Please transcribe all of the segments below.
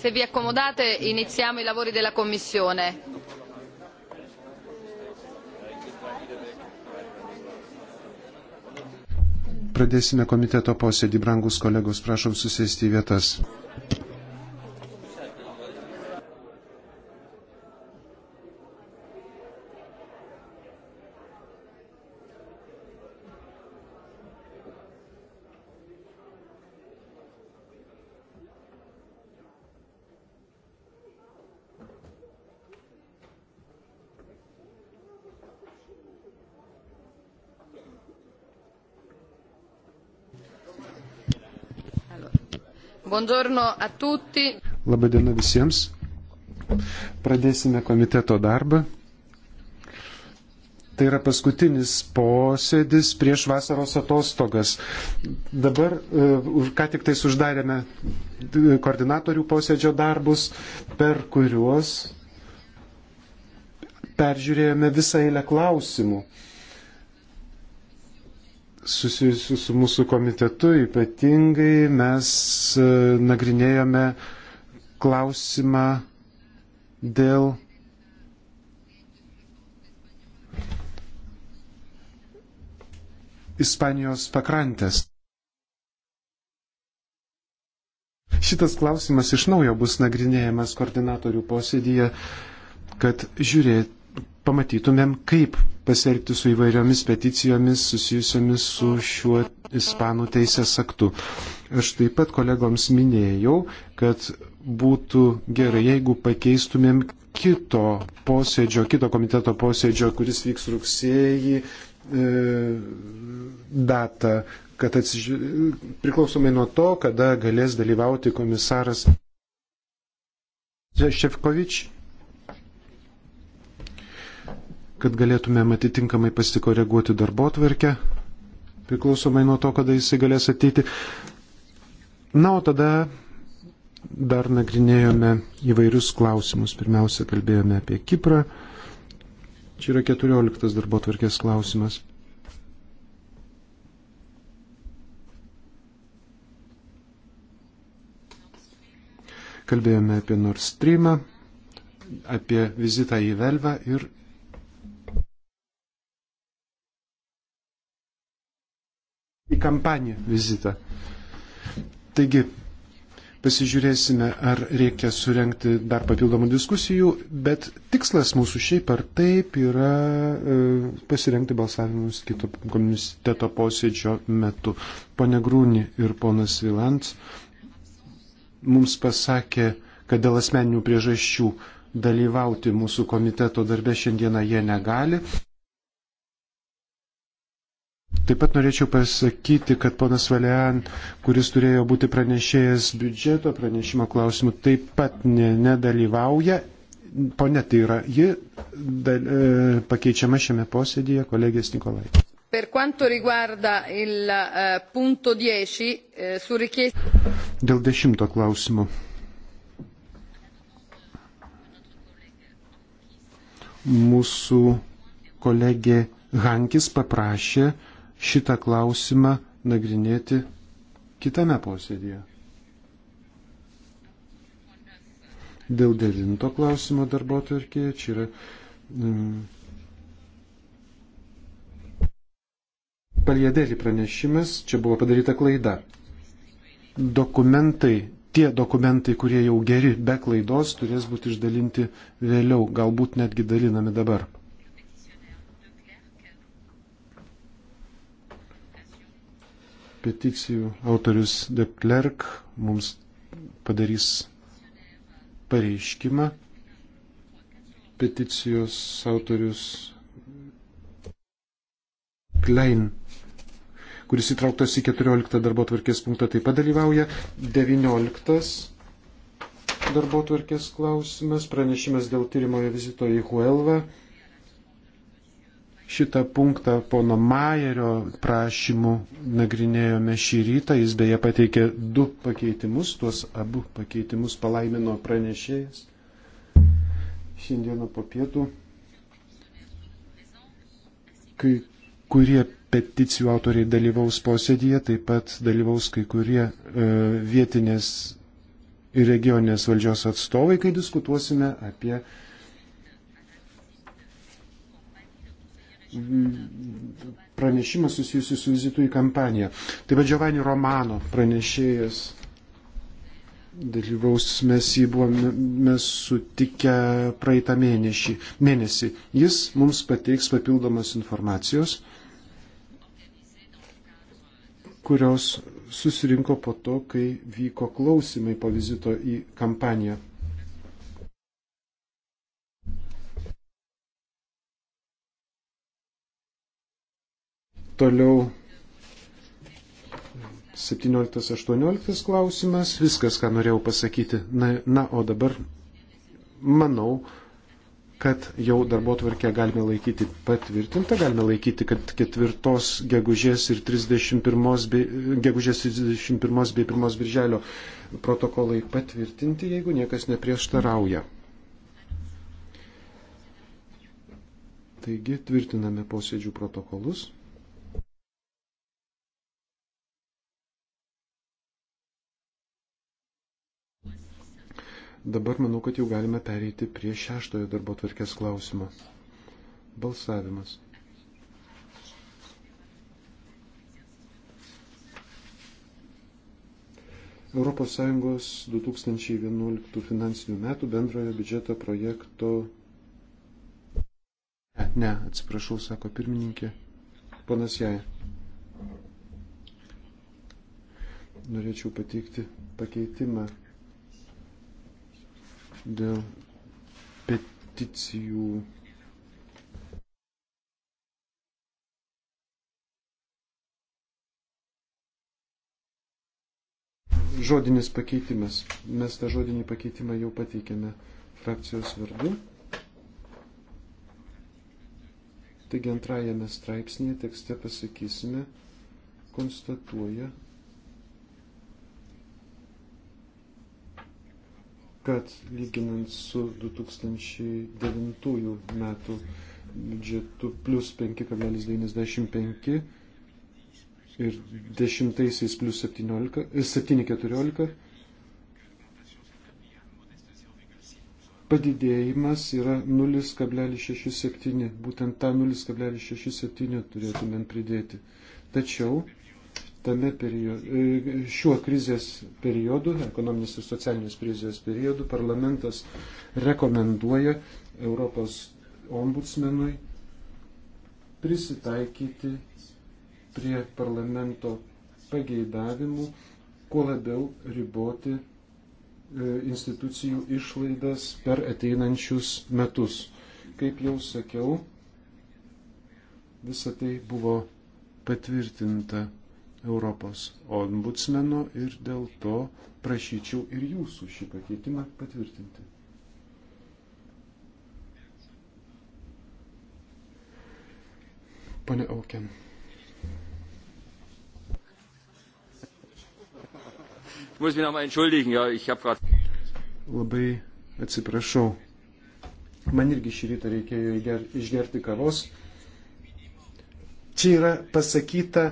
Se vi accomodate iniziamo i lavori della Commissione. Pradėsime komiteto posėdį, brangus kolegos, prašom susėsti į vietas. Buongiorno a tutti. Labadiena visiems. Pradėsime komiteto darbą. Tai yra paskutinis posėdis prieš vasaros atostogas. Dabar e, ką tik tais uždarėme koordinatorių posėdžio darbus, per kuriuos peržiūrėjome visą eilę klausimų susijusių su mūsų komitetu, ypatingai mes e, nagrinėjome klausimą dėl Ispanijos pakrantės. Šitas klausimas iš naujo bus nagrinėjamas koordinatorių posėdėje, kad žiūrėt, pamatytumėm, kaip pasielgti su įvairiomis peticijomis susijusiamis su šiuo ispanų teisės aktu. Aš taip pat kolegoms minėjau, kad būtų gerai, jeigu pakeistumėm kito posėdžio, kito komiteto posėdžio, kuris vyks rugsėjį, e, datą, kad atsiž... priklausomai nuo to, kada galės dalyvauti komisaras Šefkovič kad galėtumėm atitinkamai pasikoreguoti darbo tvarkę, priklausomai nuo to, kada jisai galės ateiti. Na, o tada dar nagrinėjome įvairius klausimus. Pirmiausia, kalbėjome apie Kiprą. Čia yra 14 darbo tvarkės klausimas. Kalbėjome apie Nord Streamą, apie vizitą į Velvą ir į kampaniją vizitą. Taigi, pasižiūrėsime, ar reikia surenkti dar papildomų diskusijų, bet tikslas mūsų šiaip ar taip yra e, pasirenkti balsavimus kito komiteto posėdžio metu. Pone Grūni ir ponas Vilants mums pasakė, kad dėl asmeninių priežasčių dalyvauti mūsų komiteto darbe šiandieną jie negali. Taip pat norėčiau pasakyti, kad ponas Valian, kuris turėjo būti pranešėjęs biudžeto pranešimo klausimų, taip pat ne, nedalyvauja. Pone, tai yra, ji dal, e, pakeičiama šiame posėdėje kolegės Nikolai. Per quanto riguarda il uh, punto 10, eh, su richiesta. Dėl dešimto klausimo. Mūsų kolegė Hankis paprašė šitą klausimą nagrinėti kitame posėdėje. Dėl devinto klausimo darbo tvarkėje čia yra mm, paliedėlį pranešimas, čia buvo padaryta klaida. Dokumentai tie dokumentai, kurie jau geri be klaidos, turės būti išdalinti vėliau, galbūt netgi dalinami dabar. peticijų autorius De Klerk mums padarys pareiškimą. Peticijos autorius Klein, kuris įtrauktas į 14 darbo tvarkės punktą, taip pat dalyvauja. 19 darbo tvarkės klausimas, pranešimas dėl tyrimojo vizito į Huelvą. Šitą punktą pono Majerio prašymų nagrinėjome šį rytą. Jis beje pateikė du pakeitimus, tuos abu pakeitimus palaimino pranešėjas. Šiandieną po pietų kai kurie peticijų autoriai dalyvaus posėdėje, taip pat dalyvaus kai kurie e, vietinės ir regioninės valdžios atstovai, kai diskutuosime apie pranešimą susijusiu su vizitu į kampaniją. Taip pat Giovanni Romano pranešėjas dalyvaus, mes jį buvome sutikę praeitą mėnesį. mėnesį. Jis mums pateiks papildomas informacijos, kurios susirinko po to, kai vyko klausimai po vizito į kampaniją. Toliau 17-18 klausimas. Viskas, ką norėjau pasakyti. Na, na o dabar manau, kad jau darbo tvarkę galime laikyti patvirtintą, galime laikyti, kad 4 gegužės ir 31 bei, gegužės 31 bei 1 birželio protokolai patvirtinti, jeigu niekas neprieštarauja. Taigi tvirtiname posėdžių protokolus. Dabar manau, kad jau galime pereiti prie šeštojo darbo tvarkės klausimo. Balsavimas. ES 2011 finansinių metų bendrojo biudžeto projekto. Ne, ne, atsiprašau, sako pirmininkė. Ponas Jai. Norėčiau pateikti pakeitimą dėl peticijų. Žodinis pakeitimas. Mes tą žodinį pakeitimą jau pateikėme frakcijos vardu. Taigi antrajame straipsnėje tekste pasakysime, konstatuoja kad lyginant su 2009 metų biudžetu plus 5,95 ir dešimtaisiais plus 7,14 padidėjimas yra 0,67. Būtent tą 0,67 turėtumėm pridėti. Tačiau tame periodu, e, šiuo krizės periodu, ekonominės ir socialinės krizės periodu, parlamentas rekomenduoja Europos ombudsmenui prisitaikyti prie parlamento pageidavimų, kuo labiau riboti e, institucijų išlaidas per ateinančius metus. Kaip jau sakiau, visa tai buvo patvirtinta Europos ombudsmenu ir dėl to prašyčiau ir jūsų šį pakeitimą patvirtinti. Pane Aukiam. Labai atsiprašau. Man irgi šį rytą reikėjo išgerti kavos. Čia yra pasakyta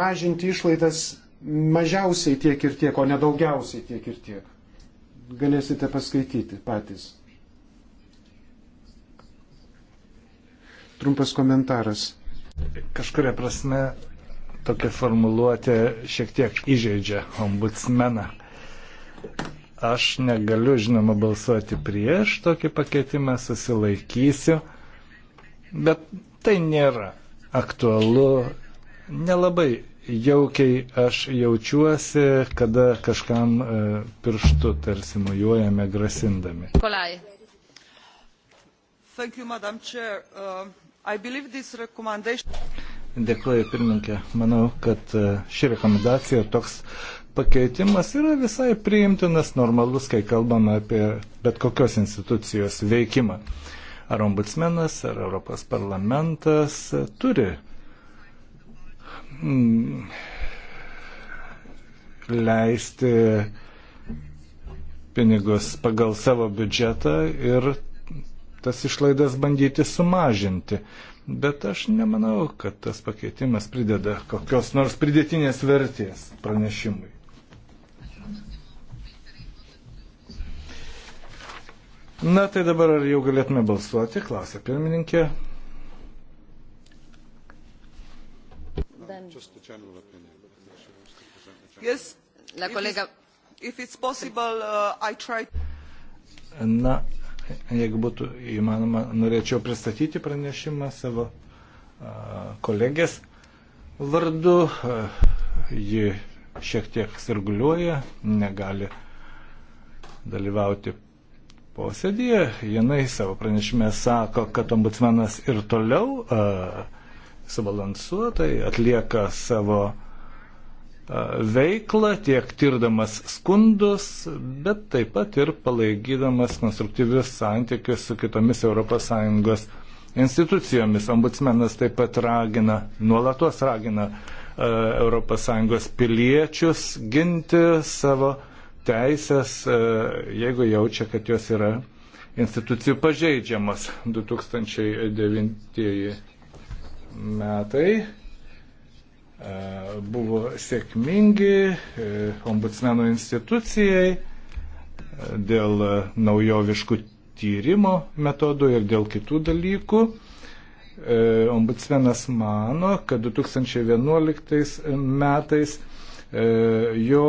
mažinti išlaidas mažiausiai tiek ir tiek, o ne daugiausiai tiek ir tiek. Galėsite paskaityti patys. Trumpas komentaras. Kažkuria prasme tokia formuluotė šiek tiek įžeidžia ombudsmeną. Aš negaliu, žinoma, balsuoti prieš tokį pakeitimą, susilaikysiu, bet tai nėra aktualu Nelabai jaukiai aš jaučiuosi, kada kažkam e, pirštu tarsi mojuojame grasindami. Kolai. Thank you, Madam Chair. Uh, I believe this recommendation. Dėkuoju, pirmininkė. Manau, kad e, ši rekomendacija toks pakeitimas yra visai priimtinas, normalus, kai kalbame apie bet kokios institucijos veikimą. Ar ombudsmenas, ar Europos parlamentas turi Mm. leisti pinigus pagal savo biudžetą ir tas išlaidas bandyti sumažinti. Bet aš nemanau, kad tas pakeitimas prideda kokios nors pridėtinės vertės pranešimui. Na tai dabar ar jau galėtume balsuoti, klausė pirmininkė. just the general opinion. She wants to present the general yes, la collega. If it's possible, uh, I try. Na, jeigu būtų įmanoma, norėčiau pristatyti pranešimą savo uh, kolegės vardu. Uh, ji šiek tiek sirguliuoja, negali dalyvauti posėdėje. Jinai savo pranešime sako, kad ombudsmenas ir toliau uh, subalansuotai atlieka savo veiklą, tiek tirdamas skundus, bet taip pat ir palaikydamas konstruktyvius santykius su kitomis ES institucijomis. Ombudsmenas taip pat ragina, nuolatos ragina ES piliečius ginti savo teisės, jeigu jaučia, kad jos yra institucijų pažeidžiamas 2009 metai e, buvo sėkmingi e, ombudsmenų institucijai e, dėl naujoviškų tyrimo metodų ir dėl kitų dalykų. Ombudsmenas mano, kad 2011 metais jo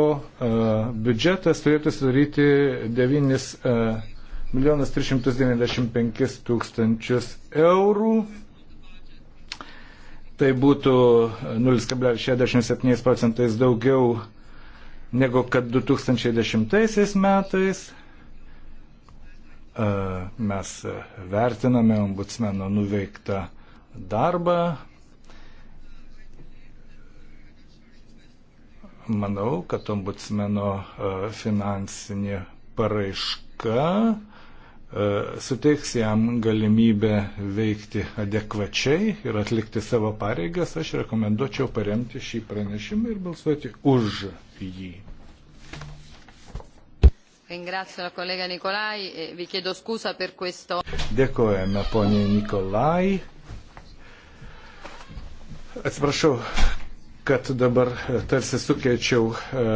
biudžetas turėtų sudaryti 9 milijonus 395 tūkstančius eurų. Tai būtų 0,67 procentais daugiau negu kad 2010 metais. Mes vertiname ombudsmeno nuveiktą darbą. Manau, kad ombudsmeno finansinė paraiška E, suteiks jam galimybę veikti adekvačiai ir atlikti savo pareigas, aš rekomenduočiau paremti šį pranešimą ir balsuoti už jį. E Dėkojame poniai Nikolai. Atsiprašau, kad dabar tarsi sukeičiau e,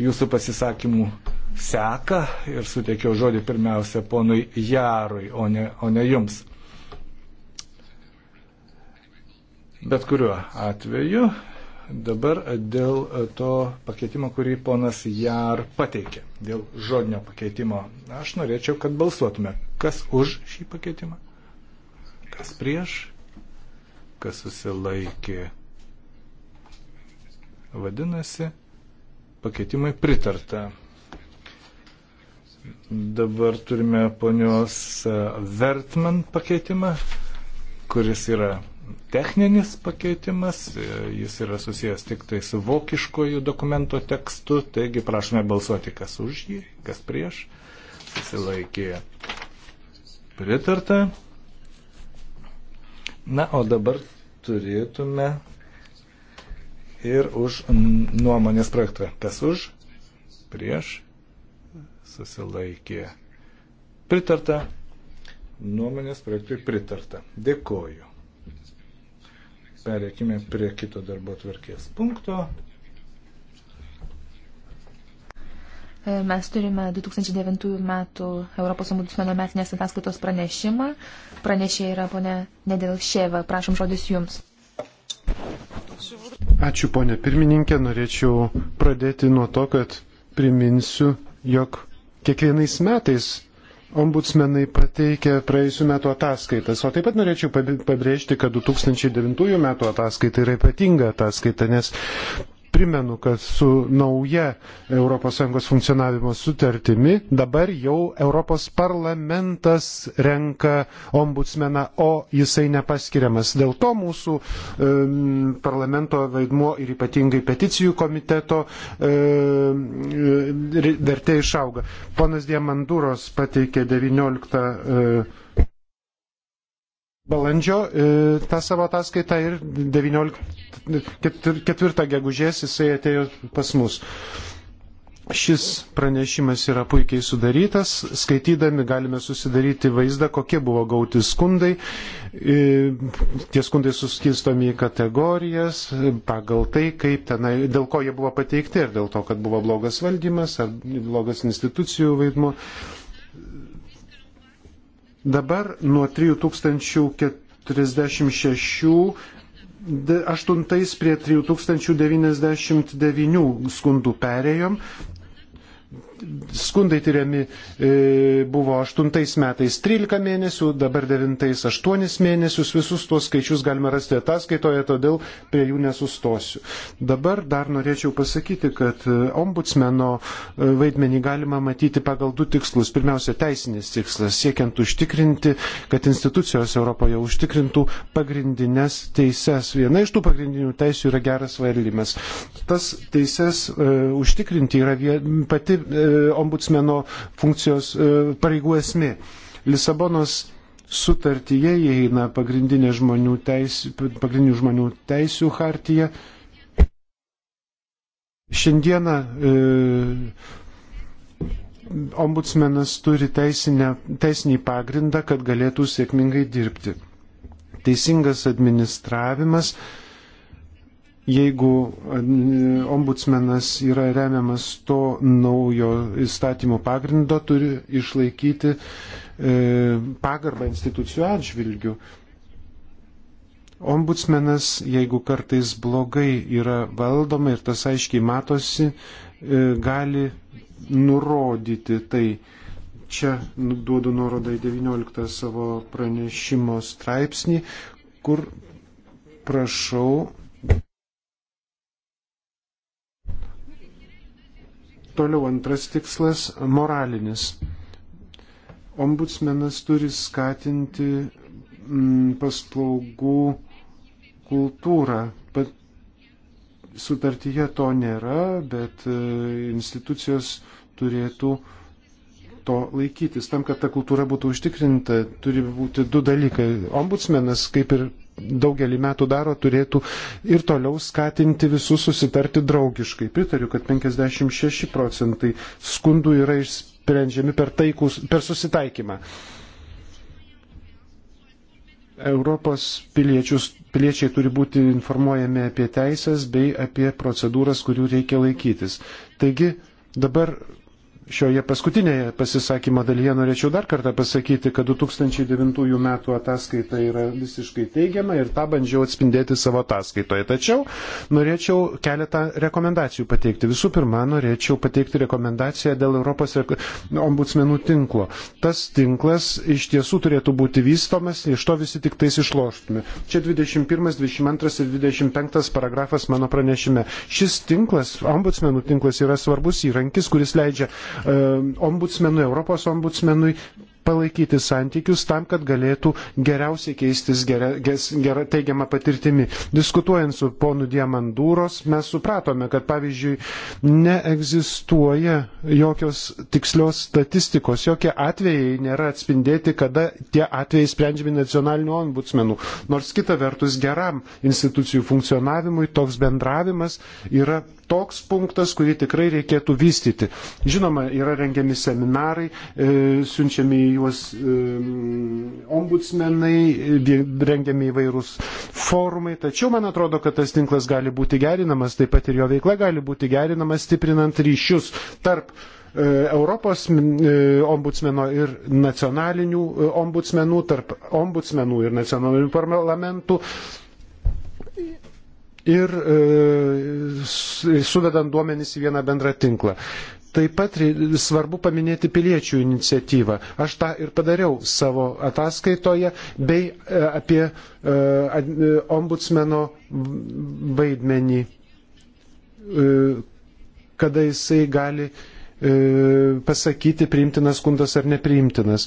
jūsų pasisakymų seka ir suteikiau žodį pirmiausia ponui Jarui, o ne, o ne jums. Bet kuriuo atveju dabar dėl to pakeitimo, kurį ponas Jar pateikė, dėl žodinio pakeitimo, aš norėčiau, kad balsuotume. Kas už šį pakeitimą? Kas prieš? Kas susilaikė? Vadinasi, pakeitimai pritarta. Dabar turime ponios e, Vertman pakeitimą, kuris yra techninis pakeitimas, e, jis yra susijęs tik tai su vokiškojų dokumento tekstu, taigi prašome balsuoti, kas už jį, kas prieš. Susilaikė pritarta. Na, o dabar turėtume ir už nuomonės projektą. Kas už, prieš, susilaikė. Pritarta. Nuomonės projektui pritarta. Dėkoju. Pereikime prie kito darbo tvarkės punkto. E, mes turime 2009 metų Europos ombudsmeno metinės ataskaitos pranešimą. Pranešė yra ponė Nedelšėva. Prašom žodis jums. Ačiū ponė pirmininkė. Norėčiau pradėti nuo to, kad priminsiu, jog Kiekvienais metais ombudsmenai pateikia praėjusių metų ataskaitas, o taip pat norėčiau pabrėžti, kad 2009 metų ataskaita yra ypatinga ataskaita, nes primenu, kad su nauja ES funkcionavimo sutartimi dabar jau Europos parlamentas renka ombudsmeną, o jisai nepaskiriamas. Dėl to mūsų e, parlamento vaidmuo ir ypatingai peticijų komiteto e, vertė išauga. Ponas Diamanduros pateikė 19. E, balandžio e, tą savo ataskaitą ir 19, 4 gegužės jisai atėjo pas mus. Šis pranešimas yra puikiai sudarytas, skaitydami galime susidaryti vaizdą, kokie buvo gauti skundai. E, tie skundai suskirstomi į kategorijas pagal tai, kaip tenai, dėl ko jie buvo pateikti, ar dėl to, kad buvo blogas valdymas, ar blogas institucijų vaidmuo. Dabar nuo 3036 8 prie 3099 skundų perėjom, skundai tyriami e, buvo 8 metais 13 mėnesių, dabar 9 8 mėnesius. Visus tuos skaičius galima rasti ataskaitoje, todėl prie jų nesustosiu. Dabar dar norėčiau pasakyti, kad e, ombudsmeno e, vaidmenį galima matyti pagal du tikslus. Pirmiausia, teisinis tikslas, siekiant užtikrinti, kad institucijos Europoje užtikrintų pagrindinės teises. Viena iš tų pagrindinių teisių yra geras valdymas. Tas teises e, užtikrinti yra vien, pati e, ombudsmeno funkcijos e, pareigų esmė. Lisabonos sutartyje įeina pagrindinė žmonių teisų, pagrindinių žmonių teisų hartija. Šiandieną e, ombudsmenas turi teisinę, teisinį pagrindą, kad galėtų sėkmingai dirbti. Teisingas administravimas e, jeigu ombudsmenas yra remiamas to naujo įstatymo pagrindo, turi išlaikyti e, pagarbą institucijų atžvilgių. Ombudsmenas, jeigu kartais blogai yra valdoma ir tas aiškiai matosi, e, gali nurodyti tai čia duodu nuorodą į 19 savo pranešimo straipsnį, kur prašau Toliau antras tikslas - moralinis. Ombudsmenas turi skatinti mm, paslaugų kultūrą. Pat sutartyje to nėra, bet e, institucijos turėtų to laikytis. Tam, kad ta kultūra būtų užtikrinta, turi būti du dalykai. Ombudsmenas, kaip ir daugelį metų daro, turėtų ir toliau skatinti visus susitarti draugiškai. Pritariu, kad 56 procentai skundų yra išsprendžiami per, taikus, per susitaikymą. Europos piliečius, piliečiai turi būti informuojami apie teisės bei apie procedūras, kurių reikia laikytis. Taigi dabar šioje paskutinėje pasisakymo dalyje norėčiau dar kartą pasakyti, kad 2009 metų ataskaita yra visiškai teigiama ir tą bandžiau atspindėti savo ataskaitoje. Tačiau norėčiau keletą rekomendacijų pateikti. Visų pirma, norėčiau pateikti rekomendaciją dėl Europos ombudsmenų tinklo. Tas tinklas iš tiesų turėtų būti vystomas, iš to visi tik tais išloštume. Čia 21, 22 ir 25 paragrafas mano pranešime. Šis tinklas, ombudsmenų tinklas yra svarbus įrankis, kuris leidžia E, ombudsmenui, Europos ombudsmenui palaikyti santykius tam, kad galėtų geriausiai keistis gera, gera, teigiamą patirtimį. Diskutuojant su ponu Diamandūros, mes supratome, kad pavyzdžiui, neegzistuoja jokios tikslios statistikos, jokie atvejai nėra atspindėti, kada tie atvejai sprendžiami nacionalinių ombudsmenų. Nors kita vertus, geram institucijų funkcionavimui toks bendravimas yra toks punktas, kurį tikrai reikėtų vystyti. Žinoma, yra rengiami seminarai, e, siunčiami juos e, ombudsmenai, rengiami įvairūs forumai, tačiau man atrodo, kad tas tinklas gali būti gerinamas, taip pat ir jo veikla gali būti gerinamas, stiprinant ryšius tarp e, Europos ombudsmeno ir nacionalinių ombudsmenų, tarp ombudsmenų ir nacionalinių parlamentų ir e, suvedant duomenys į vieną bendrą tinklą. Taip pat svarbu paminėti piliečių iniciatyvą. Aš tą ir padariau savo ataskaitoje bei e, apie e, ombudsmeno vaidmenį, kada jisai gali pasakyti priimtinas skundas ar nepriimtinas.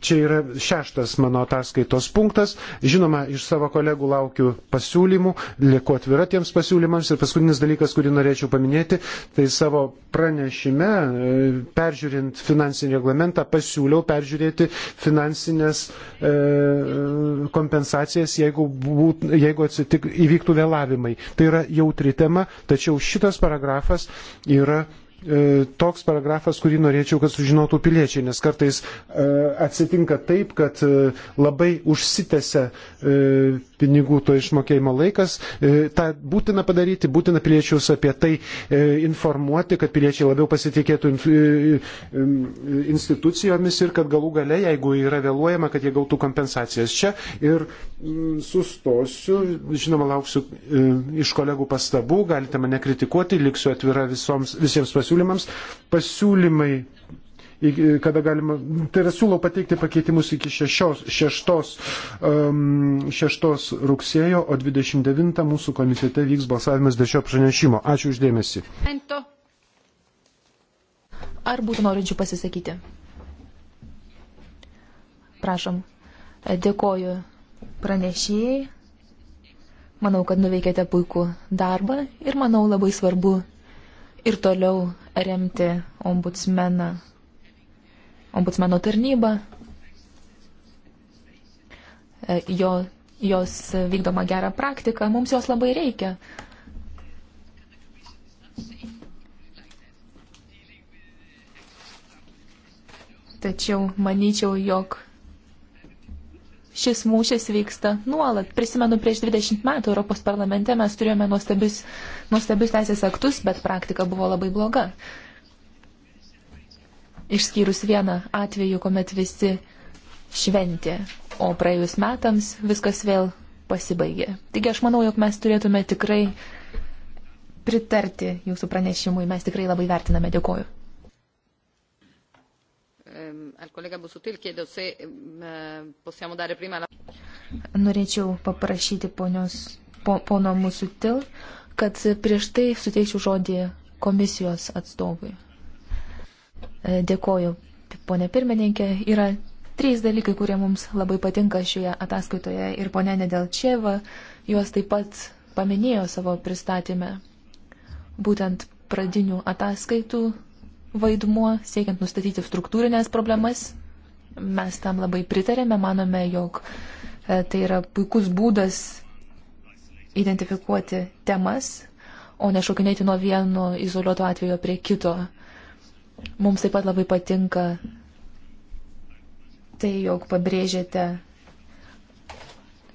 Čia yra šeštas mano ataskaitos punktas. Žinoma, iš savo kolegų laukiu pasiūlymų, lieku atvira tiems pasiūlymams. Ir paskutinis dalykas, kurį norėčiau paminėti, tai savo pranešime, e, peržiūrint finansinį reglamentą, pasiūliau peržiūrėti finansinės e, kompensacijas, jeigu, būt, jeigu atsitik, įvyktų vėlavimai. Tai yra jautri tema, tačiau šitas paragrafas yra E, toks paragrafas, kurį norėčiau, kad sužinotų piliečiai, nes kartais e, atsitinka taip, kad e, labai užsitęsia pinigų to išmokėjimo laikas. Ta būtina padaryti, būtina piliečius apie tai informuoti, kad piliečiai labiau pasitikėtų institucijomis ir kad galų gale, jeigu yra vėluojama, kad jie gautų kompensacijas čia. Ir sustosiu, žinoma, lauksiu iš kolegų pastabų, galite mane kritikuoti, liksiu atvira visoms, visiems pasiūlymams pasiūlymams. Pasiūlymai, kada galima, tai yra siūlau pateikti pakeitimus iki 6 um, rugsėjo, o 29 mūsų komitete vyks balsavimas dėl šio pranešimo. Ačiū uždėmesi. Ar būtų norinčių pasisakyti? Prašom. Dėkoju pranešėjai. Manau, kad nuveikėte puikų darbą ir manau labai svarbu ir toliau remti ombudsmeną, ombudsmeno tarnybą, e, jo, jos vykdomą gerą praktiką. Mums jos labai reikia. Tačiau manyčiau, jog Šis mūšis vyksta nuolat. Prisimenu, prieš 20 metų Europos parlamente mes turėjome nuostabius, nuostabius teisės aktus, bet praktika buvo labai bloga. Išskyrus vieną atvejį, kuomet visi šventė, o praėjus metams viskas vėl pasibaigė. Taigi aš manau, jog mes turėtume tikrai pritarti jūsų pranešimui. Mes tikrai labai vertiname. Dėkoju ehm, al collega Busutil chiedo se ehm, eh, possiamo dare prima la... Norėčiau paprašyti ponios, po, pono Musutil, kad prieš tai suteikčiau žodį komisijos atstovui. E, dėkoju, ponė pirmininkė. Yra trys dalykai, kurie mums labai patinka šioje ataskaitoje ir ponė Nedelčieva juos taip pat paminėjo savo pristatymę. Būtent pradinių ataskaitų vaidmuo siekiant nustatyti struktūrinės problemas. Mes tam labai pritarėme, manome, jog e, tai yra puikus būdas identifikuoti temas, o ne šokinėti nuo vieno izoliuoto atvejo prie kito. Mums taip pat labai patinka tai, jog pabrėžėte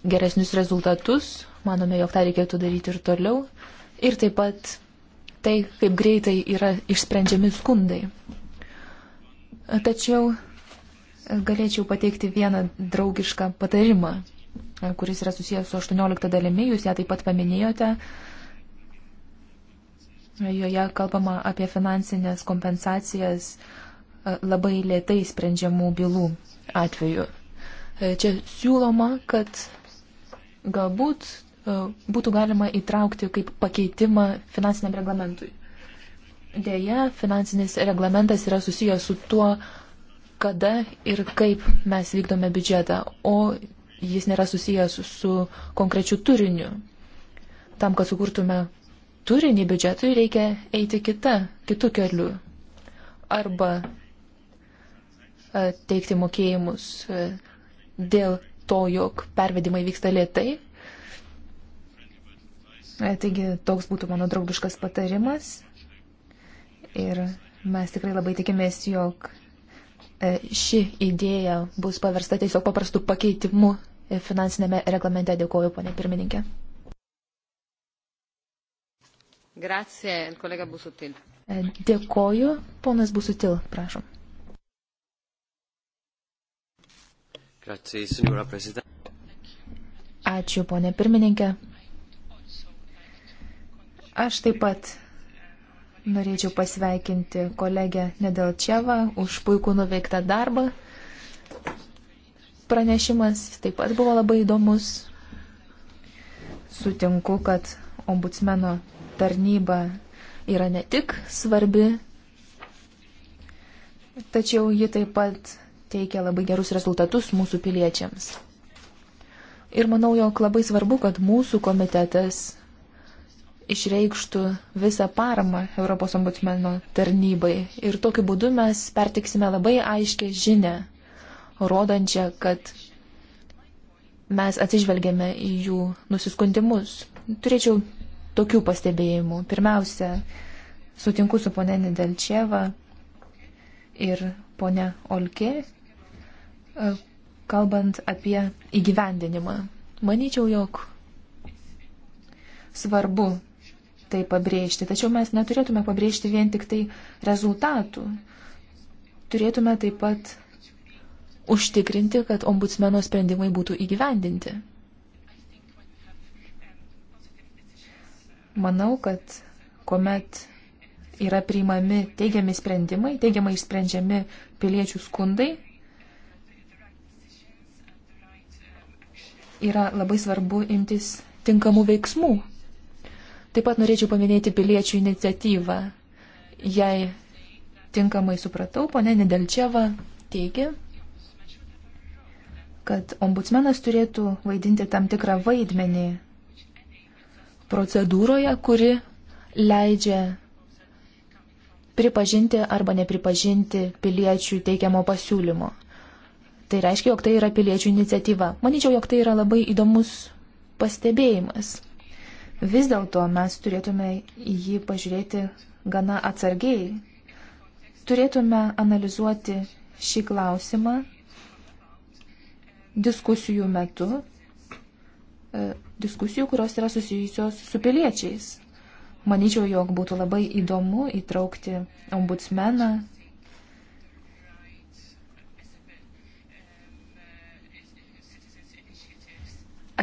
geresnius rezultatus, manome, jog tą reikėtų daryti ir toliau. Ir taip pat tai, kaip greitai yra išsprendžiami skundai. Tačiau e, galėčiau pateikti vieną draugišką patarimą, e, kuris yra susijęs su 18 dalimi, jūs ją taip pat paminėjote. Joje kalbama apie finansinės kompensacijas e, labai lėtai sprendžiamų bylų atveju. Čia siūloma, kad galbūt E, būtų galima įtraukti kaip pakeitimą finansiniam reglamentui. Deja, finansinis reglamentas yra susijęs su tuo, kada ir kaip mes vykdome biudžetą, o jis nėra susijęs su konkrečiu turiniu. Tam, kad sukurtume turinį biudžetui, reikia eiti kita, kitų kelių. Arba e, teikti mokėjimus e, dėl to, jog pervedimai vyksta lėtai, E, taigi toks būtų mano draugiškas patarimas. Ir mes tikrai labai tikimės, jog e, ši idėja bus paversta tiesiog paprastų pakeitimų e, finansinėme reglamente. Dėkuoju, ponė pirmininkė. Grazie, kolega Busutil. Dėkoju, ponas Busutil, prašom. Grazie, signora prezidentė. Ačiū, ponė pirmininkė. Aš taip pat norėčiau pasveikinti kolegę Nedelčevą už puikų nuveiktą darbą. Pranešimas taip pat buvo labai įdomus. Sutinku, kad ombudsmeno tarnyba yra ne tik svarbi, tačiau ji taip pat teikia labai gerus rezultatus mūsų piliečiams. Ir manau, jog labai svarbu, kad mūsų komitetas išreikštų visą paramą Europos ombudsmeno tarnybai. Ir tokiu būdu mes pertiksime labai aiškę žinę, rodančią, kad mes atsižvelgėme į jų nusiskundimus. Turėčiau tokių pastebėjimų. Pirmiausia, sutinku su ponė Nidelčieva ir ponė Olkė, e, kalbant apie įgyvendinimą. Manyčiau, jog svarbu tai pabrėžti, tačiau mes neturėtume pabrėžti vien tik tai rezultatų. Turėtume taip pat užtikrinti, kad ombudsmeno sprendimai būtų įgyvendinti. Manau, kad kuomet yra priimami teigiami sprendimai, teigiamai išsprendžiami piliečių skundai, yra labai svarbu imtis tinkamų veiksmų. Taip pat norėčiau paminėti piliečių iniciatyvą. Jei tinkamai supratau, ponė Nedelčiava teigia, kad ombudsmenas turėtų vaidinti tam tikrą vaidmenį procedūroje, kuri leidžia pripažinti arba nepripažinti piliečių teikiamo pasiūlymo. Tai reiškia, jog tai yra piliečių iniciatyva. Manyčiau, jog tai yra labai įdomus pastebėjimas. Vis dėlto mes turėtume į jį pažiūrėti gana atsargiai. Turėtume analizuoti šį klausimą diskusijų metu, e, diskusijų, kurios yra susijusios su piliečiais. Manyčiau, jog būtų labai įdomu įtraukti ombudsmeną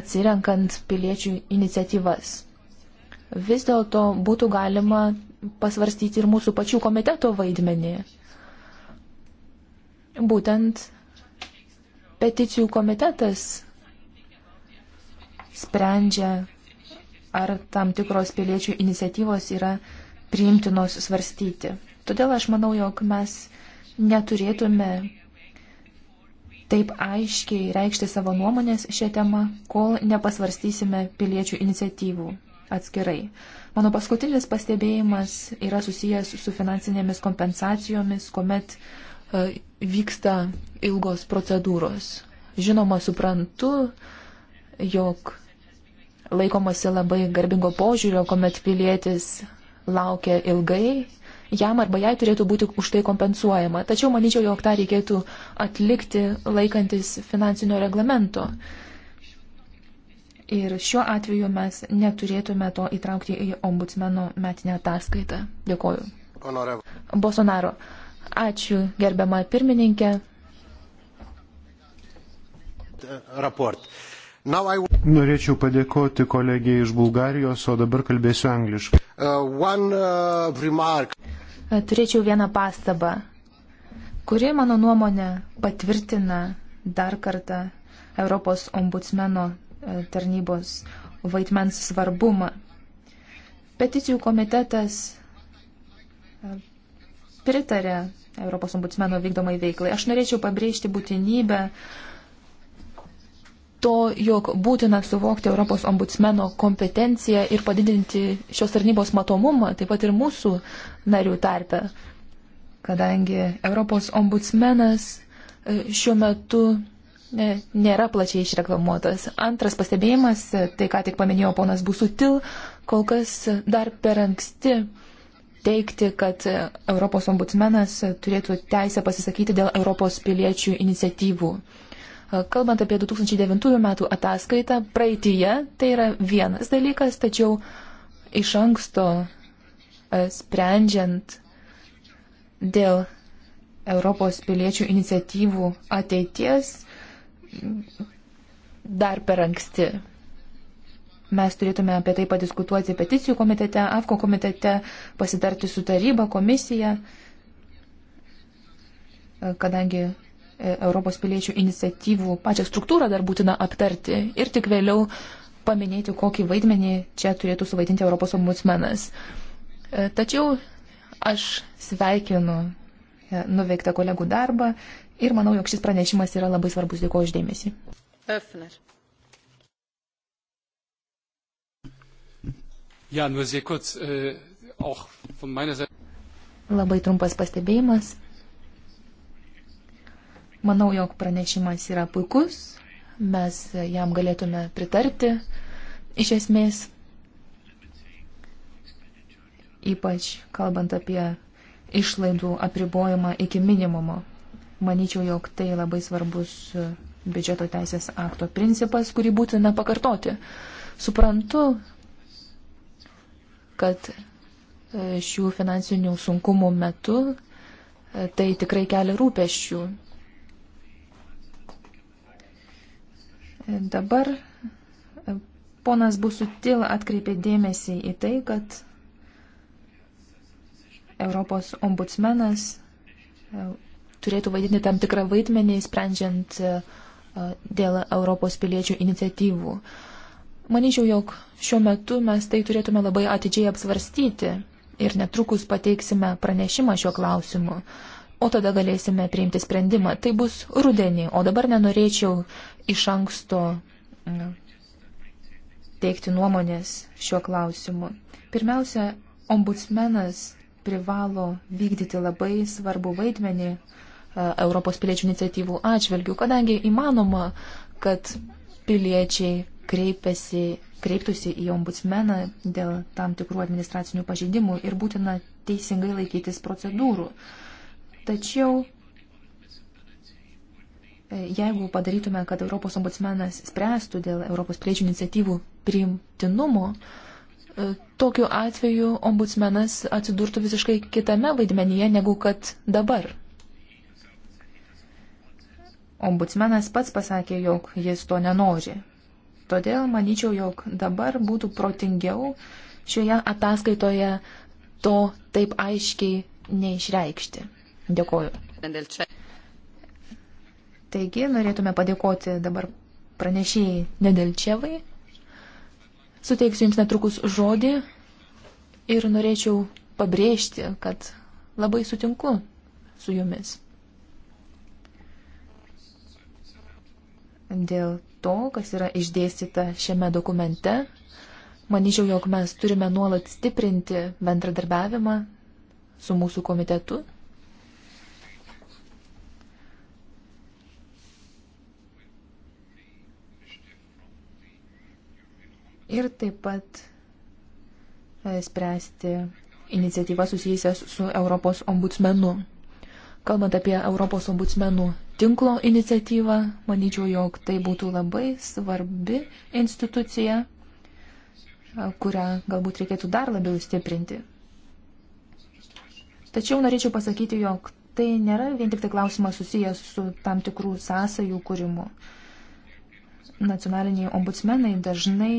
atsirenkant piliečių iniciatyvas vis dėlto būtų galima pasvarstyti ir mūsų pačių komiteto vaidmenį. Būtent peticijų komitetas sprendžia, ar tam tikros piliečių iniciatyvos yra priimtinos svarstyti. Todėl aš manau, jog mes neturėtume taip aiškiai reikšti savo nuomonės šią temą, kol nepasvarstysime piliečių iniciatyvų atskirai. Mano paskutinis pastebėjimas yra susijęs su finansinėmis kompensacijomis, kuomet e, vyksta ilgos procedūros. Žinoma, suprantu, jog laikomasi labai garbingo požiūrio, kuomet pilietis laukia ilgai, jam arba jai turėtų būti už tai kompensuojama. Tačiau manyčiau, jog tą reikėtų atlikti laikantis finansinio reglamento. Uh, Ir šiuo atveju mes neturėtume to įtraukti į ombudsmeno metinę ataskaitą. Dėkoju. Honorevo. Bolsonaro. Ačiū, gerbiama pirmininkė. Raport. I... Norėčiau padėkoti kolegijai iš Bulgarijos, o dabar kalbėsiu angliškai. Uh, one, uh, uh Turėčiau vieną pastabą, kuri, mano nuomonė, patvirtina dar kartą Europos ombudsmeno tarnybos vaidmens svarbumą. Peticijų komitetas e, pritarė Europos ombudsmeno vykdomai veiklai. Aš norėčiau pabrėžti būtinybę to, jog būtina suvokti Europos ombudsmeno kompetenciją ir padidinti šios tarnybos matomumą, taip pat ir mūsų narių tarpe, kadangi Europos ombudsmenas e, šiuo metu nėra plačiai išreklamuotas. Antras pastebėjimas, tai ką tik paminėjo ponas Busutil, kol kas dar per anksti teikti, kad Europos ombudsmenas turėtų teisę pasisakyti dėl Europos piliečių iniciatyvų. Kalbant apie 2009 metų ataskaitą, praeitįje tai yra vienas dalykas, tačiau iš anksto e, sprendžiant dėl Europos piliečių iniciatyvų ateities dar per anksti. Mes turėtume apie tai padiskutuoti peticijų komitete, AFKO komitete, pasitarti su taryba, komisija, kadangi e, Europos piliečių iniciatyvų pačią struktūrą dar būtina aptarti ir tik vėliau paminėti, kokį vaidmenį čia turėtų suvaidinti Europos ombudsmenas. E, tačiau aš sveikinu e, nuveiktą kolegų darbą Ir manau, jog šis pranešimas yra labai svarbus. Dėkuoju uždėmesi. Öffner. Ja, nur sehr kurz, äh, auch von meiner Seite. Labai trumpas pastebėjimas. Manau, jog pranešimas yra puikus, mes jam galėtume pritarti iš esmės, ypač kalbant apie išlaidų apribojimą iki minimumo. Maničiau, jog tai labai svarbus e, biudžeto teisės akto principas, kurį būtina pakartoti. Suprantu, kad e, šių finansinių sunkumų metu e, tai tikrai kelia rūpeščių. Dabar ponas Busutil atkreipė dėmesį į tai, kad Europos ombudsmenas turėtų vaidinti tam tikrą vaidmenį, sprendžiant e, e, dėl Europos piliečių iniciatyvų. Maničiau, jog šiuo metu mes tai turėtume labai atidžiai apsvarstyti ir netrukus pateiksime pranešimą šiuo klausimu, o tada galėsime priimti sprendimą. Tai bus rudenį, o dabar nenorėčiau iš anksto teikti nuomonės šiuo klausimu. Pirmiausia, ombudsmenas privalo vykdyti labai svarbu vaidmenį, E, Europos piliečių iniciatyvų atžvilgių, kadangi įmanoma, kad piliečiai kreipiasi, kreiptųsi į ombudsmeną dėl tam tikrų administracinių pažeidimų ir būtina teisingai laikytis procedūrų. Tačiau e, jeigu padarytume, kad Europos ombudsmenas spręstų dėl Europos piliečių iniciatyvų priimtinumo, e, tokiu atveju ombudsmenas atsidurtų visiškai kitame vaidmenyje negu kad dabar Ombudsmenas pats pasakė, jog jis to nenori. Todėl manyčiau, jog dabar būtų protingiau šioje ataskaitoje to taip aiškiai neišreikšti. Dėkoju. Taigi norėtume padėkoti dabar pranešėjai Nedelčevai. Suteiksiu Jums netrukus žodį ir norėčiau pabrėžti, kad labai sutinku su Jumis. dėl to, kas yra išdėstyta šiame dokumente. Manyčiau, jog mes turime nuolat stiprinti bendradarbiavimą su mūsų komitetu. Ir taip pat e, spręsti iniciatyvas susijusias su Europos ombudsmenu. Kalbant apie Europos ombudsmenų tinklo iniciatyvą. Manyčiau, jog tai būtų labai svarbi institucija, kurią galbūt reikėtų dar labiau stiprinti. Tačiau norėčiau pasakyti, jog tai nėra vien tik tai klausimas susijęs su tam tikrų sąsajų kūrimu. Nacionaliniai ombudsmenai dažnai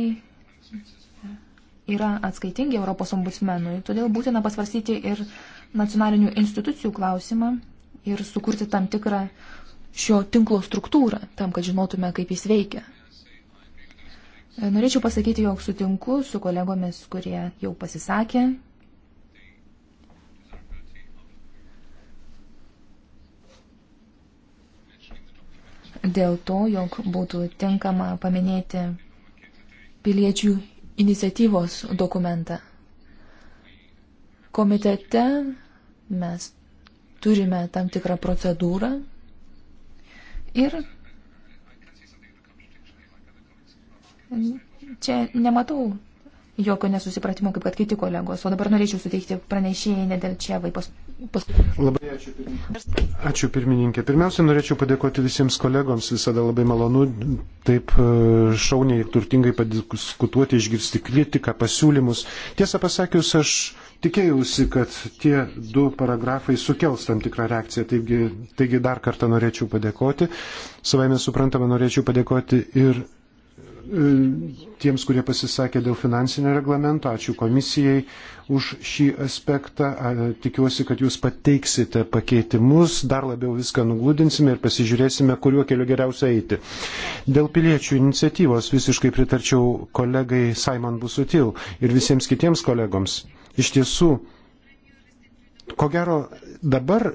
yra atskaitingi Europos ombudsmenui, todėl būtina pasvarstyti ir nacionalinių institucijų klausimą ir sukurti tam tikrą šio tinklo struktūrą, tam, kad žinotume, kaip jis veikia. E, norėčiau pasakyti, jog sutinku su kolegomis, kurie jau pasisakė. Dėl to, jog būtų tinkama paminėti piliečių iniciatyvos dokumentą. Komitete mes turime tam tikrą procedūrą, Ir čia nematau jokio nesusipratimo, kaip kad kiti kolegos. O dabar norėčiau suteikti pranešėjai Nedelčiavai pas, Pas... Labai ačiū pirmininkė. ačiū pirmininkė. Pirmiausia, norėčiau padėkoti visiems kolegoms, visada labai malonu taip e, šauniai ir turtingai padiskutuoti, išgirsti kritiką, pasiūlymus. Tiesą pasakius, aš tikėjausi, kad tie du paragrafai sukels tam tikrą reakciją, taigi, taigi dar kartą norėčiau padėkoti. Savai mes suprantama, norėčiau padėkoti ir E, tiems, kurie pasisakė dėl finansinio reglamento. Ačiū komisijai už šį aspektą. Tikiuosi, kad jūs pateiksite pakeitimus, dar labiau viską nugludinsime ir pasižiūrėsime, kuriuo keliu geriausia eiti. Dėl piliečių iniciatyvos visiškai pritarčiau kolegai Simon Busutil ir visiems kitiems kolegoms. Iš tiesų, ko gero, Dabar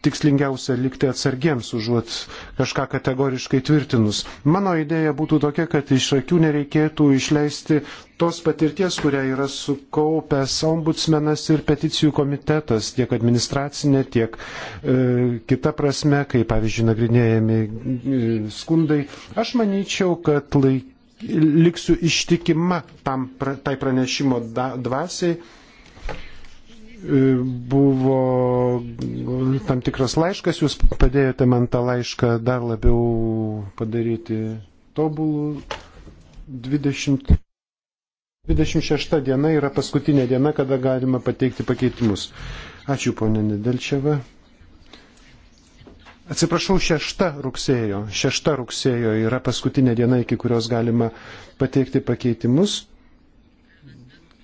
tikslingiausia likti atsargiems, užuot kažką kategoriškai tvirtinus. Mano idėja būtų tokia, kad iš akių nereikėtų išleisti tos patirties, kurią yra sukaupęs ombudsmenas ir peticijų komitetas, tiek administracinė, tiek e, kita prasme, kai pavyzdžiui nagrinėjami e, skundai. Aš manyčiau, kad laik, liksiu ištikima tam, pra, tai pranešimo da, dvasiai buvo tam tikras laiškas, jūs padėjote man tą laišką dar labiau padaryti tobulų. 20, 26 diena yra paskutinė diena, kada galima pateikti pakeitimus. Ačiū, ponė Nedelčiava. Atsiprašau, 6 rugsėjo. 6 rugsėjo yra paskutinė diena, iki kurios galima pateikti pakeitimus.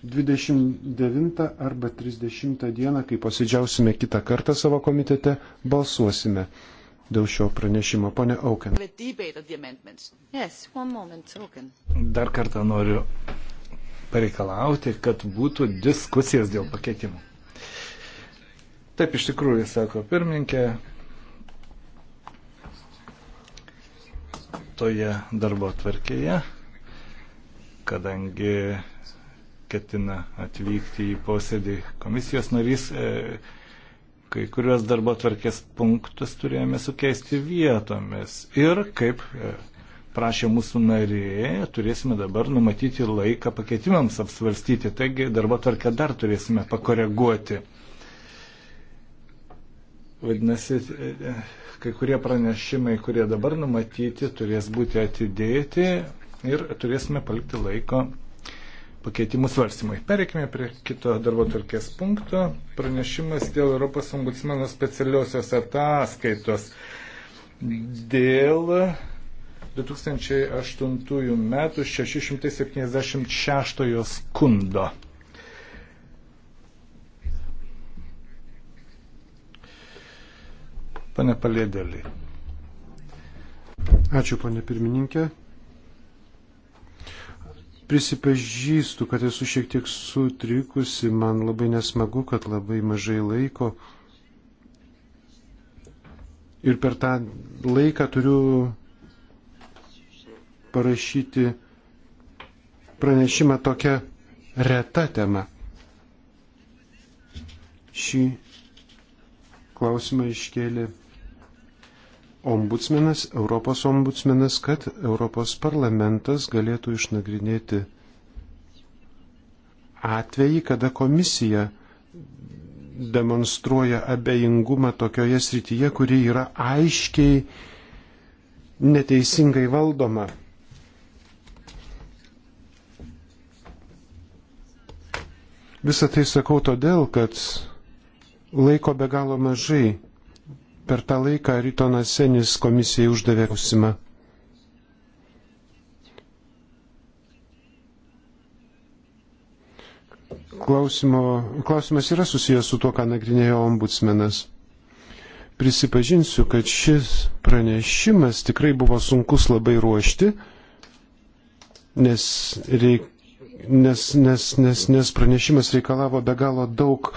29 arba 30 dieną, kai posėdžiausime kitą kartą savo komitete, balsuosime dėl šio pranešimo. Pone Auken. Dar kartą noriu pareikalauti, kad būtų diskusijas dėl pakeitimų. Taip iš tikrųjų, sako pirmininkė, toje darbo tvarkėje, kadangi ketina atvykti į posėdį komisijos narys. E, kai kuriuos darbo tvarkės punktus turėjome sukeisti vietomis. Ir kaip e, prašė mūsų narė, turėsime dabar numatyti laiką pakeitimams apsvarstyti. Taigi darbo tvarkę dar turėsime pakoreguoti. Vadinasi, e, kai kurie pranešimai, kurie dabar numatyti, turės būti atidėti ir turėsime palikti laiko pakeitimų svarstymui. Pereikime prie kito darbo tarkės punkto. Pranešimas dėl Europos ombudsmeno specialiosios ataskaitos. Dėl 2008 metų 676 skundo. Pane Palėdėlį. Ačiū, pane pirmininkė. Prisipažįstu, kad esu šiek tiek sutrikusi, man labai nesmagu, kad labai mažai laiko. Ir per tą laiką turiu parašyti pranešimą tokią retą temą. Šį klausimą iškėlė ombudsmenas, Europos ombudsmenas, kad Europos parlamentas galėtų išnagrinėti atvejį, kada komisija demonstruoja abejingumą tokioje srityje, kuri yra aiškiai neteisingai valdoma. Visą tai sakau todėl, kad laiko be galo mažai per tą laiką Rytonas Senis komisijai uždavė klausimą. Klausimo, klausimas yra susijęs su tuo, ką nagrinėjo ombudsmenas. Prisipažinsiu, kad šis pranešimas tikrai buvo sunkus labai ruošti, nes, reik, nes, nes, nes, nes pranešimas reikalavo be galo daug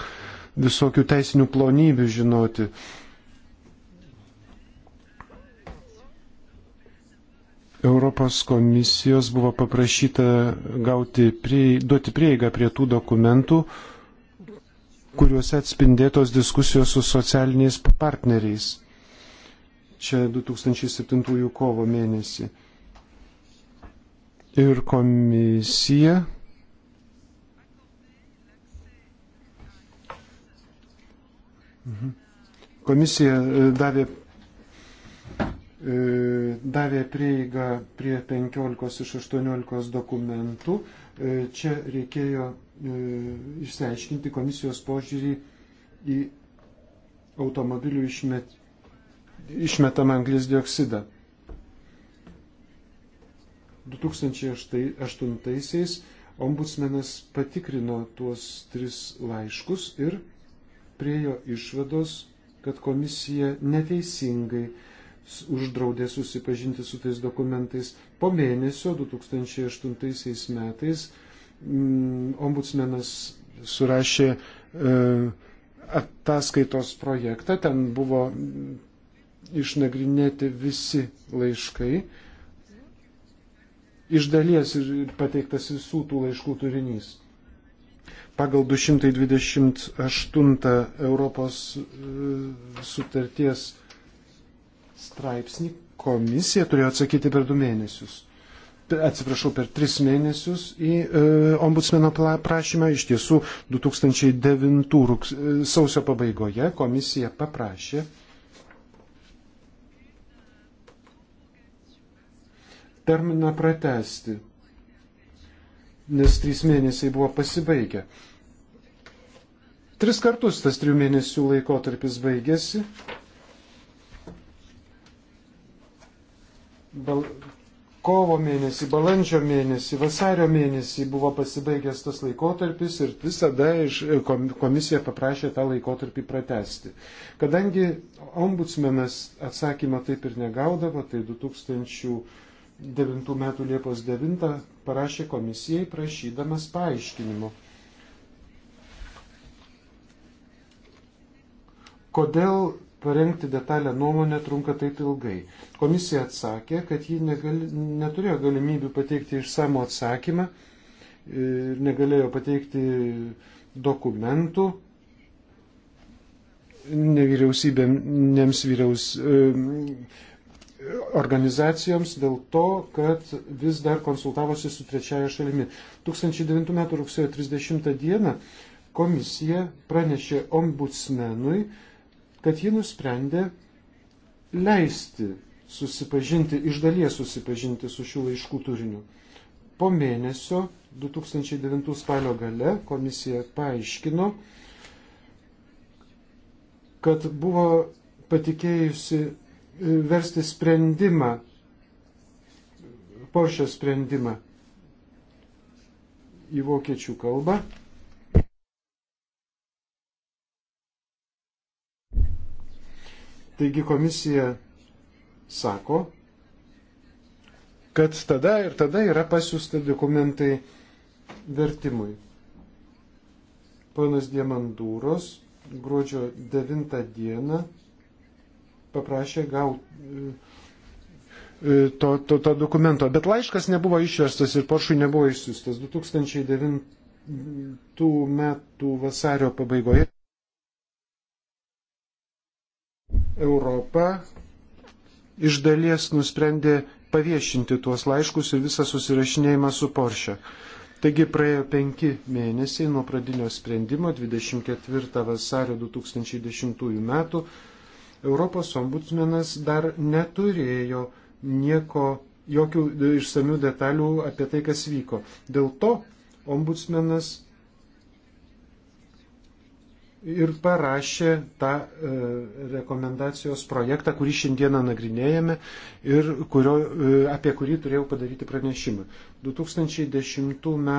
visokių teisinių plonybių žinoti. Uh, Europos komisijos buvo paprašyta gauti prie, duoti prieigą prie tų dokumentų, kuriuose atspindėtos diskusijos su socialiniais partneriais. Čia 2007 kovo mėnesį. Ir komisija mhm. Komisija e, davė E, davė prieigą prie 15 iš 18 dokumentų. E, čia reikėjo e, išsiaiškinti komisijos požiūrį į automobilių išmet, išmetamą anglis dioksidą. 2008-aisiais ombudsmenas patikrino tuos tris laiškus ir priejo išvados, kad komisija neteisingai uždraudė susipažinti su tais dokumentais. Po mėnesio 2008 metais mm, ombudsmenas surašė e, ataskaitos projektą, ten buvo išnagrinėti visi laiškai, iš dalies ir pateiktas visų tų laiškų turinys. Pagal 228 Europos e, sutarties straipsnį komisija turėjo atsakyti per du mėnesius. Atsiprašau, per tris mėnesius į e, ombudsmeno prašymą. Iš tiesų, 2009 rugs, e, sausio pabaigoje komisija paprašė terminą pratesti, nes trys mėnesiai buvo pasibaigę. Tris kartus tas trijų mėnesių laikotarpis baigėsi bal, kovo mėnesį, balandžio mėnesį, vasario mėnesį buvo pasibaigęs tas laikotarpis ir visada komisija paprašė tą laikotarpį pratesti. Kadangi ombudsmenas atsakymą taip ir negaudavo, tai 2009 m. Liepos 9 parašė komisijai prašydamas paaiškinimo. Kodėl parengti detalę nuomonę trunka taip ilgai. Komisija atsakė, kad ji negali, neturėjo galimybių pateikti išsamų atsakymą ir e, negalėjo pateikti dokumentų nevyriausybėms vyriaus, e, organizacijoms dėl to, kad vis dar konsultavosi su trečiaja šalimi. 2009 m. rugsėjo 30 d. komisija pranešė ombudsmenui, kad ji nusprendė leisti susipažinti, iš dalies susipažinti su šių laiškų turiniu. Po mėnesio 2009 spalio gale komisija paaiškino, kad buvo patikėjusi e, versti sprendimą, Porsche sprendimą į vokiečių kalbą Taigi komisija sako, kad tada ir tada yra pasiūsta dokumentai vertimui. Ponas Diemandūros gruodžio 9 dieną paprašė gauti e, e, to, to, to dokumento, bet laiškas nebuvo išverstas ir poršui nebuvo išsiųstas 2009 metų vasario pabaigoje. Europa iš dalies nusprendė paviešinti tuos laiškus ir visą susirašinėjimą su Porsche. Taigi praėjo penki mėnesiai nuo pradinio sprendimo 24 vasario 2010 metų. Europos ombudsmenas dar neturėjo nieko, jokių išsamių detalių apie tai, kas vyko. Dėl to ombudsmenas ir parašė tą e, rekomendacijos projektą, kurį šiandieną nagrinėjame ir kurio, e, apie kurį turėjau padaryti pranešimą. 2010 m.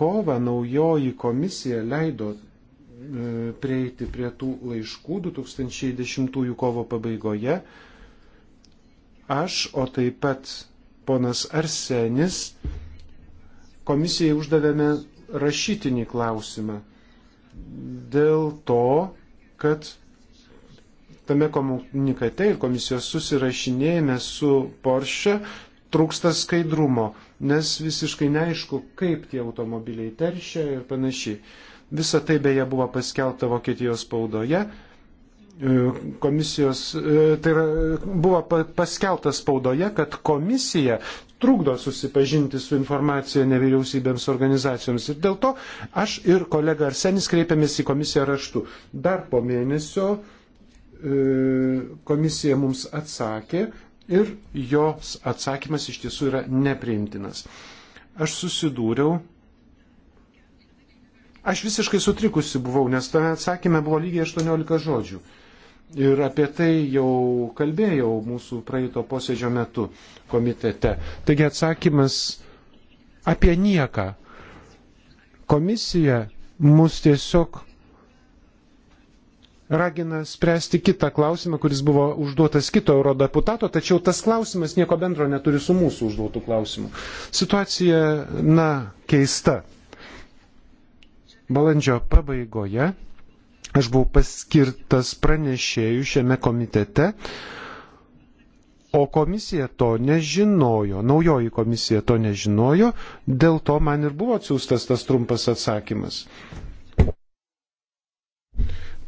kovą naujoji komisija leido e, prieiti prie tų laiškų 2010 kovo pabaigoje. Aš, o taip pat ponas Arsenis, komisijai uždavėme rašytinį klausimą dėl to, kad tame komunikate ir komisijos susirašinėjime su Porsche trūksta skaidrumo, nes visiškai neaišku, kaip tie automobiliai teršia ir panašiai. Visa tai beje buvo paskelbta Vokietijos spaudoje. E, komisijos, e, tai yra, buvo paskelbta spaudoje, kad komisija trukdo susipažinti su informacija nevyriausybėms organizacijoms. Ir dėl to aš ir kolega Arsenis kreipėmės į komisiją raštu. Dar po mėnesio e, komisija mums atsakė ir jos atsakymas iš tiesų yra nepriimtinas. Aš susidūriau Aš visiškai sutrikusi buvau, nes tame atsakymė buvo lygiai 18 žodžių. Ir apie tai jau kalbėjau mūsų praeito posėdžio metu komitete. Taigi atsakymas apie nieką. Komisija mus tiesiog ragina spręsti kitą klausimą, kuris buvo užduotas kito eurodeputato, tačiau tas klausimas nieko bendro neturi su mūsų užduotų klausimu. Situacija, na, keista. Balandžio pabaigoje Aš buvau paskirtas pranešėjų šiame komitete, o komisija to nežinojo, naujoji komisija to nežinojo, dėl to man ir buvo atsiųstas tas trumpas atsakymas.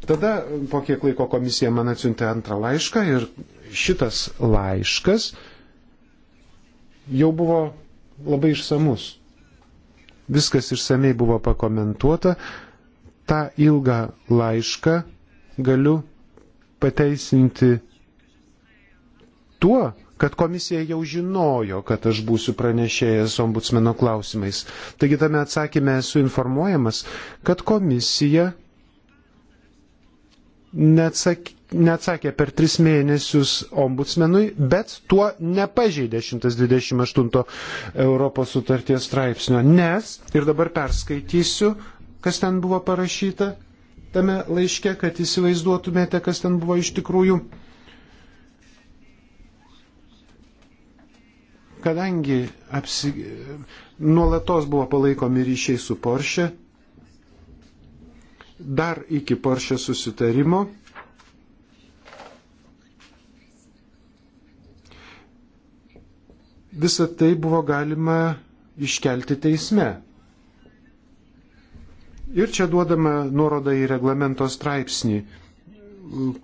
Tada po kiek laiko komisija man atsiuntė antrą laišką ir šitas laiškas jau buvo labai išsamus. Viskas išsamei buvo pakomentuota, tą ilgą laišką galiu pateisinti tuo, kad komisija jau žinojo, kad aš būsiu pranešėjęs ombudsmeno klausimais. Taigi tame atsakymė esu informuojamas, kad komisija neatsak, neatsakė per tris mėnesius ombudsmenui, bet tuo nepažeidė 128 Europos sutarties straipsnio, nes, ir dabar perskaitysiu kas ten buvo parašyta tame laiške, kad įsivaizduotumėte, kas ten buvo iš tikrųjų. Kadangi apsi... nuolatos buvo palaikomi ryšiai su Porsche, dar iki Porsche susitarimo, visą tai buvo galima iškelti teisme. Ir čia duodama nuoroda į reglamento straipsnį,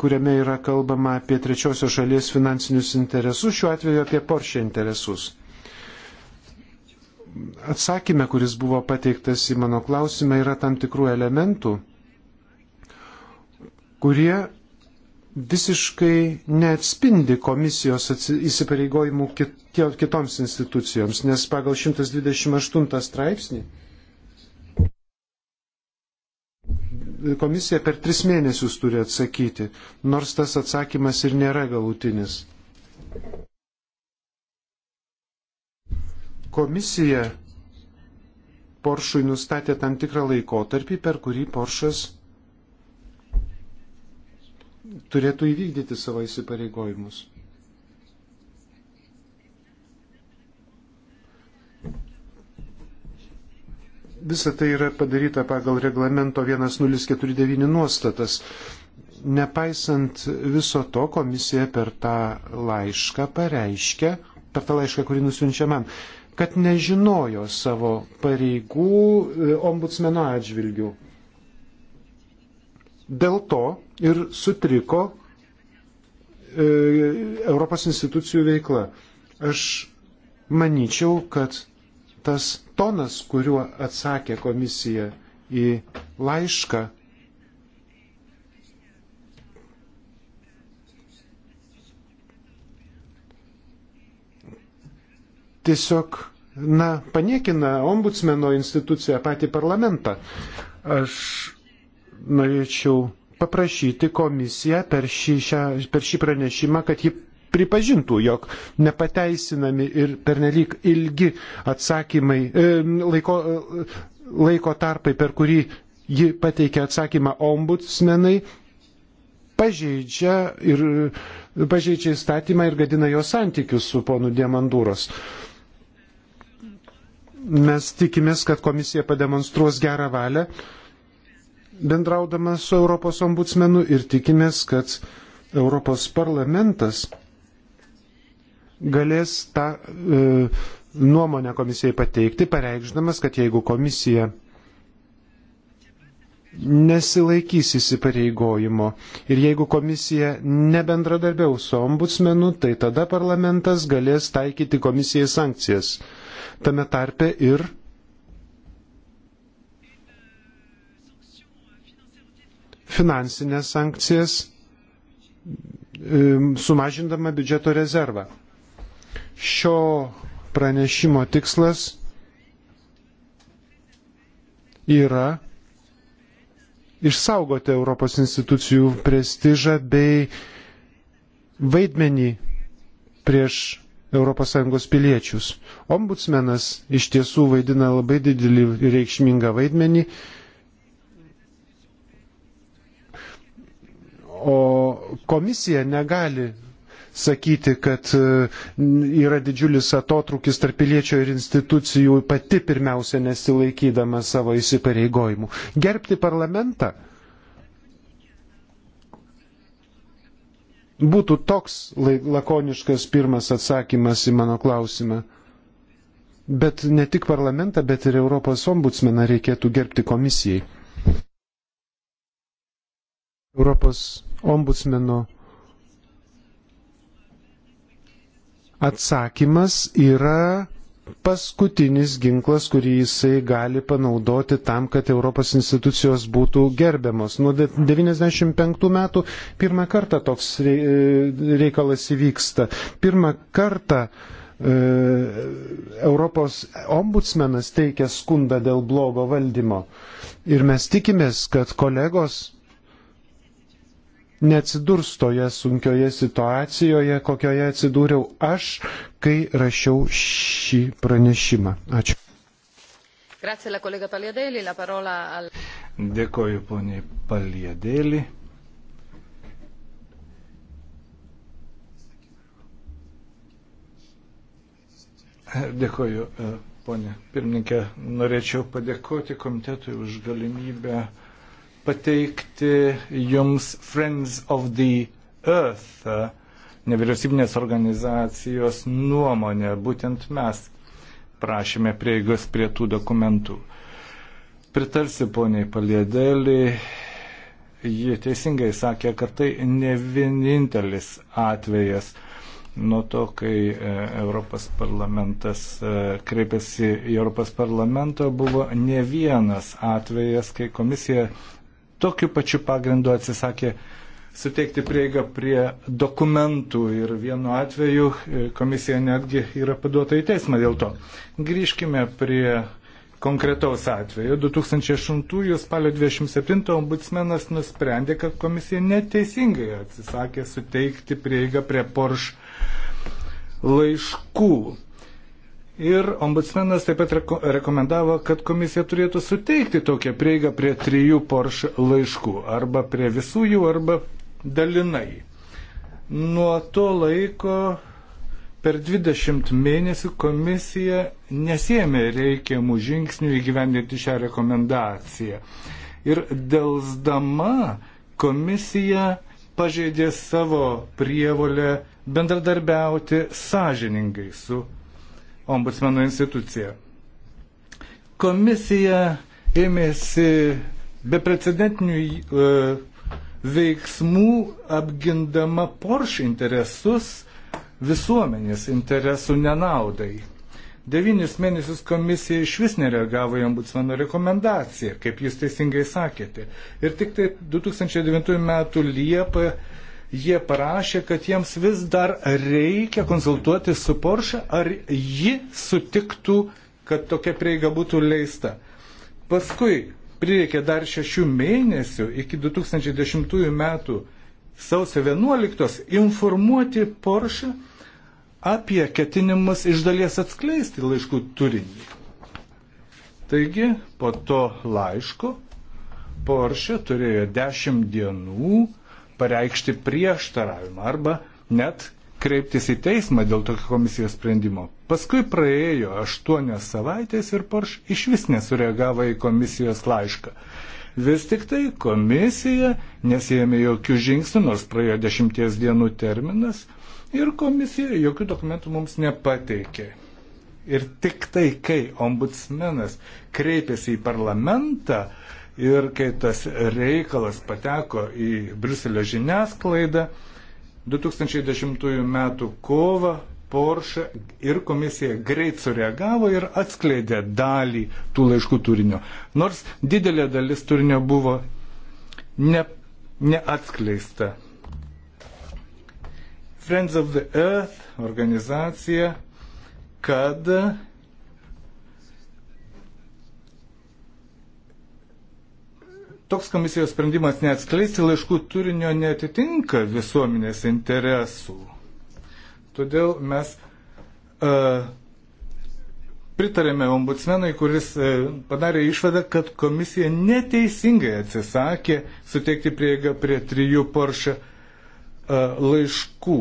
kuriame yra kalbama apie trečiosios šalies finansinius interesus, šiuo atveju apie Porsche interesus. Atsakyme, kuris buvo pateiktas į mano klausimą, yra tam tikrų elementų, kurie visiškai neatspindi komisijos įsipareigojimų kitoms institucijoms, nes pagal 128 straipsnį komisija per tris mėnesius turi atsakyti, nors tas atsakymas ir nėra galutinis. Komisija Poršui nustatė tam tikrą laikotarpį, per kurį Poršas turėtų įvykdyti savo įsipareigojimus. Visa tai yra padaryta pagal reglamento 1049 nuostatas. Nepaisant viso to, komisija per tą laišką pareiškia, per tą laišką, kurį nusiunčia man, kad nežinojo savo pareigų e, ombudsmeno atžvilgių. Dėl to ir sutriko e, Europos institucijų veikla. Aš manyčiau, kad tas tonas, kuriuo atsakė komisija į laišką, tiesiog, na, paniekina ombudsmeno instituciją, patį parlamentą. Aš norėčiau paprašyti komisiją per šį, šią, per šį pranešimą, kad ji pripažintų, jog nepateisinami ir pernelyg ilgi atsakymai, e, laiko, e, laiko tarpai, per kurį ji pateikia atsakymą ombudsmenai, pažeidžia, ir, pažeidžia įstatymą ir gadina jo santykius su ponu Diamandūros. Mes tikimės, kad komisija pademonstruos gerą valią bendraudama su Europos ombudsmenu ir tikimės, kad Europos parlamentas galės tą e, nuomonę komisijai pateikti, pareikšdamas, kad jeigu komisija nesilaikys įsipareigojimo ir jeigu komisija nebendradarbiaus su ombudsmenu, tai tada parlamentas galės taikyti komisijai sankcijas. Tame tarpe ir finansinės sankcijas e, sumažindama biudžeto rezervą. Šio pranešimo tikslas yra išsaugoti Europos institucijų prestižą bei vaidmenį prieš ES piliečius. Ombudsmenas iš tiesų vaidina labai didelį ir reikšmingą vaidmenį. O komisija negali sakyti, kad e, yra didžiulis atotrukis tarp piliečio ir institucijų, pati pirmiausia nesilaikydama savo įsipareigojimų. Gerbti parlamentą Būtų toks lakoniškas pirmas atsakymas į mano klausimą. Bet ne tik parlamentą, bet ir Europos ombudsmeną reikėtų gerbti komisijai. Europos ombudsmeno atsakymas yra paskutinis ginklas, kurį jisai gali panaudoti tam, kad Europos institucijos būtų gerbiamos. Nuo 1995 metų pirmą kartą toks reikalas įvyksta. Pirmą kartą e, Europos ombudsmenas teikia skundą dėl blogo valdymo. Ir mes tikimės, kad kolegos neatsidurs toje sunkioje situacijoje, kokioje atsidūriau aš, kai rašiau šį pranešimą. Ačiū. Dėkoju poniai Paliedėlį. Dėkoju, e, ponė pirmininkė. Norėčiau padėkoti komitetui už galimybę pateikti jums Friends of the Earth nevyriausybinės organizacijos nuomonę. Būtent mes prašėme prieigos prie tų dokumentų. Pritarsiu poniai Palėdėlį, ji teisingai sakė, kad tai ne vienintelis atvejas nuo to, kai e, Europos parlamentas e, kreipėsi į Europos parlamentą, buvo ne vienas atvejas, kai komisija tokiu pačiu pagrindu atsisakė suteikti prieigą prie dokumentų ir vienu atveju e, komisija netgi yra paduota į teismą dėl to. Grįžkime prie konkretaus atveju. 2008 spalio 27 ombudsmenas nusprendė, kad komisija neteisingai atsisakė suteikti prieigą prie Porsche laiškų. Ir ombudsmenas taip pat reko rekomendavo, kad komisija turėtų suteikti tokią prieigą prie trijų Porsche laiškų, arba prie visų jų, arba dalinai. Nuo to laiko per 20 mėnesių komisija nesėmė reikiamų žingsnių įgyvendinti šią rekomendaciją. Ir dėlsdama komisija pažeidė savo prievolę bendradarbiauti sąžiningai su ombudsmeno instituciją. Komisija ėmėsi beprecedentinių e, veiksmų apgindama Porsche interesus visuomenės interesų nenaudai. Devynis mėnesius komisija iš vis nereagavo į ombudsmano rekomendaciją, kaip jūs teisingai sakėte. Ir tik tai 2009 m. Liepą jie parašė, kad jiems vis dar reikia konsultuoti su Porsche, ar ji sutiktų, kad tokia prieiga būtų leista. Paskui prireikė dar šešių mėnesių iki 2010 metų sausio 11 informuoti Porsche apie ketinimus iš dalies atskleisti laiškų turinį. Taigi, po to laišku Porsche turėjo 10 dienų pareikšti prieštaravimą arba net kreiptis į teismą dėl tokio komisijos sprendimo. Paskui praėjo aštuonios savaitės ir Porsche iš vis nesureagavo į komisijos laišką. Vis tik tai komisija nesijėmė jokių žingsnių, nors praėjo dešimties dienų terminas ir komisija jokių dokumentų mums nepateikė. Ir tik tai, kai ombudsmenas kreipėsi į parlamentą, uh, Ir kai tas reikalas pateko į Briuselio žiniasklaidą, 2010 m. kovą Porsche ir komisija greit sureagavo ir atskleidė dalį tų laiškų turinio. Nors didelė dalis turinio buvo ne, neatskleista. Friends of the Earth organizacija, kad toks komisijos sprendimas neatskleisti laiškų turinio netitinka visuomenės interesų. Todėl mes uh, pritarėme ombudsmenui, kuris uh, padarė išvadą, kad komisija neteisingai atsisakė suteikti prieigą prie trijų Porsche uh, laiškų.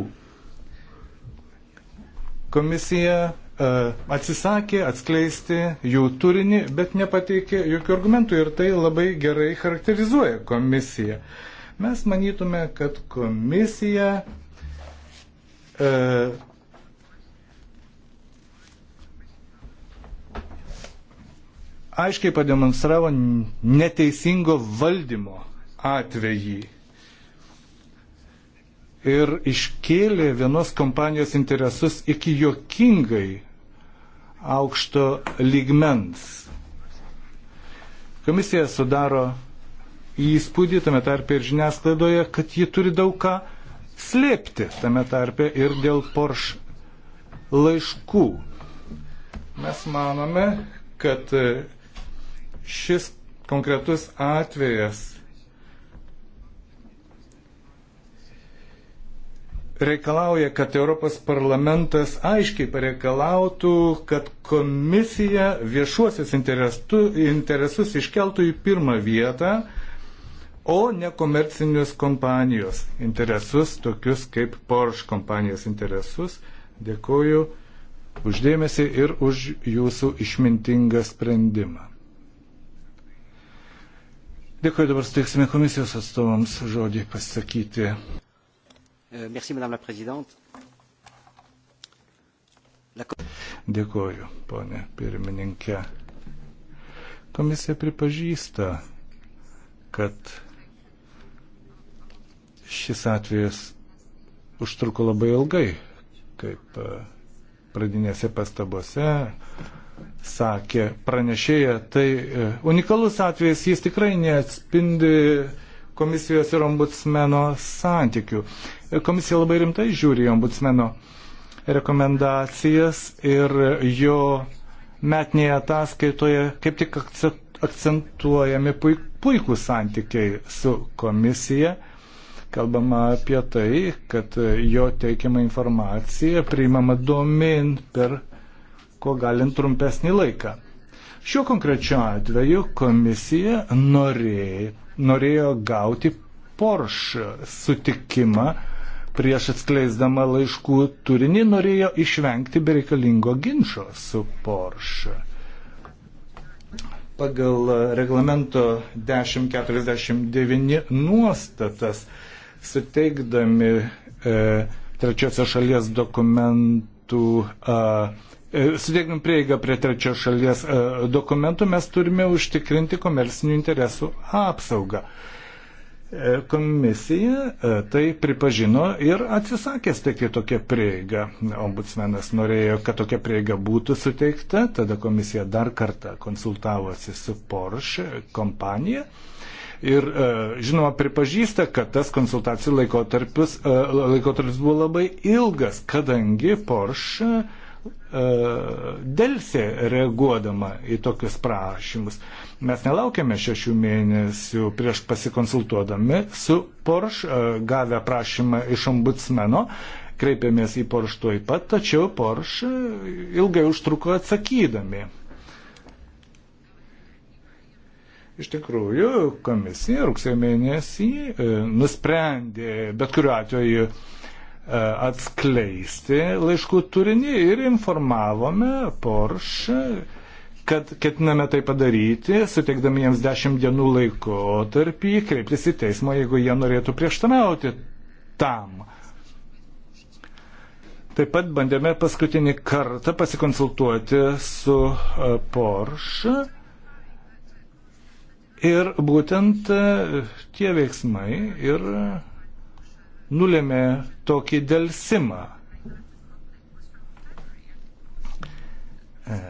Komisija E, atsisakė atskleisti jų turinį, bet nepateikė jokių argumentų ir tai labai gerai charakterizuoja komisiją. Mes manytume, kad komisija e, aiškiai pademonstravo neteisingo valdymo atvejį ir iškėlė vienos kompanijos interesus iki jokingai aukšto lygmens. Komisija sudaro įspūdį tame tarpe ir žiniasklaidoje, kad ji turi daug ką slėpti tame tarpe ir dėl Porsche laiškų. Mes manome, kad šis konkretus atvejas reikalauja, kad Europos parlamentas aiškiai pareikalautų, kad komisija viešuosius interesus iškeltų į pirmą vietą, o ne komercinius kompanijos interesus, tokius kaip Porsche kompanijos interesus. Dėkuoju uždėmesi ir už jūsų išmintingą sprendimą. Dėkuoju, dabar steiksime komisijos atstovams žodį pasakyti. Uh, merci, Madame la Présidente. La... Dėkoju, ponė pirmininkė. Komisija pripažįsta, kad šis atvejas užtruko labai ilgai, kaip e, pradinėse pastabose sakė pranešėja. Tai e, unikalus atvejas, jis tikrai neatspindi komisijos ir ombudsmeno santykių. Komisija labai rimtai žiūri ombudsmeno rekomendacijas ir jo metinėje ataskaitoje kaip tik akcentuojami puikūs santykiai su komisija. Kalbama apie tai, kad jo teikiama informacija priimama domin per ko galint trumpesnį laiką. Šiuo konkrečiu atveju komisija norėjo, norėjo gauti Porsche sutikimą prieš atskleisdama laiškų turinį, norėjo išvengti bereikalingo ginčio su Porsche. Pagal reglamento 1049 nuostatas, suteikdami e, trečiosios šalies dokumentų e, E, sudėkime prieigą prie trečios šalies e, dokumentų, mes turime užtikrinti komercinių interesų apsaugą. E, komisija tai pripažino ir atsisakė steikti tokią prieigą. Ombudsmenas norėjo, kad tokia prieiga būtų suteikta, tada komisija dar kartą konsultavosi su Porsche kompanija ir žinoma pripažįsta, kad tas konsultacijų laikotarpis, laikotarpis buvo labai ilgas, kadangi Porsche E, dėlsė reaguodama į tokius prašymus. Mes nelaukėme šešių mėnesių prieš pasikonsultuodami su Porsche, e, gavę prašymą iš ombudsmeno, kreipėmės į Porsche tuoj pat, tačiau Porsche ilgai užtruko atsakydami. Iš tikrųjų, komisija rugsėjo mėnesį e, nusprendė bet kuriuo atveju E, atskleisti laiškų turinį ir informavome Porsche, kad ketiname tai padaryti, suteikdami jiems 10 dienų laiko tarpį, kreiptis į teismą, jeigu jie norėtų prieštamauti tam. Taip pat bandėme paskutinį kartą pasikonsultuoti su e, Porsche ir būtent e, tie veiksmai ir nulėmė tokį dėlsimą. E,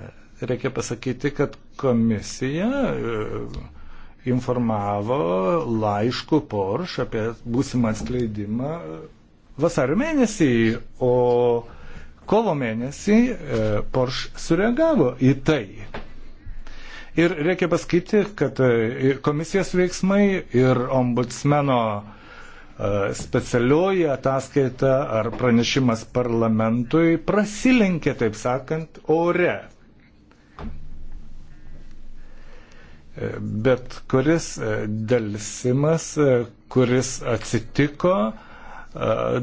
reikia pasakyti, kad komisija e, informavo laišku Porš apie būsimą atskleidimą vasario mėnesį, o kovo mėnesį e, Porš sureagavo į tai. Ir reikia pasakyti, kad komisijos veiksmai ir ombudsmeno uh, specialioji ataskaita ar pranešimas parlamentui prasilenkia, taip sakant, ore. Bet kuris dėlsimas, kuris atsitiko,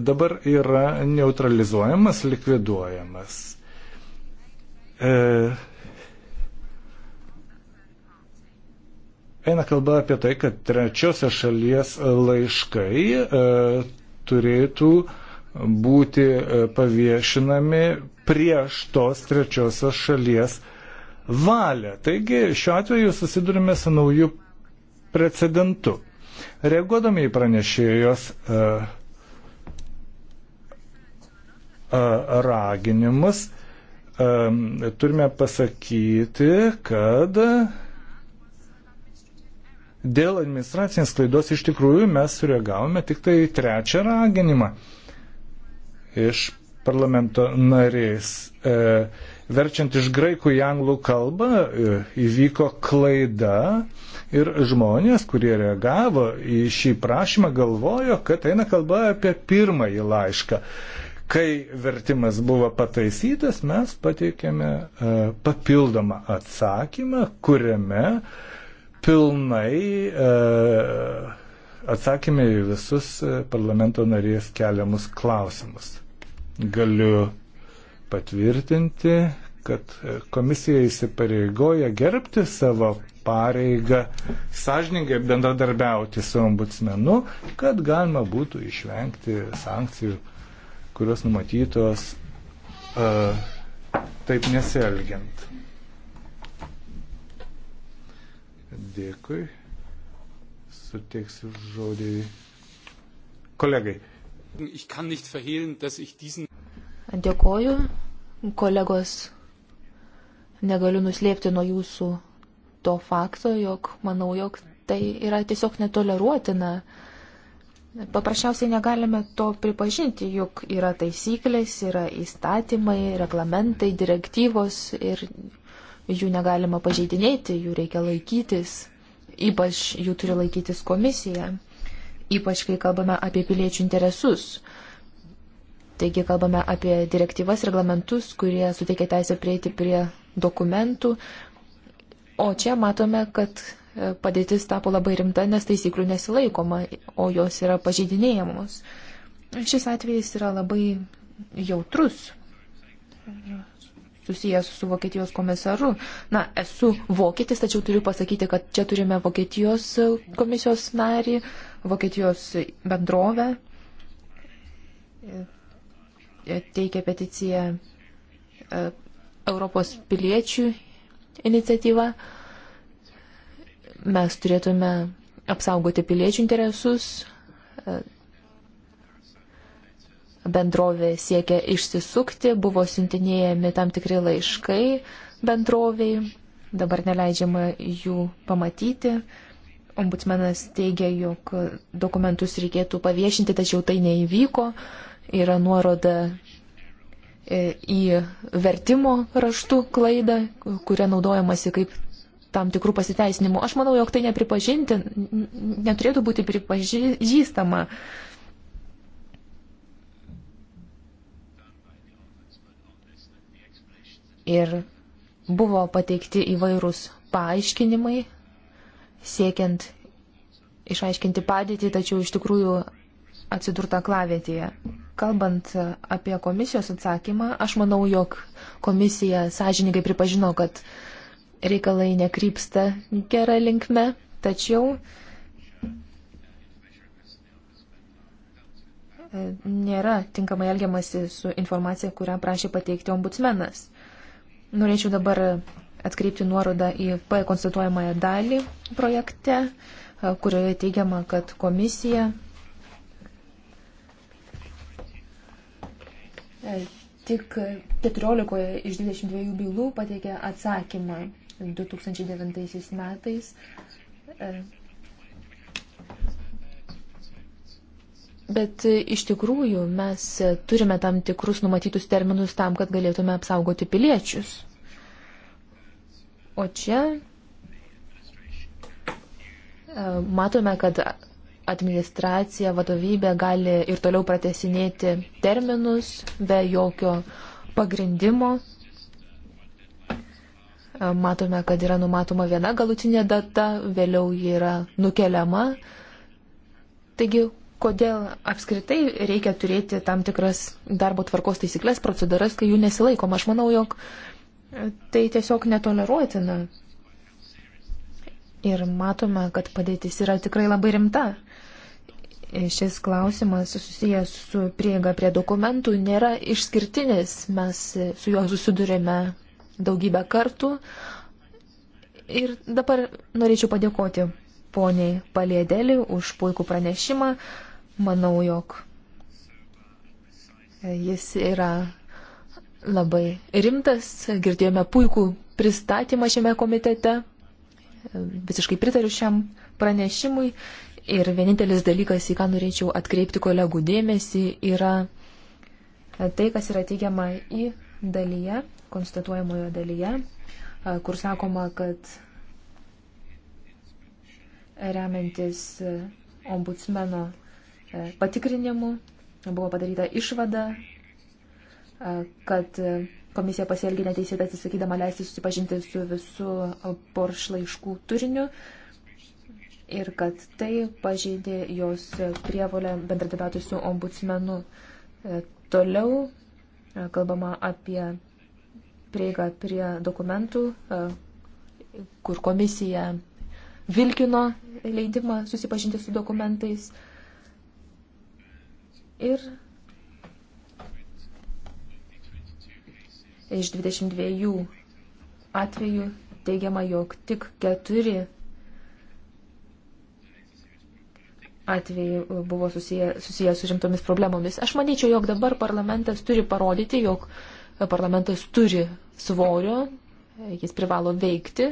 dabar yra neutralizuojamas, likviduojamas. Eina kalba apie tai, kad trečiosios šalies laiškai e, turėtų būti e, paviešinami prieš tos trečiosios šalies valią. Taigi šiuo atveju susidurime su nauju precedentu. Reaguodami į pranešėjos e, e, raginimus, e, turime pasakyti, kad dėl administracinės klaidos iš tikrųjų mes sureagavome tik tai trečią raginimą iš parlamento narės. E, verčiant iš graikų į anglų kalbą e, įvyko klaida ir žmonės, kurie reagavo į šį prašymą, galvojo, kad eina kalba apie pirmąjį laišką. Kai vertimas buvo pataisytas, mes pateikėme e, papildomą atsakymą, kuriame e, pilnai e, atsakėme į visus e, parlamento narės keliamus klausimus. Galiu patvirtinti, kad e, komisija įsipareigoja gerbti savo pareigą, sąžiningai bendradarbiauti su ombudsmenu, kad galima būtų išvengti sankcijų, kurios numatytos uh, taip nesielgiant. Dėkui. Suteiksiu žodį kolegai. Dėkoju, kolegos. Negaliu nuslėpti nuo jūsų to fakto, jog manau, jog tai yra tiesiog netoleruotina. Paprasčiausiai negalime to pripažinti, juk yra taisyklės, yra įstatymai, reglamentai, direktyvos ir jų negalima pažeidinėti, jų reikia laikytis, ypač jų turi laikytis komisija, ypač kai kalbame apie piliečių interesus. Taigi kalbame apie direktyvas, reglamentus, kurie suteikia teisę prieiti prie dokumentų, o čia matome, kad e, padėtis tapo labai rimta, nes taisyklių nesilaikoma, o jos yra pažeidinėjamos. Šis atvejis yra labai jautrus susijęs su Vokietijos komisaru. Na, esu vokietis, tačiau turiu pasakyti, kad čia turime Vokietijos komisijos narį, Vokietijos bendrovę. Teikia peticiją e, Europos piliečių iniciatyva. Mes turėtume apsaugoti piliečių interesus, e, bendrovė siekia išsisukti, buvo siuntinėjami tam tikri laiškai bendroviai, dabar neleidžiama jų pamatyti. Ombudsmenas teigia, jog dokumentus reikėtų paviešinti, tačiau tai neįvyko. Yra nuoroda e, į vertimo raštų klaidą, kurią naudojamasi kaip tam tikrų pasiteisinimų. Aš manau, jog tai nepripažinti, neturėtų būti pripažįstama. Pripaži Ir buvo pateikti įvairūs paaiškinimai, siekiant išaiškinti padėtį, tačiau iš tikrųjų atsidurta klavietėje. Kalbant apie komisijos atsakymą, aš manau, jog komisija sąžininkai pripažino, kad reikalai nekrypsta gerą linkme, tačiau e, nėra tinkamai elgiamasi su informacija, kurią prašė pateikti ombudsmenas. Norėčiau dabar atkreipti nuorodą į P konstatuojamąją dalį projekte, kurioje teigiama, kad komisija tik 14 iš 22 bylų pateikė atsakymą 2009 metais Bet e, iš tikrųjų mes e, turime tam tikrus numatytus terminus tam, kad galėtume apsaugoti piliečius. O čia e, matome, kad administracija, vadovybė gali ir toliau pratesinėti terminus be jokio pagrindimo. Matome, kad yra numatoma viena galutinė data, vėliau ji yra nukeliama. Taigi, kodėl apskritai reikia turėti tam tikras darbo tvarkos taisyklės, procedūras, kai jų nesilaikoma. Aš manau, jog e, tai tiesiog netoleruotina. Ir matome, kad padėtis yra tikrai labai rimta. E, šis klausimas susijęs su prieiga prie dokumentų nėra išskirtinis. Mes su juo susidurėme daugybę kartų. Ir dabar norėčiau padėkoti poniai Palėdėlį už puikų pranešimą. Manau, jog jis yra labai rimtas. Girdėjome puikų pristatymą šiame komitete. Visiškai pritariu šiam pranešimui. Ir vienintelis dalykas, į ką norėčiau atkreipti kolegų dėmesį, yra tai, kas yra teigiama į dalyje, konstatuojamojo dalyje, kur sakoma, kad remiantis e, ombudsmeno e, patikrinimu, buvo padaryta išvada, e, kad komisija pasielgė neteisėtai atsisakydama leisti susipažinti su visu Porsche laiškų turiniu ir kad tai pažeidė jos prievolę bendradarbiauti su ombudsmenu. Toliau kalbama apie prieigą prie dokumentų, kur komisija vilkino leidimą susipažinti su dokumentais. Ir iš 22 atvejų teigiama, jog tik keturi atvejai buvo susiję, susiję su rimtomis problemomis. Aš manyčiau, jog dabar parlamentas turi parodyti, jog parlamentas turi svorio, jis privalo veikti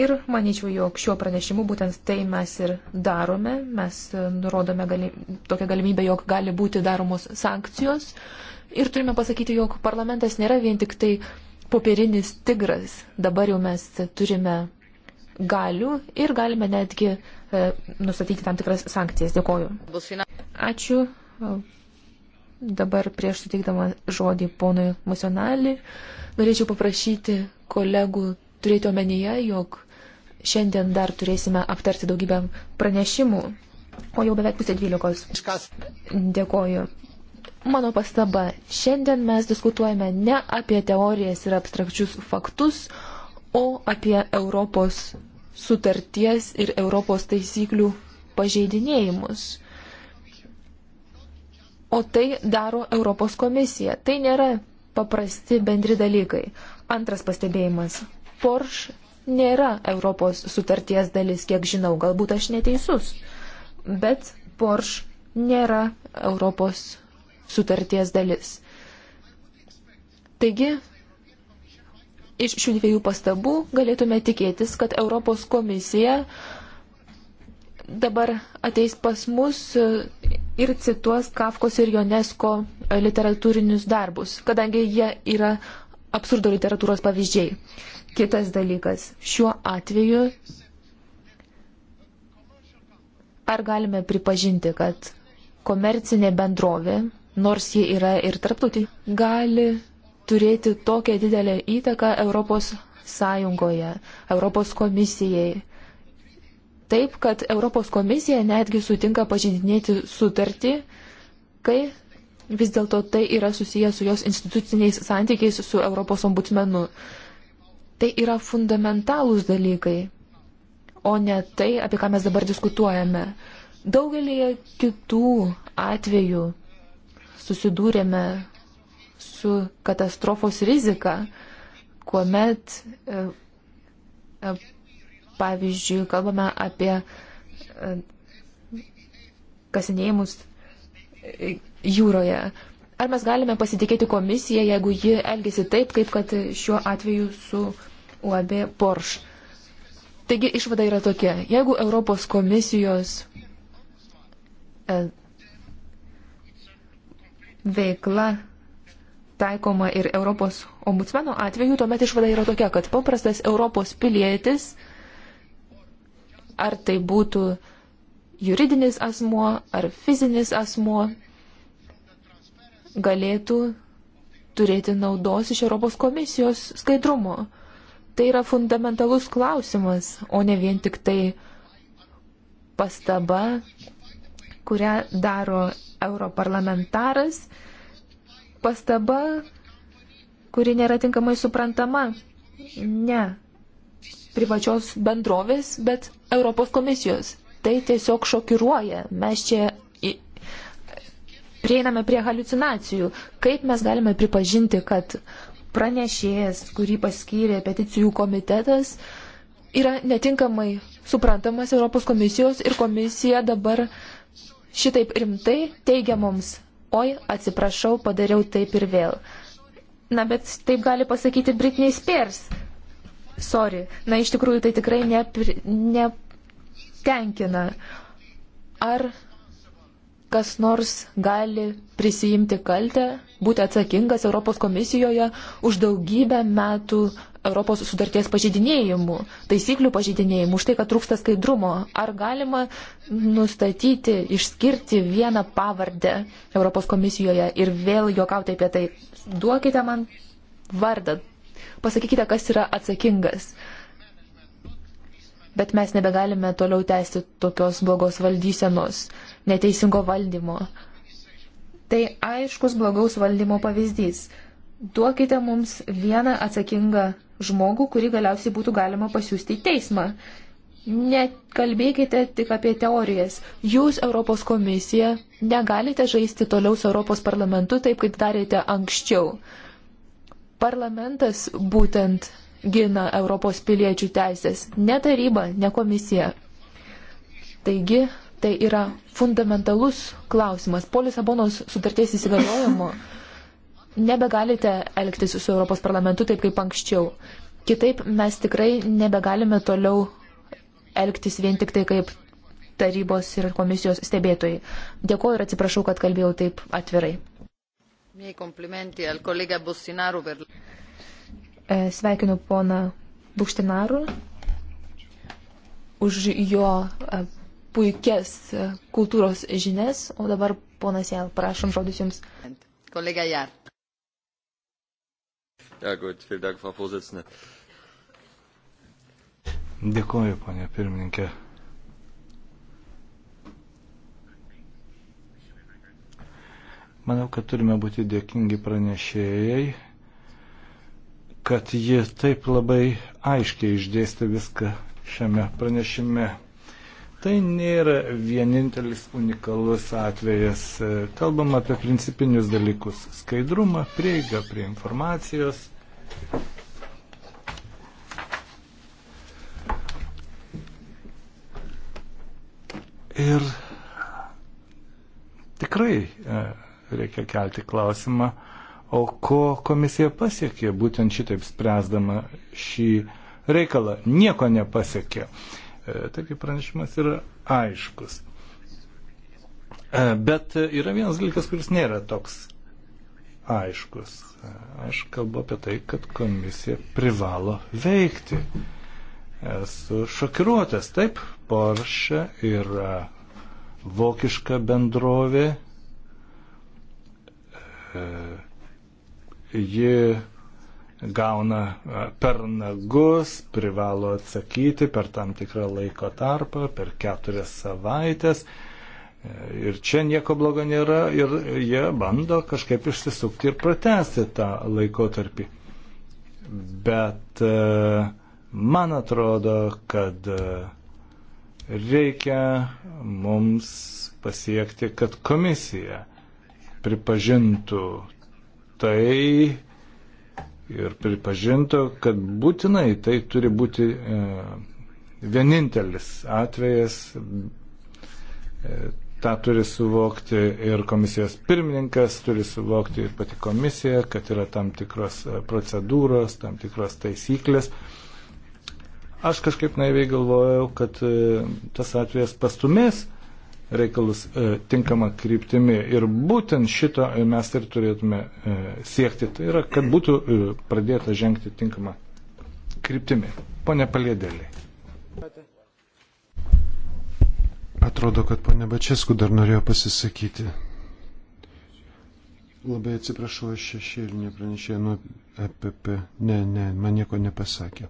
Ir manyčiau, jog šiuo pranešimu būtent tai mes ir darome. Mes e, nurodome gali, tokią galimybę, jog gali būti daromos sankcijos. Ir turime pasakyti, jog parlamentas nėra vien tik tai popierinis tigras. Dabar jau mes turime galių ir galime netgi e, nustatyti tam tikras sankcijas. Dėkoju. Ačiū. Dabar prieš suteikdama žodį ponui Musionalį, norėčiau paprašyti kolegų turėti omenyje, jog Šiandien dar turėsime aptarti daugybę pranešimų, o jau beveik pusė dvylikos. Dėkoju. Mano pastaba, šiandien mes diskutuojame ne apie teorijas ir abstrakčius faktus, o apie Europos sutarties ir Europos taisyklių pažeidinėjimus. O tai daro Europos komisija. Tai nėra paprasti bendri dalykai. Antras pastebėjimas. Porsche nėra Europos sutarties dalis, kiek žinau, galbūt aš neteisus, bet Porsche nėra Europos sutarties dalis. Taigi, iš šių dviejų pastabų galėtume tikėtis, kad Europos komisija dabar ateis pas mus ir cituos Kafkos ir Jonesko literatūrinius darbus, kadangi jie yra absurdo literatūros pavyzdžiai. Kitas dalykas, šiuo atveju ar galime pripažinti, kad komercinė bendrovė, nors ji yra ir tarptautinė, gali turėti tokią didelę įtaką Europos Sąjungoje, Europos komisijai. Taip, kad Europos komisija netgi sutinka pažindinėti sutartį, kai vis dėlto tai yra susijęs su jos instituciniais santykiais su Europos ombudsmenu. Tai yra fundamentalūs dalykai, o ne tai, apie ką mes dabar diskutuojame. Daugelį kitų atvejų susidūrėme su katastrofos rizika, kuomet, e, e, pavyzdžiui, kalbame apie e, kasinėjimus jūroje. Ar mes galime pasitikėti komisiją, jeigu ji elgesi taip, kaip kad šiuo atveju su UAB Porsche. Taigi išvada yra tokia. Jeigu Europos komisijos e, veikla taikoma ir Europos ombudsmeno atveju, tuomet išvada yra tokia, kad paprastas Europos pilietis, ar tai būtų juridinis asmuo, ar fizinis asmuo, galėtų turėti naudos iš Europos komisijos skaidrumo. Tai yra fundamentalus klausimas, o ne vien tik tai pastaba, kurią daro europarlamentaras, pastaba, kuri nėra tinkamai suprantama. Ne privačios bendrovės, bet Europos komisijos. Tai tiesiog šokiruoja. Mes čia prieiname prie halucinacijų. Kaip mes galime pripažinti, kad pranešėjas, kurį paskyrė peticijų komitetas, yra netinkamai suprantamas Europos komisijos ir komisija dabar šitaip rimtai teigia mums, oi, atsiprašau, padariau taip ir vėl. Na, bet taip gali pasakyti Britney Spears. Sorry. Na, iš tikrųjų, tai tikrai nepri... netenkina. Ar kas nors gali prisijimti kaltę, būti atsakingas Europos komisijoje už daugybę metų Europos sudarties pažydinėjimų, taisyklių pažydinėjimų, už tai, kad trūksta skaidrumo. Ar galima nustatyti, išskirti vieną pavardę Europos komisijoje ir vėl juokauti apie tai? Duokite man vardą, pasakykite, kas yra atsakingas bet mes nebegalime toliau tęsti tokios blogos valdysenos, neteisingo valdymo. Tai aiškus blogaus valdymo pavyzdys. Duokite mums vieną atsakingą žmogų, kurį galiausiai būtų galima pasiūsti į teismą. Nekalbėkite tik apie teorijas. Jūs, Europos komisija, negalite žaisti toliau su Europos parlamentu taip, kaip darėte anksčiau. Parlamentas būtent gina Europos piliečių teisės. Ne taryba, ne komisija. Taigi, tai yra fundamentalus klausimas. Po Lisabonos sutarties įsigaliojimo nebegalite elgtis su Europos parlamentu taip kaip anksčiau. Kitaip mes tikrai nebegalime toliau elgtis vien tik tai kaip tarybos ir komisijos stebėtojai. Dėkuoju ir atsiprašau, kad kalbėjau taip atvirai. Miei komplimenti al kolega Bostinaru per E, sveikinu poną Bukštinarų už jo e, puikias e, kultūros žinias, o dabar ponas Jel, prašom žodis jums. Kolega Jar. Ja, gut, vielen Dank, Frau Vorsitzende. Dėkuoju, ponė pirmininkė. Manau, kad turime būti dėkingi pranešėjai kad ji taip labai aiškiai išdėstė viską šiame pranešime. Tai nėra vienintelis unikalus atvejas. Kalbam apie principinius dalykus - skaidrumą, prieigą prie informacijos. Ir tikrai e, reikia kelti klausimą, O ko komisija pasiekė būtent šitaip spręsdama šį reikalą? Nieko nepasiekė. E, taigi pranešimas yra aiškus. E, bet yra vienas dalykas, kuris nėra toks aiškus. E, aš kalbu apie tai, kad komisija privalo veikti. Esu šokiruotas. Taip, Porsche yra vokiška bendrovė. E, ji gauna per nagus, privalo atsakyti per tam tikrą laiko tarpą, per keturias savaitės. E, ir čia nieko blogo nėra ir jie bando kažkaip išsisukti ir pratesti tą laikotarpį. Bet e, man atrodo, kad e, reikia mums pasiekti, kad komisija pripažintų tai ir pripažinto, kad būtinai tai turi būti e, vienintelis atvejas. E, Ta turi suvokti ir komisijos pirmininkas, turi suvokti ir pati komisija, kad yra tam tikros e, procedūros, tam tikros taisyklės. Aš kažkaip naiviai galvojau, kad tas atvejas pastumės reikalus e, tinkamą kryptimį. Ir būtent šito mes ir turėtume e, siekti. Tai yra, kad būtų e, pradėta žengti tinkamą kryptimį. Pone Palėdėlį. Atrodo, kad ponė Bačesku dar norėjo pasisakyti. Labai atsiprašau, aš šešėlinė pranešėja nuo EPP. Ne, ne, man nieko nepasakė.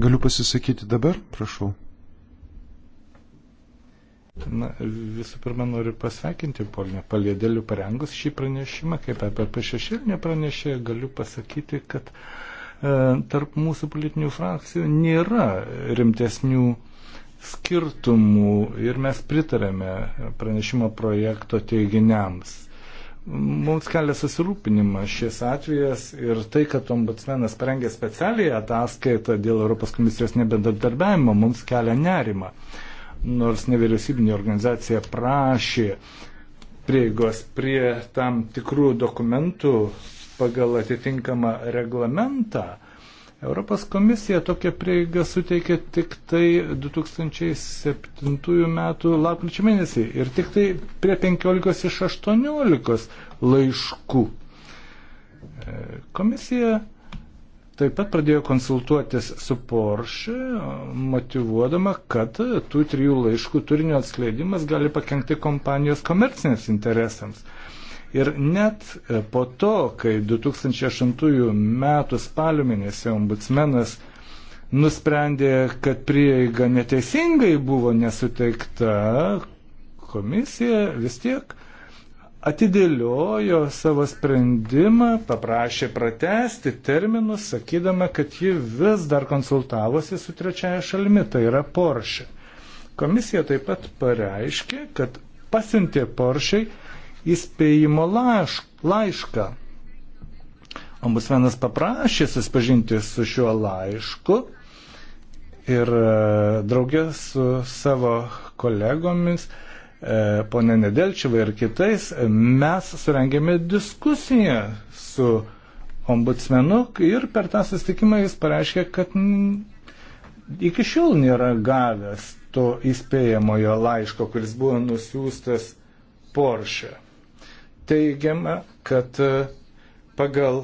Galiu pasisakyti dabar, prašau. Na, visų pirma, noriu pasveikinti Polinę Palėdėlių parengus šį pranešimą, kaip apie e šešėlinę pranešėją galiu pasakyti, kad e, tarp mūsų politinių frakcijų nėra rimtesnių skirtumų ir mes pritarėme pranešimo projekto teiginiams. Mums kelia susirūpinimą šis atvejas ir tai, kad ombudsmenas parengė specialiai ataskaitą dėl Europos komisijos nebedarbiavimo, mums kelia nerimą. E, nors nevyriausybinė organizacija prašė prieigos prie tam tikrų dokumentų pagal atitinkamą reglamentą, Europos komisija tokią prieigą suteikė tik tai 2007 metų lapkričio mėnesį ir tik tai prie 15 iš 18 laiškų. E, komisija taip pat pradėjo konsultuotis su Porsche, motivuodama, kad tų trijų laiškų turinio atskleidimas gali pakengti kompanijos komerciniams interesams. Ir net e, po to, kai 2008 metų spalio mėnesį ombudsmenas nusprendė, kad prieiga neteisingai buvo nesuteikta, komisija vis tiek atidėliojo savo sprendimą, paprašė pratesti terminus, sakydama, kad ji vis dar konsultavosi su trečiaja šalimi, tai yra Porsche. Komisija taip pat pareiškė, kad pasiuntė Porsche įspėjimo laišką. Ombusmenas paprašė susipažinti su šiuo laišku ir e, draugės su savo kolegomis uh, E, ponė Nedelčiava ir kitais, mes surengėme diskusiją su ombudsmenu ir per tą susitikimą jis pareiškė, kad iki šiol nėra gavęs to įspėjamojo laiško, kuris buvo nusiųstas Porsche. Teigiama, kad e, pagal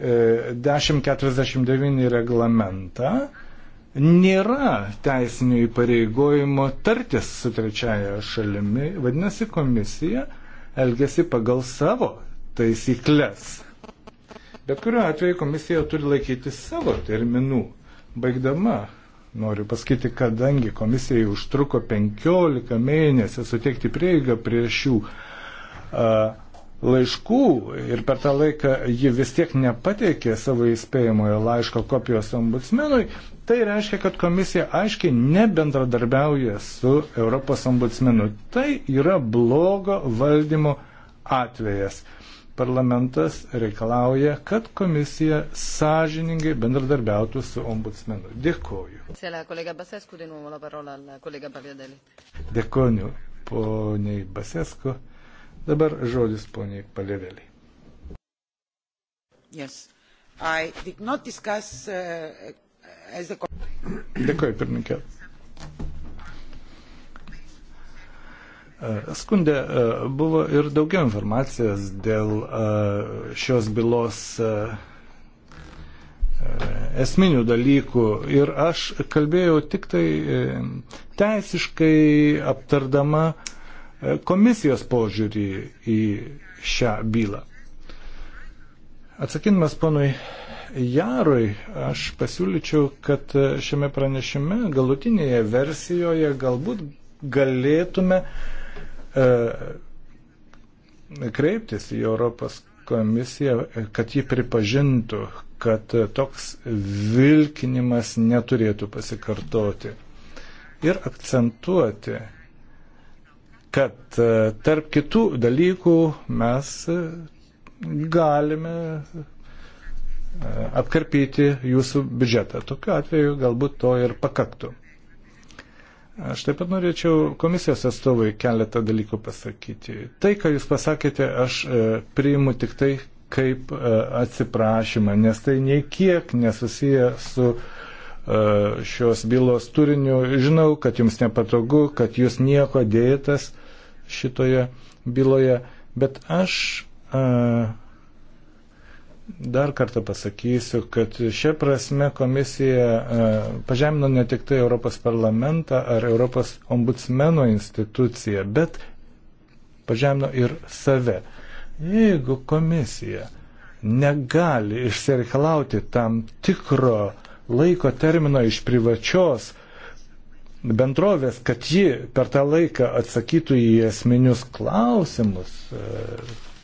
1049 e, reglamentą nėra teisinių įpareigojimo tartis su trečiaja šalimi, vadinasi, komisija elgesi pagal savo taisyklės. Bet kuriuo atveju komisija turi laikyti savo terminų. Baigdama, noriu pasakyti, kadangi komisijai užtruko 15 mėnesių suteikti prieigą prie šių uh, laiškų ir per tą laiką ji vis tiek nepateikė savo įspėjimojo laiško kopijos ombudsmenui, tai reiškia, kad komisija aiškiai nebendradarbiauja su Europos ombudsmenu. Tai yra blogo valdymo atvejas. Parlamentas reikalauja, kad komisija sąžiningai bendradarbiautų su ombudsmenu. Dėkoju. Dėkoju, poniai Basesku. Dabar žodis poniai Paleveliai. Yes. Discuss, uh, the... Dėkuoju, pirmininkė. Uh, skundė uh, buvo ir daugiau informacijos dėl uh, šios bylos esminių dalykų ir aš kalbėjau tik tai teisiškai aptardama uh, komisijos požiūrį į šią bylą. Atsakindamas ponui Jarui, aš pasiūlyčiau, kad šiame pranešime galutinėje versijoje galbūt galėtume e, kreiptis į Europos komisiją, kad ji pripažintų, kad toks vilkinimas neturėtų pasikartoti. Ir akcentuoti, kad e, tarp kitų dalykų mes e, galime e, apkarpyti jūsų biudžetą. Tokiu atveju galbūt to ir pakaktų. Aš taip pat norėčiau komisijos atstovui keletą dalykų pasakyti. Tai, ką jūs pasakėte, aš priimu tik tai kaip atsiprašymą, nes tai nei kiek nesusiję su uh, E, šios bylos turiniu. Žinau, kad jums nepatogu, kad jūs nieko dėjotas šitoje byloje, bet aš e, dar kartą pasakysiu, kad šia prasme komisija e, pažemino ne tik tai Europos parlamentą ar Europos ombudsmeno instituciją, bet pažemino ir save. Jeigu komisija negali išsireikalauti tam tikro laiko terminą iš privačios bendrovės, kad ji per tą laiką atsakytų į esminius klausimus, e,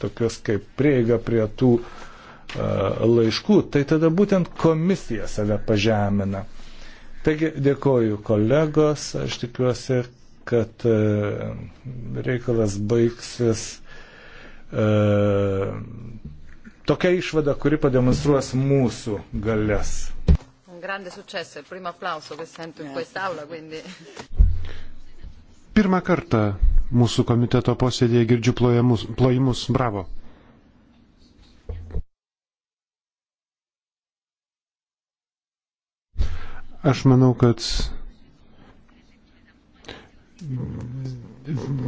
tokius kaip prieiga prie tų e, laiškų, tai tada būtent komisija save pažemina. Taigi dėkoju kolegos, aš tikiuosi, kad e, reikalas baigsis tokia išvada, kuri pademonstruos mūsų galės grande successo, il primo applauso che sento in quest'aula, quindi... Pirmą kartą mūsų komiteto posėdėje girdžiu plojimus, plojimus bravo. Aš manau, kad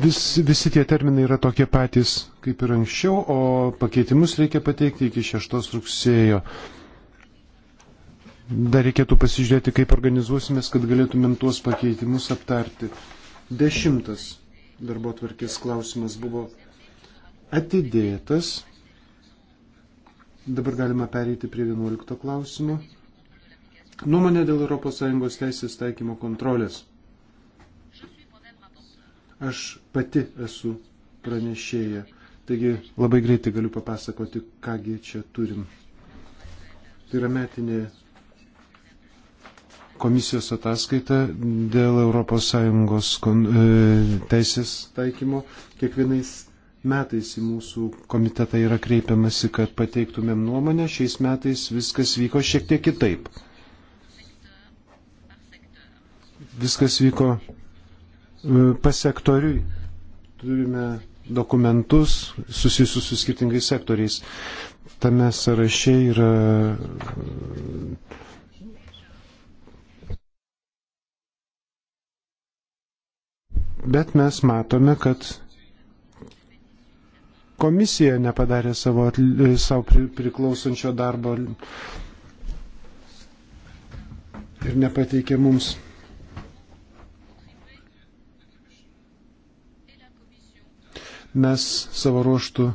vis, visi tie terminai yra tokie patys kaip ir anksčiau, o pakeitimus reikia pateikti iki 6 rugsėjo. Dar reikėtų pasižiūrėti, kaip organizuosimės, kad galėtumėm tuos pakeitimus aptarti. Dešimtas darbo tvarkės klausimas buvo atidėtas. Dabar galima pereiti prie vienuolikto klausimo. Nuomonė dėl ES teisės taikymo kontrolės. Aš pati esu pranešėja. Taigi labai greitai galiu papasakoti, kągi čia turim. Tai yra metinė komisijos ataskaitą dėl ES e, teisės taikymo. Kiekvienais metais į mūsų komitetą yra kreipiamasi, kad pateiktumėm nuomonę. Šiais metais viskas vyko šiek tiek kitaip. Viskas vyko e, pasektoriui. Turime dokumentus susijusius su skirtingais sektoriais. Tame sąraše yra Bet mes matome, kad komisija nepadarė savo, savo priklausančio darbo ir nepateikė mums. Mes savo ruoštų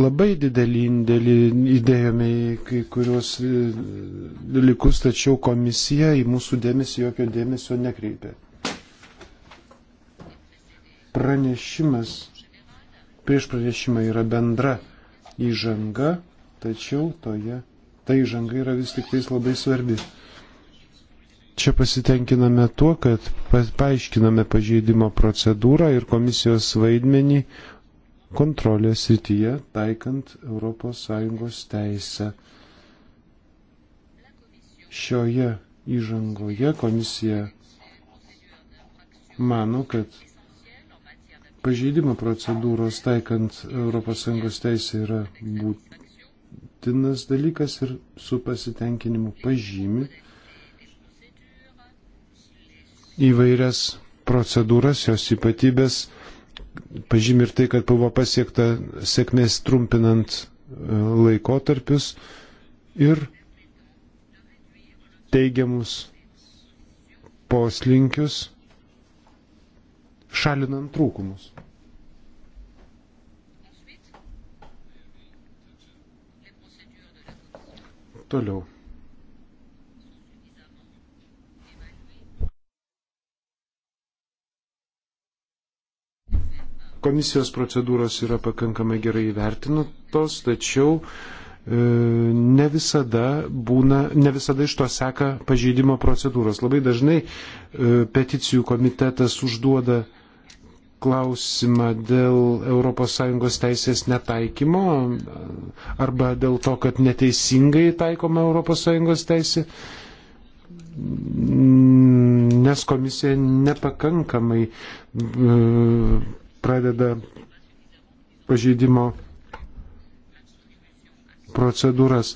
labai didelį indėlį įdėjome į kai kurios e, dalykus, tačiau komisija į mūsų dėmesį jokio dėmesio nekreipė. Pranešimas prieš pranešimą yra bendra įžanga, tačiau toje ta įžanga yra vis tik tais labai svarbi. Čia pasitenkiname tuo, kad paaiškiname pažeidimo procedūrą ir komisijos vaidmenį kontrolės rytyje taikant ES teisę. Šioje įžangoje komisija mano, kad Pažeidimo procedūros taikant ES teisę yra būtinas dalykas ir su pasitenkinimu pažymi įvairias procedūras, jos ypatybės, pažymi ir tai, kad buvo pasiekta sėkmės trumpinant e, laikotarpius ir teigiamus poslinkius šalinant trūkumus. Toliau. Komisijos procedūros yra pakankamai gerai įvertinatos, tačiau e, ne visada būna, ne visada iš to seka pažeidimo procedūros. Labai dažnai e, peticijų komitetas užduoda klausimą dėl ES teisės netaikymo arba dėl to, kad neteisingai taikoma ES teisė, nes komisija nepakankamai e, pradeda pažeidimo procedūras.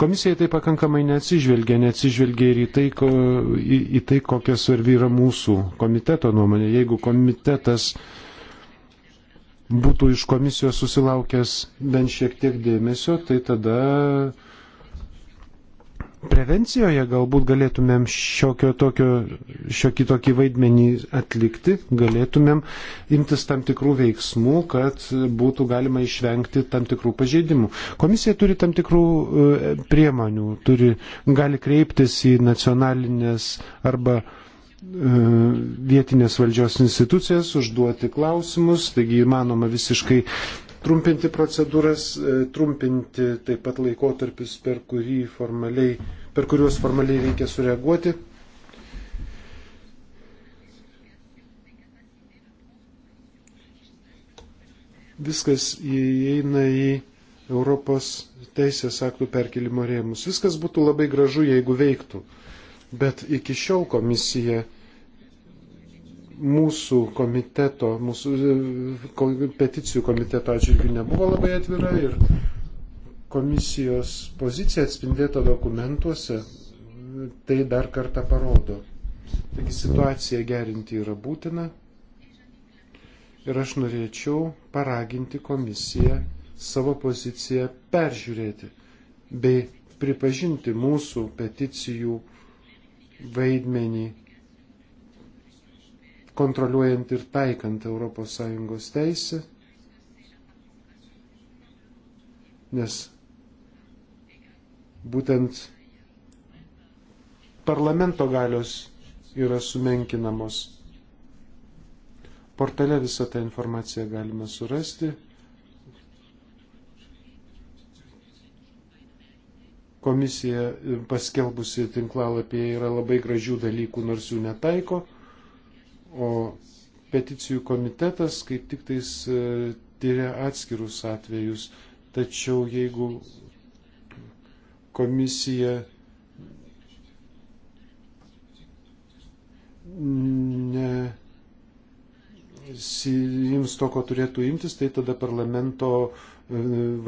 Komisija tai pakankamai neatsižvelgia, neatsižvelgia ir į tai, ko, į, į tai, kokia svarbi yra mūsų komiteto nuomonė. Jeigu komitetas būtų iš komisijos susilaukęs bent šiek tiek dėmesio, tai tada uh, prevencijoje galbūt galėtumėm šiokio tokio, šiokį tokį vaidmenį atlikti, galėtumėm imtis tam tikrų veiksmų, kad būtų galima išvengti tam tikrų pažeidimų. Komisija turi tam tikrų e, priemonių, turi, gali kreiptis į nacionalinės arba e, vietinės valdžios institucijas, užduoti klausimus, taigi įmanoma visiškai trumpinti procedūras, e, trumpinti taip pat laikotarpius, per, formaliai, per kuriuos formaliai reikia sureaguoti. Viskas įeina į Europos teisės aktų perkelimo rėmus. Viskas būtų labai gražu, jeigu veiktų. Bet iki šiol komisija mūsų komiteto, mūsų peticijų komiteto atžvilgių nebuvo labai atvira ir komisijos pozicija atspindėta dokumentuose tai dar kartą parodo. Taigi situaciją gerinti yra būtina ir aš norėčiau paraginti komisiją savo poziciją peržiūrėti bei pripažinti mūsų peticijų vaidmenį kontroliuojant ir taikant ES teisę, nes būtent parlamento galios yra sumenkinamos. Portale visą tą informaciją galima surasti. Komisija paskelbusi tinklalapyje yra labai gražių dalykų, nors jų netaiko. O peticijų komitetas kaip tik tais e, tyria atskirus atvejus. Tačiau jeigu komisija ne jums to, ko turėtų imtis, tai tada parlamento e,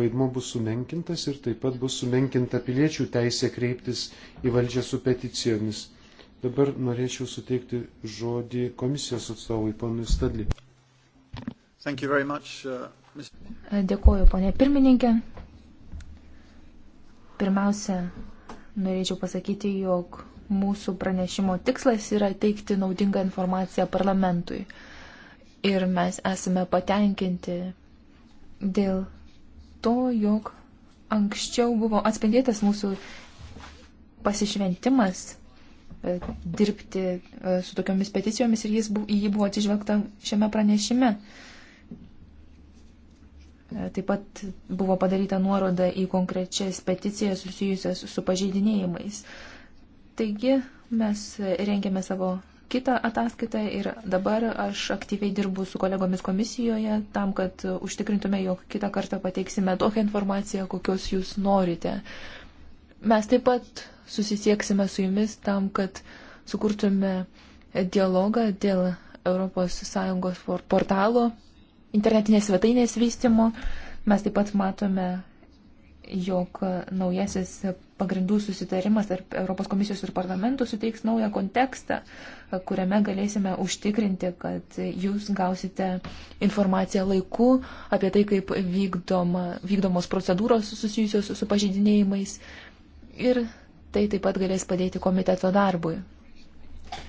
vaidmo bus sumenkintas ir taip pat bus sumenkinta piliečių teisė kreiptis į valdžią su peticijomis. Dabar norėčiau suteikti žodį komisijos atstovui, ponui Stadli. Much, uh, Ms... Dėkuoju, ponė pirmininkė. Pirmiausia, norėčiau pasakyti, jog mūsų pranešimo tikslas yra teikti naudingą informaciją parlamentui. Ir mes esame patenkinti dėl to, jog anksčiau buvo atspindėtas mūsų pasišventimas E, dirbti e, su tokiomis peticijomis ir jis, į jį buvo atsižvelgta šiame pranešime. E, taip pat buvo padaryta nuoroda į konkrečias peticijas susijusias su pažeidinėjimais. Taigi mes rengėme savo kitą ataskaitą ir dabar aš aktyviai dirbu su kolegomis komisijoje tam, kad užtikrintume, jog kitą kartą pateiksime tokią informaciją, kokios jūs norite. Uh, Mes taip pat susisieksime su jumis tam, kad sukurtume dialogą dėl ES portalo internetinės svetainės vystimo. Mes taip pat matome, jog naujasis pagrindų susitarimas tarp Europos komisijos ir parlamentų suteiks naują kontekstą, kuriame galėsime užtikrinti, kad jūs gausite informaciją laiku apie tai, kaip vykdoma, vykdomos procedūros susijusios su pažydinėjimais, ir tai taip pat galės padėti komiteto darbui.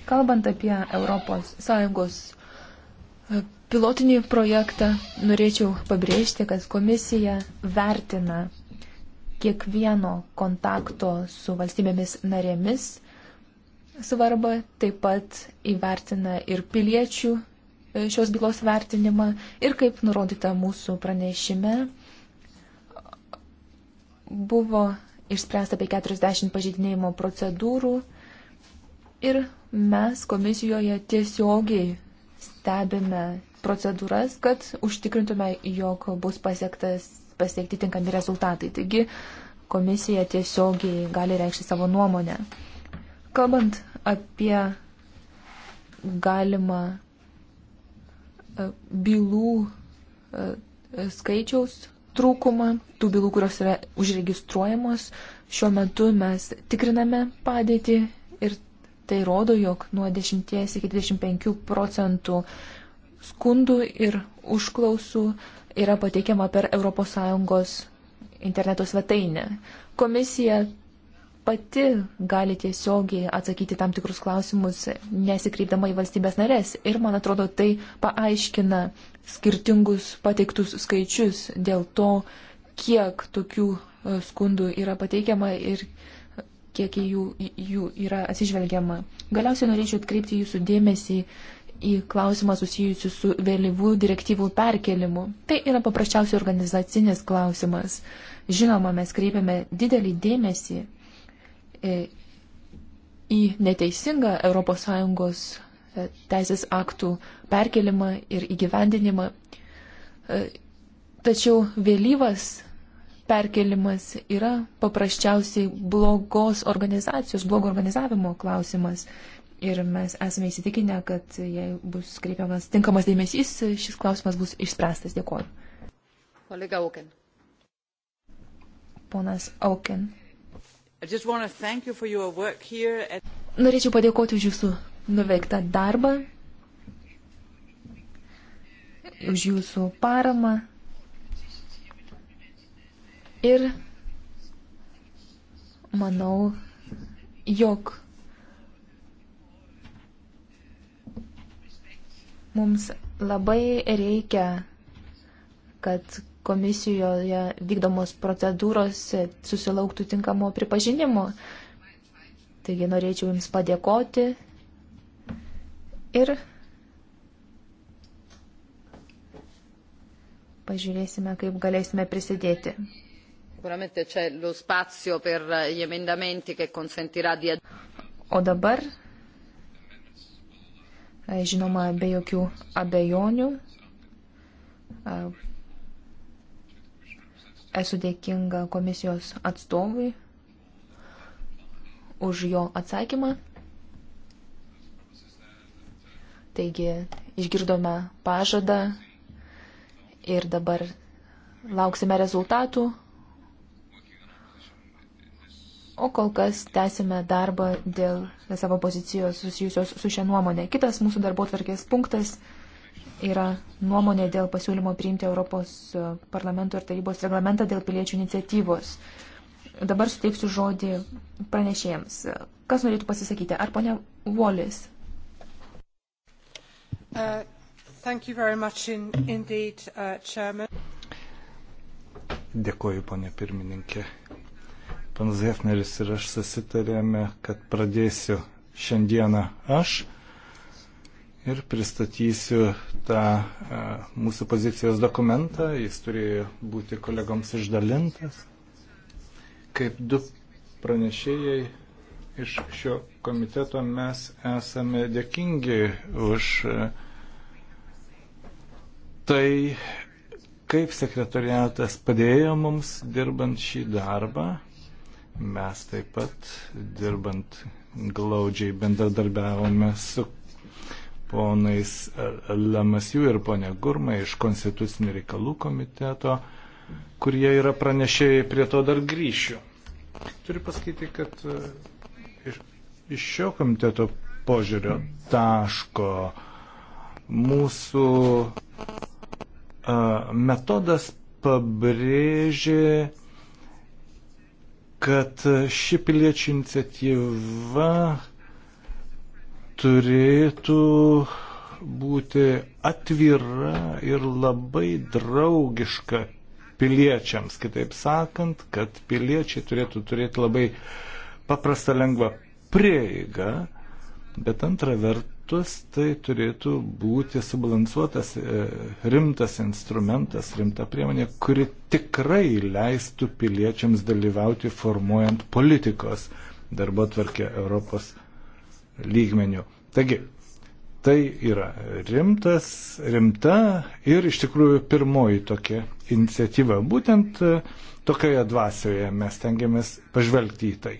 Kalbant apie ES e, pilotinį projektą, norėčiau pabrėžti, kad komisija vertina kiekvieno kontakto su valstybėmis narėmis svarbą, taip pat įvertina ir piliečių e, šios bylos vertinimą ir kaip nurodyta mūsų pranešime buvo išspręsta apie 40 pažydinėjimo procedūrų ir mes komisijoje tiesiogiai stebime procedūras, kad užtikrintume, jog bus pasiektas, pasiekti tinkami rezultatai. Taigi komisija tiesiogiai gali reikšti savo nuomonę. Kalbant apie galimą e, bylų e, skaičiaus trūkumą, tų bylų, kurios yra užregistruojamos. Šiuo metu mes tikriname padėtį ir tai rodo, jog nuo 10 iki 25 procentų skundų ir užklausų yra pateikiama per ES interneto svetainę. Komisija pati gali tiesiogiai atsakyti tam tikrus klausimus, nesikreipdama į valstybės narės. Ir man atrodo, tai paaiškina skirtingus pateiktus skaičius dėl to, kiek tokių e, skundų yra pateikiama ir kiek į jų, jų yra atsižvelgiama. Galiausiai norėčiau atkreipti jūsų dėmesį į klausimą susijusiu su vėlyvų direktyvų perkelimu. Tai yra paprasčiausiai organizacinis klausimas. Žinoma, mes kreipiame didelį dėmesį e, į neteisingą ES e, teisės aktų perkelimą ir įgyvendinimą. E, tačiau vėlyvas perkelimas yra paprasčiausiai blogos organizacijos, blogo organizavimo klausimas. Ir mes esame įsitikinę, kad jei bus kreipiamas tinkamas dėmesys, šis klausimas bus išspręstas. Dėkuoju. Kolega Auken. Ponas Auken. You at... Norėčiau padėkoti už jūsų nuveiktą darbą už jūsų paramą ir manau, jog mums labai reikia, kad komisijoje vykdomos procedūros susilauktų tinkamo pripažinimo. Taigi norėčiau Jums padėkoti ir pažiūrėsime, kaip galėsime prisidėti. O dabar, žinoma, be jokių abejonių, esu dėkinga komisijos atstovui už jo atsakymą. Taigi išgirdome pažadą Ir dabar lauksime rezultatų. O kol kas tęsime darbą dėl savo pozicijos susijusios su šia nuomonė. Kitas mūsų darbo tvarkės punktas yra nuomonė dėl pasiūlymo priimti Europos parlamento ir tarybos reglamentą dėl piliečių iniciatyvos. Dabar suteiksiu žodį pranešėjams. Kas norėtų pasisakyti? Ar ponia Volis? Uh. Thank you very much in, indeed, uh, Chairman. Dėkoju, ponė pirmininkė. Panas Hefneris ir aš susitarėme, kad pradėsiu šiandieną aš ir pristatysiu tą a, e, mūsų pozicijos dokumentą. Jis turėjo būti kolegoms išdalintas. Kaip du pranešėjai iš šio komiteto mes esame dėkingi už a, e, tai, kaip sekretariatas padėjo mums dirbant šį darbą. Mes taip pat dirbant glaudžiai bendradarbiavome su ponais Lamasiu ir ponė Gurma iš Konstitucinio reikalų komiteto, kurie yra pranešėjai, prie to dar grįšiu. Turiu pasakyti, kad e, iš, iš šio komiteto požiūrio taško mūsų Metodas pabrėžė, kad ši piliečių iniciatyva turėtų būti atvira ir labai draugiška piliečiams. Kitaip sakant, kad piliečiai turėtų turėti labai paprastą lengvą prieigą, bet antra vertus, metus, tai turėtų būti subalansuotas e, rimtas instrumentas, rimta priemonė, kuri tikrai leistų piliečiams dalyvauti formuojant politikos darbo tvarkę Europos lygmenių. Taigi, tai yra rimtas, rimta ir iš tikrųjų pirmoji tokia iniciatyva. Būtent e, tokioje dvasioje mes tengiamės pažvelgti į tai.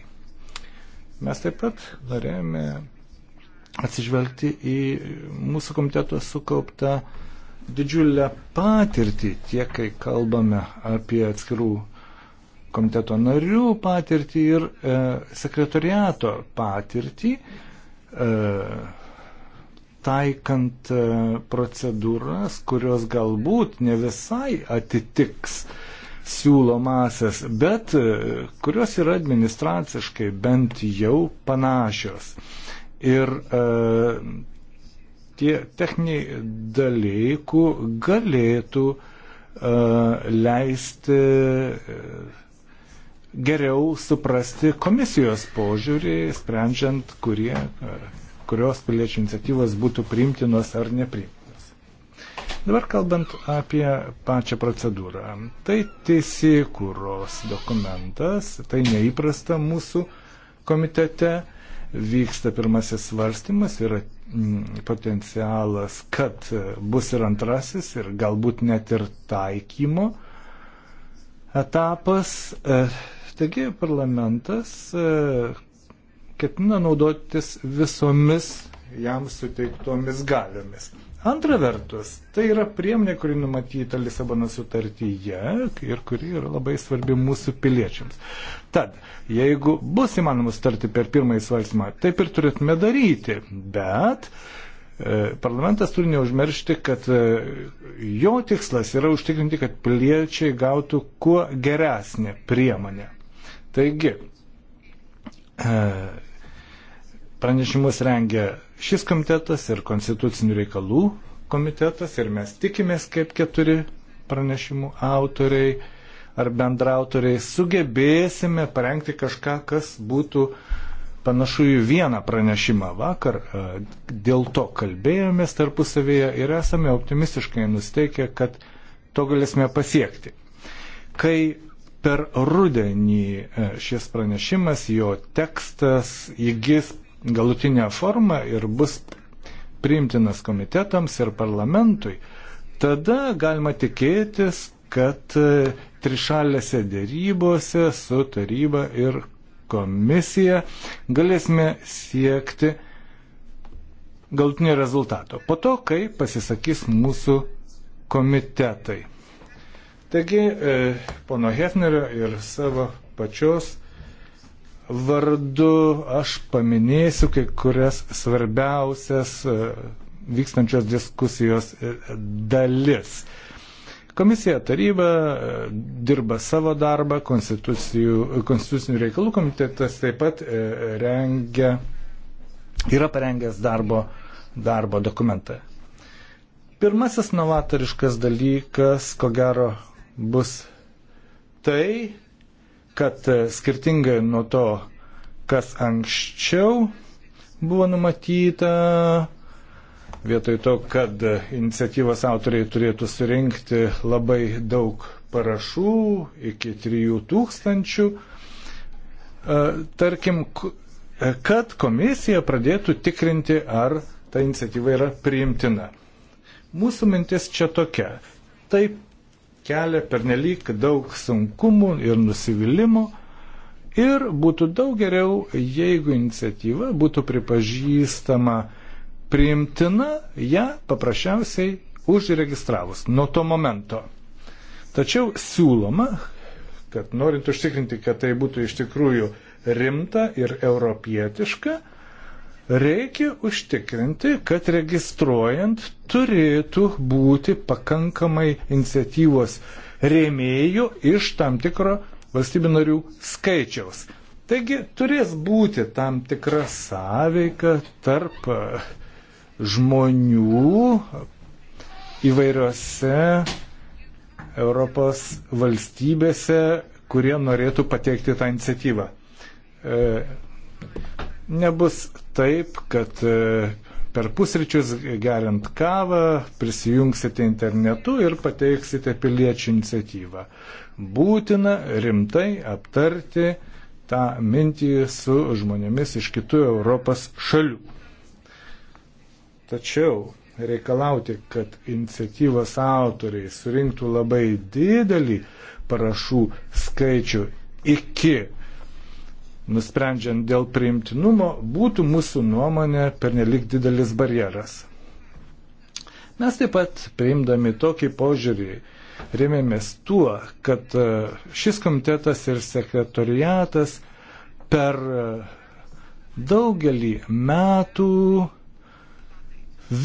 Mes taip pat norėjome atsižvelgti į mūsų komiteto sukauptą didžiulę patirtį, tiek kai kalbame apie atskirų komiteto narių patirtį ir e, sekretoriato patirtį, e, taikant e, procedūras, kurios galbūt ne visai atitiks siūlomasias, bet e, kurios yra administraciškai bent jau panašios ir e, tie techniniai dalykų galėtų e, leisti e, geriau suprasti komisijos požiūrį, sprendžiant, kurie, e, kurios piliečių iniciatyvos būtų priimtinos ar nepriimtinos. Dabar kalbant apie pačią procedūrą. Tai teisėkūros dokumentas, tai neįprasta mūsų komitete vyksta pirmasis svarstymas, yra mm, potencialas, kad e, bus ir antrasis ir galbūt net ir taikymo etapas. E, taigi parlamentas e, ketina naudotis visomis jam suteiktomis galiomis. Antra vertus, tai yra priemonė, kuri numatyta Lisabono sutartyje ir kuri yra labai svarbi mūsų piliečiams. Tad, jeigu bus įmanoma sutarti per pirmąjį svarstymą, taip ir turėtume daryti, bet e, parlamentas turi neužmiršti, kad e, jo tikslas yra užtikrinti, kad piliečiai gautų kuo geresnį priemonę. Taigi, e, pranešimus rengia šis komitetas ir konstitucinių reikalų komitetas ir mes tikimės, kaip keturi pranešimų autoriai ar bendrautoriai sugebėsime parengti kažką, kas būtų panašu į vieną pranešimą vakar. E, dėl to kalbėjomės tarpusavėje ir esame optimistiškai nusteikę, kad to galėsime pasiekti. Kai per rudenį e, šis pranešimas, jo tekstas įgis galutinę formą ir bus priimtinas komitetams ir parlamentui, tada galima tikėtis, kad e, trišalėse dėrybose su taryba ir komisija galėsime siekti galtinio rezultato. Po to, kai pasisakys mūsų komitetai. Taigi, e, pono Hefnerio ir savo pačios vardu aš paminėsiu kai kurias svarbiausias e, vykstančios diskusijos e, dalis. Komisija taryba e, dirba savo darbą, konstitucinių reikalų komitetas taip pat rengia, yra parengęs darbo, darbo dokumentą. Pirmasis novatoriškas dalykas, ko gero, bus tai, kad e, skirtingai nuo to, kas anksčiau buvo numatyta, vietoj to, kad iniciatyvos autoriai turėtų surinkti labai daug parašų iki 3000, e, tarkim, e, kad komisija pradėtų tikrinti, ar ta iniciatyva yra priimtina. Mūsų mintis čia tokia. Taip kelia pernelyg daug sunkumų ir nusivylimų. Ir būtų daug geriau, jeigu iniciatyva būtų pripažįstama priimtina, ją paprasčiausiai užregistravus nuo to momento. Tačiau siūloma, kad norint užtikrinti, kad tai būtų iš tikrųjų rimta ir europietiška, Reikia užtikrinti, kad registruojant turėtų būti pakankamai iniciatyvos rėmėjų iš tam tikro valstybių narių skaičiaus. Taigi turės būti tam tikra sąveika tarp e, žmonių įvairiose Europos valstybėse, kurie norėtų pateikti tą iniciatyvą. E, nebus taip, kad e, per pusryčius geriant kavą prisijungsite internetu ir pateiksite piliečių iniciatyvą. Būtina rimtai aptarti tą mintį su žmonėmis iš kitų Europos šalių. Tačiau reikalauti, kad iniciatyvos autoriai surinktų labai didelį parašų skaičių iki nusprendžiant dėl priimtinumo, būtų mūsų nuomonė pernelik didelis barjeras. Mes taip pat, priimdami tokį požiūrį, rėmėmės tuo, kad e, šis komitetas ir sekretoriatas per e, daugelį metų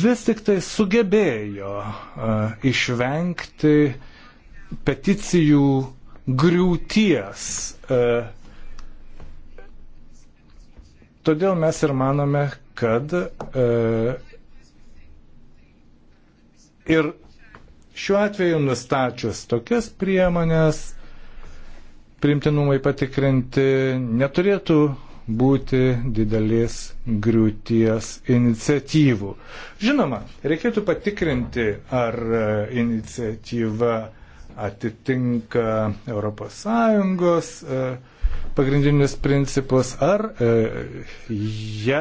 vis tik tai sugebėjo e, išvengti peticijų griūties. Uh, Todėl mes ir manome, kad e, ir šiuo atveju nustačius tokias priemonės, primtinumai patikrinti neturėtų būti didelės griūties iniciatyvų. Žinoma, reikėtų patikrinti, ar e, iniciatyva e, atitinka ES e, pagrindinius principus, ar jie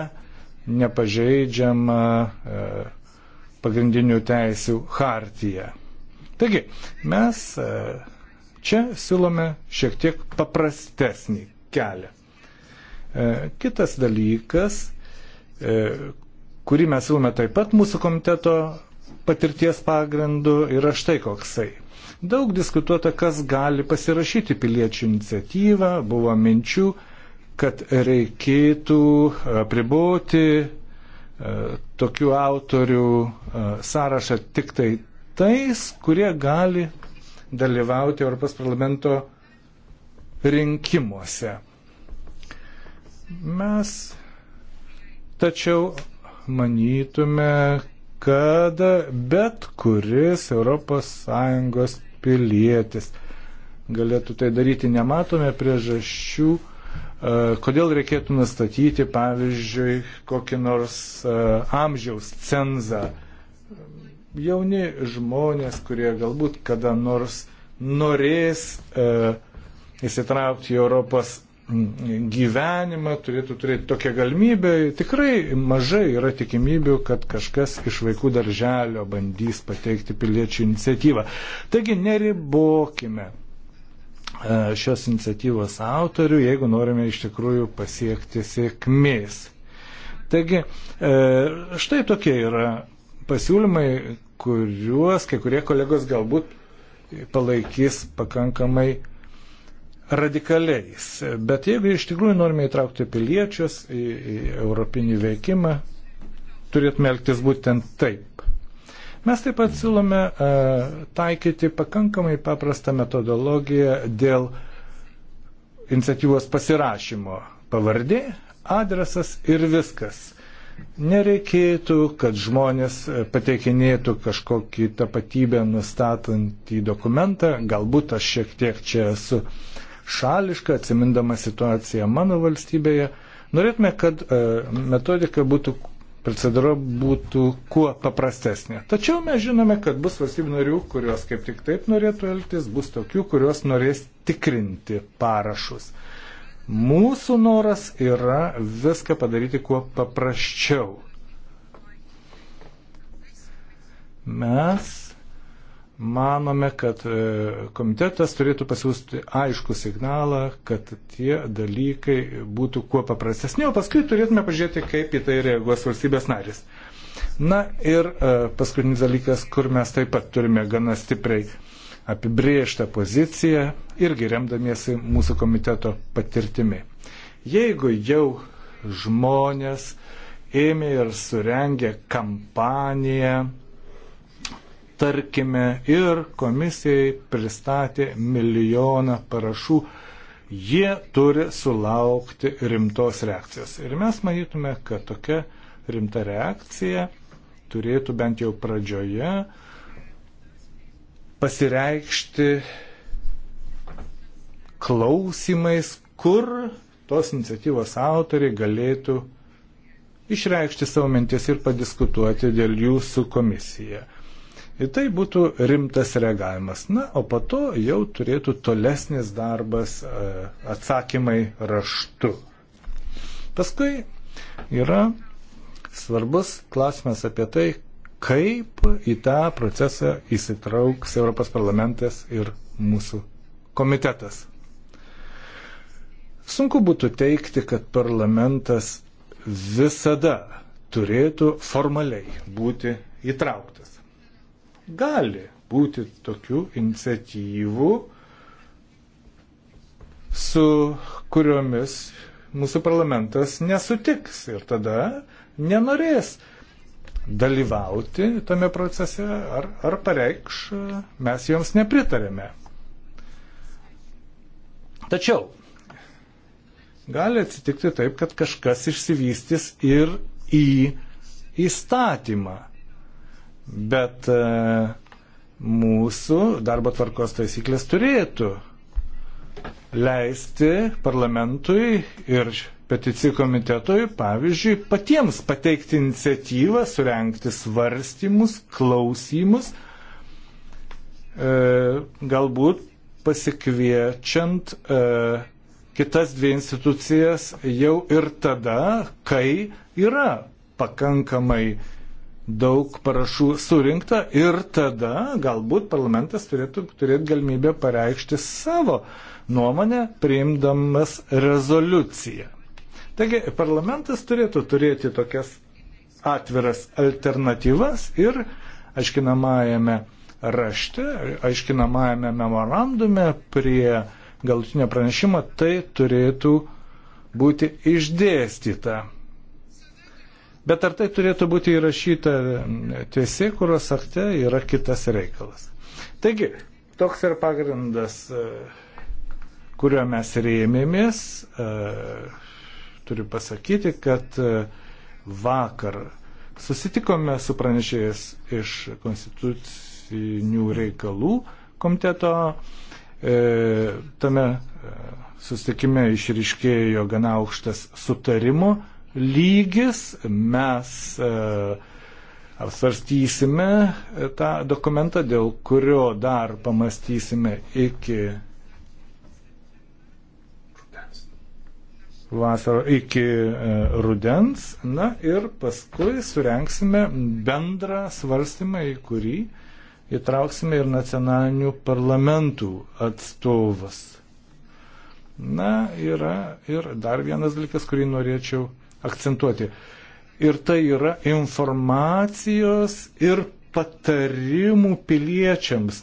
nepažeidžiama e, pagrindinių teisių hartiją. Taigi, mes e, čia siūlome šiek tiek paprastesnį kelią. Kitas dalykas, kurį mes siūlome taip pat mūsų komiteto patirties pagrindu, yra štai koksai. Daug diskutuota, kas gali pasirašyti piliečių iniciatyvą, buvo minčių, kad reikėtų apriboti e, e, tokių autorių e, sąrašą tik tai tais, kurie gali dalyvauti Europos parlamento rinkimuose. Mes tačiau manytume, kad bet kuris ES pilietis galėtų tai daryti. Nematome priežasčių, e, kodėl reikėtų nustatyti, pavyzdžiui, kokį nors e, amžiaus cenzą. Jauni žmonės, kurie galbūt kada nors norės e, įsitraukti į Europos gyvenimą, turėtų turėti tokią galimybę. Tikrai mažai yra tikimybių, kad kažkas iš vaikų darželio bandys pateikti piliečių iniciatyvą. Taigi neribokime e, šios iniciatyvos autorių, jeigu norime iš tikrųjų pasiekti sėkmės. Taigi, e, štai tokie yra pasiūlymai, kuriuos kai kurie kolegos galbūt palaikys pakankamai radikaliais. Bet jeigu iš tikrųjų norime įtraukti piliečius į, į europinį veikimą, turėtume elgtis būtent taip. Mes taip pat siūlome a, e, taikyti pakankamai paprastą metodologiją dėl iniciatyvos pasirašymo. Pavardė, adresas ir viskas nereikėtų, kad žmonės pateikinėtų kažkokį tapatybę nustatantį dokumentą, galbūt aš šiek tiek čia esu šališka, atsimindama situaciją mano valstybėje. Norėtume, kad e, metodika būtų, procedūra būtų kuo paprastesnė. Tačiau mes žinome, kad bus valstybių narių, kurios kaip tik taip norėtų elgtis, bus tokių, kurios norės tikrinti parašus. Mūsų noras yra viską padaryti kuo paprasčiau. Mes manome, kad e, komitetas turėtų pasiūsti aišku signalą, kad tie dalykai būtų kuo paprastesni, o paskui turėtume pažiūrėti, kaip į tai reaguos valstybės narės. Na ir e, paskutinis dalykas, kur mes taip pat turime gana stipriai apibriežtą poziciją, irgi remdamiesi mūsų komiteto patirtimi. Jeigu jau žmonės ėmė ir surengė kampaniją, tarkime, ir komisijai pristatė milijoną parašų, jie turi sulaukti rimtos reakcijos. Ir mes manytume, kad tokia rimta reakcija turėtų bent jau pradžioje pasireikšti klausimais, kur tos iniciatyvos autoriai galėtų išreikšti savo mintis ir padiskutuoti dėl jų su komisija. Į tai būtų rimtas reagavimas. Na, o po to jau turėtų tolesnis darbas e, atsakymai raštu. Paskui yra svarbus klausimas apie tai, kaip į tą procesą įsitrauks Europos parlamentas ir mūsų komitetas. Sunku būtų teikti, kad parlamentas visada turėtų formaliai būti įtrauktas gali būti tokių iniciatyvų, su kuriomis mūsų parlamentas nesutiks ir tada nenorės dalyvauti tame procese ar, ar pareikš, mes joms nepritarėme. Tačiau gali atsitikti taip, kad kažkas išsivystys ir į įstatymą bet e, mūsų darbo tvarkos taisyklės turėtų leisti parlamentui ir peticijų komitetui, pavyzdžiui, patiems pateikti iniciatyvą, surenkti svarstymus, klausimus, e, galbūt pasikviečiant e, kitas dvi institucijas jau ir tada, kai yra pakankamai daug parašų surinkta ir tada galbūt parlamentas turėtų turėti galimybę pareikšti savo nuomonę, priimdamas rezoliuciją. Taigi parlamentas turėtų turėti tokias atviras alternatyvas ir aiškinamajame rašte, aiškinamajame memorandume prie galutinio pranešimo tai turėtų būti išdėstyta. Bet ar tai turėtų būti įrašyta mm, tiesiekuros akte, yra kitas reikalas. Taigi, toks yra pagrindas, e, kuriuo mes rėmėmės. E, turiu pasakyti, kad e, vakar susitikome su pranešėjais iš konstitucinių reikalų komiteto. Tame susitikime išriškėjo gana aukštas sutarimo lygis. Mes e, apsvarstysime tą dokumentą, dėl kurio dar pamastysime iki vasaro iki e, rudens. Na ir paskui surenksime bendrą svarstymą, į kurį įtrauksime ir nacionalinių parlamentų atstovus. Na, yra ir dar vienas dalykas, kurį norėčiau akcentuoti. Ir tai yra informacijos ir patarimų piliečiams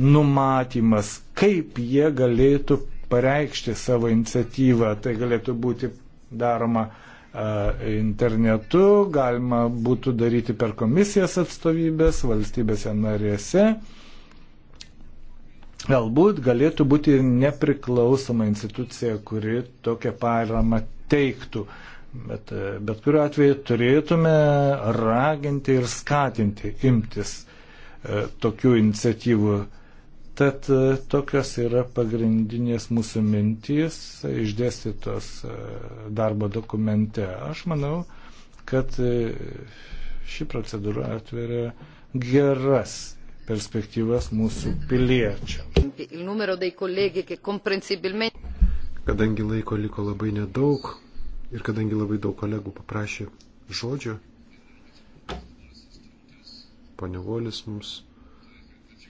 numatymas, kaip jie galėtų pareikšti savo iniciatyvą. Tai galėtų būti daroma e, internetu, galima būtų daryti per komisijas atstovybės valstybėse narėse. Galbūt galėtų būti ir nepriklausoma institucija, kuri tokią paramą teiktų. Uh, Bet, e, bet kuriuo atveju turėtume raginti ir skatinti imtis e, tokių iniciatyvų. Tad e, tokios yra pagrindinės mūsų mintys išdėstytos e, darbo dokumente. Aš manau, kad e, ši procedūra atveria geras perspektyvas mūsų piliečiams. Kadangi laiko liko labai nedaug, Ir kadangi labai daug kolegų paprašė žodžio, ponia Volis mums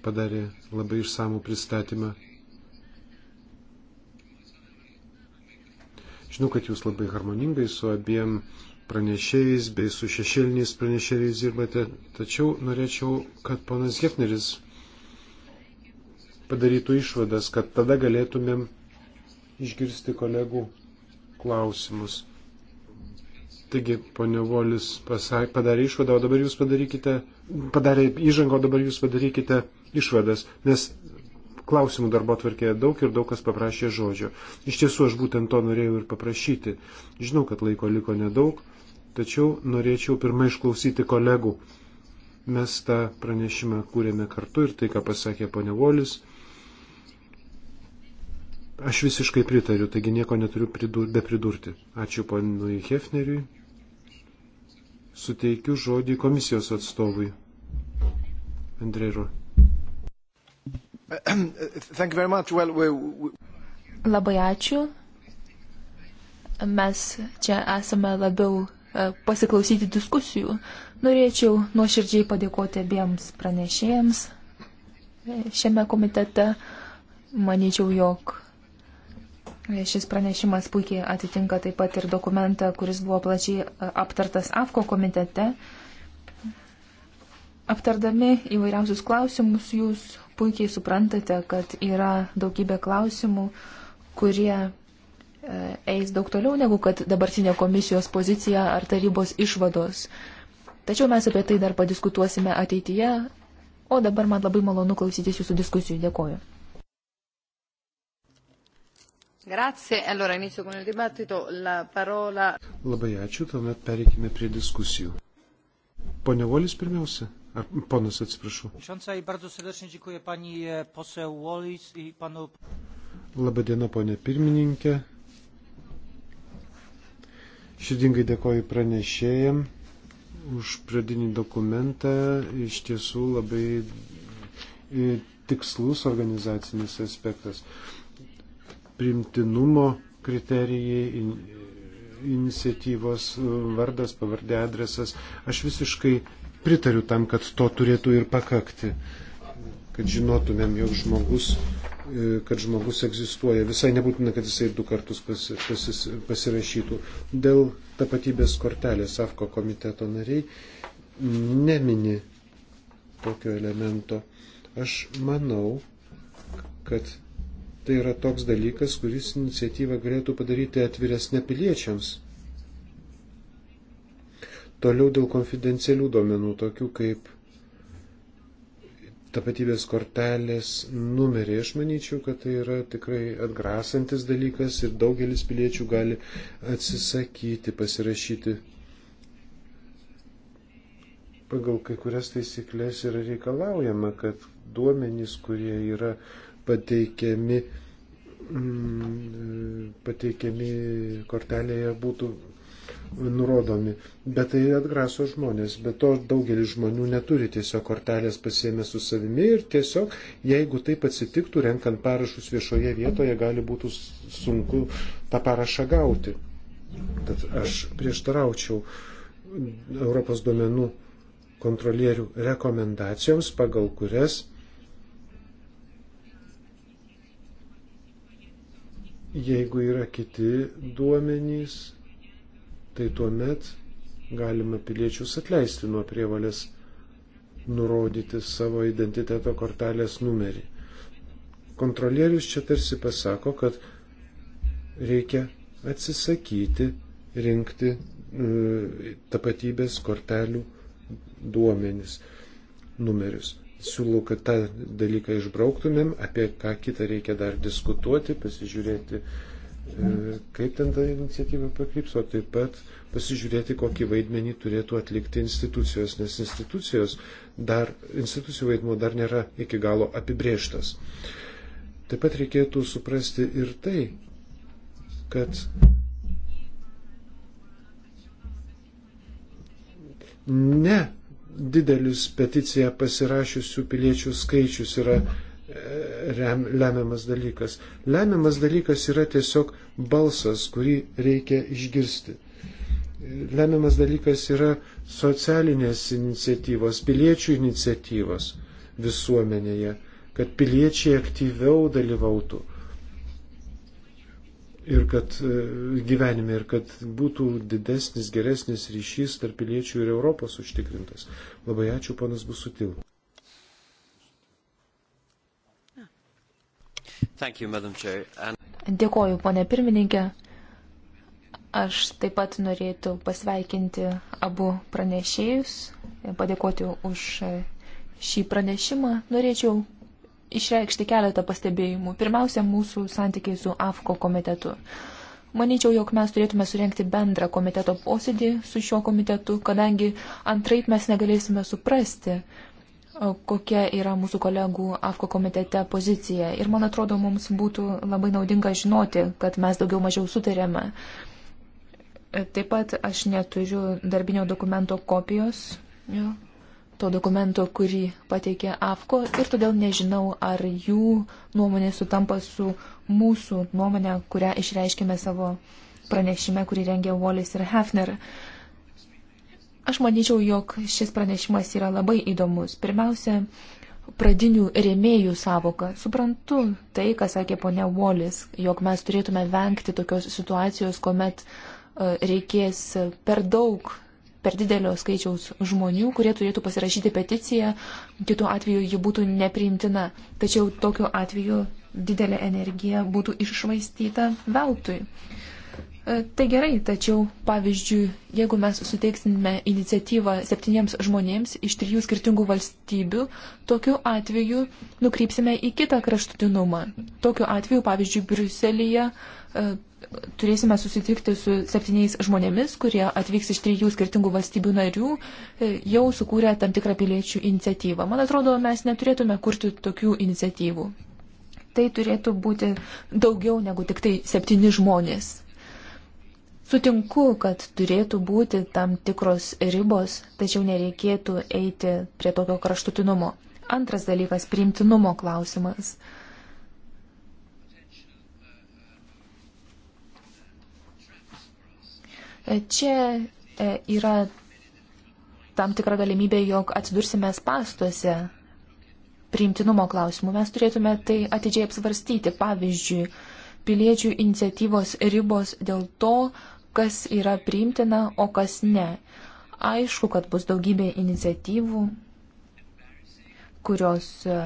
padarė labai išsamų pristatymą. Žinau, kad jūs labai harmoningai su abiem pranešėjais bei su šešėliniais pranešėjais dirbate, tačiau norėčiau, kad ponas Hefneris padarytų išvadas, kad tada galėtumėm išgirsti kolegų klausimus. Taigi, ponia Volis pasak, padarė išvadą, o dabar jūs padarykite, padarė įžangą, o dabar jūs padarykite išvadas, nes klausimų darbo atvarkėje daug ir daug kas paprašė žodžio. Iš tiesų, aš būtent to norėjau ir paprašyti. Žinau, kad laiko liko nedaug, tačiau norėčiau pirmai išklausyti kolegų. Mes tą pranešimą kūrėme kartu ir tai, ką pasakė ponia Volis, Aš visiškai pritariu, taigi nieko neturiu pridur, be pridurti. Ačiū ponui Hefneriui suteikiu žodį komisijos atstovui. Andrėro. Well, we... Labai ačiū. Mes čia esame labiau e, pasiklausyti diskusijų. Norėčiau nuoširdžiai padėkoti abiems pranešėjams e, šiame komitete. Manyčiau, jog Šis pranešimas puikiai atitinka taip pat ir dokumentą, kuris buvo plačiai e, aptartas AFKO komitete. Aptardami įvairiausius klausimus, jūs puikiai suprantate, kad yra daugybė klausimų, kurie e, eis daug toliau negu kad dabartinė komisijos pozicija ar tarybos išvados. Tačiau mes apie tai dar padiskutuosime ateityje, o dabar man labai malonu klausytis jūsų diskusijų. Dėkoju. Grazie. Allora inizio con il dibattito. La parola. Labai ačiū, tuomet pereikime prie diskusijų. Pone Volis pirmiausia. Ar ponas atsiprašau. E, Labadiena, ponė pirmininkė. Širdingai dėkoju pranešėjam už pradinį dokumentą. Iš tiesų labai tikslus organizacinis aspektas primtinumo kriterijai, iniciatyvos vardas, pavardė, adresas. Aš visiškai pritariu tam, kad to turėtų ir pakakti, kad žinotumėm, jog žmogus, e, kad žmogus egzistuoja. Visai nebūtina, kad jisai du kartus pasi, pasis, pasirašytų. Dėl tapatybės kortelės AFKO komiteto nariai nemini tokio elemento. Aš manau, kad Tai yra toks dalykas, kuris iniciatyvą galėtų padaryti atviresnę piliečiams. Toliau dėl konfidencialių duomenų, tokių kaip tapatybės kortelės numerį. Aš manyčiau, kad tai yra tikrai atgrasantis dalykas ir daugelis piliečių gali atsisakyti, pasirašyti. Pagal kai kurias taisyklės yra reikalaujama, kad duomenys, kurie yra uh, pateikiami, mm, pateikiami kortelėje būtų nurodomi. Bet tai atgraso žmonės. Bet to daugelis žmonių neturi tiesiog kortelės pasiemę su savimi ir tiesiog, jeigu taip atsitiktų, renkant parašus viešoje vietoje, gali būti sunku tą parašą gauti. Tad aš prieštaraučiau Europos duomenų kontrolierių rekomendacijoms, pagal kurias Jeigu yra kiti duomenys, tai tuomet galima piliečius atleisti nuo prievalės nurodyti savo identiteto kortelės numerį. Kontrolierius čia tarsi pasako, kad reikia atsisakyti rinkti e, tapatybės kortelių duomenis, numerius siūlau, kad tą dalyką išbrauktumėm, apie ką kitą reikia dar diskutuoti, pasižiūrėti, e, kaip ten ta iniciatyva pakryps, o taip pat pasižiūrėti, kokį vaidmenį turėtų atlikti institucijos, nes institucijos dar, institucijų vaidmuo dar nėra iki galo apibrėžtas. Taip pat reikėtų suprasti ir tai, kad ne didelis peticiją pasirašiusių piliečių skaičius yra e, rem, lemiamas dalykas. Lemiamas dalykas yra tiesiog balsas, kurį reikia išgirsti. Lemiamas dalykas yra socialinės iniciatyvos, piliečių iniciatyvos visuomenėje, kad piliečiai aktyviau dalyvautų ir kad e, gyvenime ir kad būtų didesnis, geresnis ryšys tarp piliečių ir Europos užtikrintas. Labai ačiū, panas Busutil. Dėkoju, ponė pirmininkė. Aš taip pat norėtų pasveikinti abu pranešėjus, padėkoti už šį pranešimą. Norėčiau išreikšti keletą pastebėjimų. Pirmiausia, mūsų santykiai su AFKO komitetu. Manyčiau, jog mes turėtume surenkti bendrą komiteto posėdį su šiuo komitetu, kadangi antraip mes negalėsime suprasti, kokia yra mūsų kolegų AFKO komitete pozicija. Ir man atrodo, mums būtų labai naudinga žinoti, kad mes daugiau mažiau sutarėme. Taip pat aš neturiu darbinio dokumento kopijos. Jo to dokumento, kurį pateikė AFKO ir todėl nežinau, ar jų nuomonė sutampa su mūsų nuomonė, kurią išreiškėme savo pranešime, kurį rengė Wallis ir Hefner. Aš manyčiau, jog šis pranešimas yra labai įdomus. Pirmiausia, pradinių rėmėjų savoka. Suprantu tai, ką sakė ponia Wallis, jog mes turėtume vengti tokios situacijos, kuomet e, reikės per daug per didelio skaičiaus žmonių, kurie turėtų pasirašyti peticiją, kitu atveju ji būtų nepriimtina. Tačiau tokiu atveju didelė energija būtų iššvaistyta veltui. E, tai gerai, tačiau pavyzdžiui, jeigu mes suteiksime iniciatyvą septyniems žmonėms iš trijų skirtingų valstybių, tokiu atveju nukrypsime į kitą kraštutinumą. Tokiu atveju, pavyzdžiui, Briuselėje e, turėsime susitikti su septyniais žmonėmis, kurie atvyks iš trijų skirtingų valstybių narių, e, jau sukūrė tam tikrą piliečių iniciatyvą. Man atrodo, mes neturėtume kurti tokių iniciatyvų. Tai turėtų būti daugiau negu tik tai septyni žmonės. Sutinku, kad turėtų būti tam tikros ribos, tačiau nereikėtų eiti prie tokio kraštutinumo. Antras dalykas - priimtinumo klausimas. Uh, Čia e, yra tam tikra galimybė, jog atsidursime spastuose priimtinumo klausimų. Mes turėtume tai atidžiai apsvarstyti. Pavyzdžiui, piliečių iniciatyvos ribos dėl to, kas yra priimtina, o kas ne. Aišku, kad bus daugybė iniciatyvų, kurios e,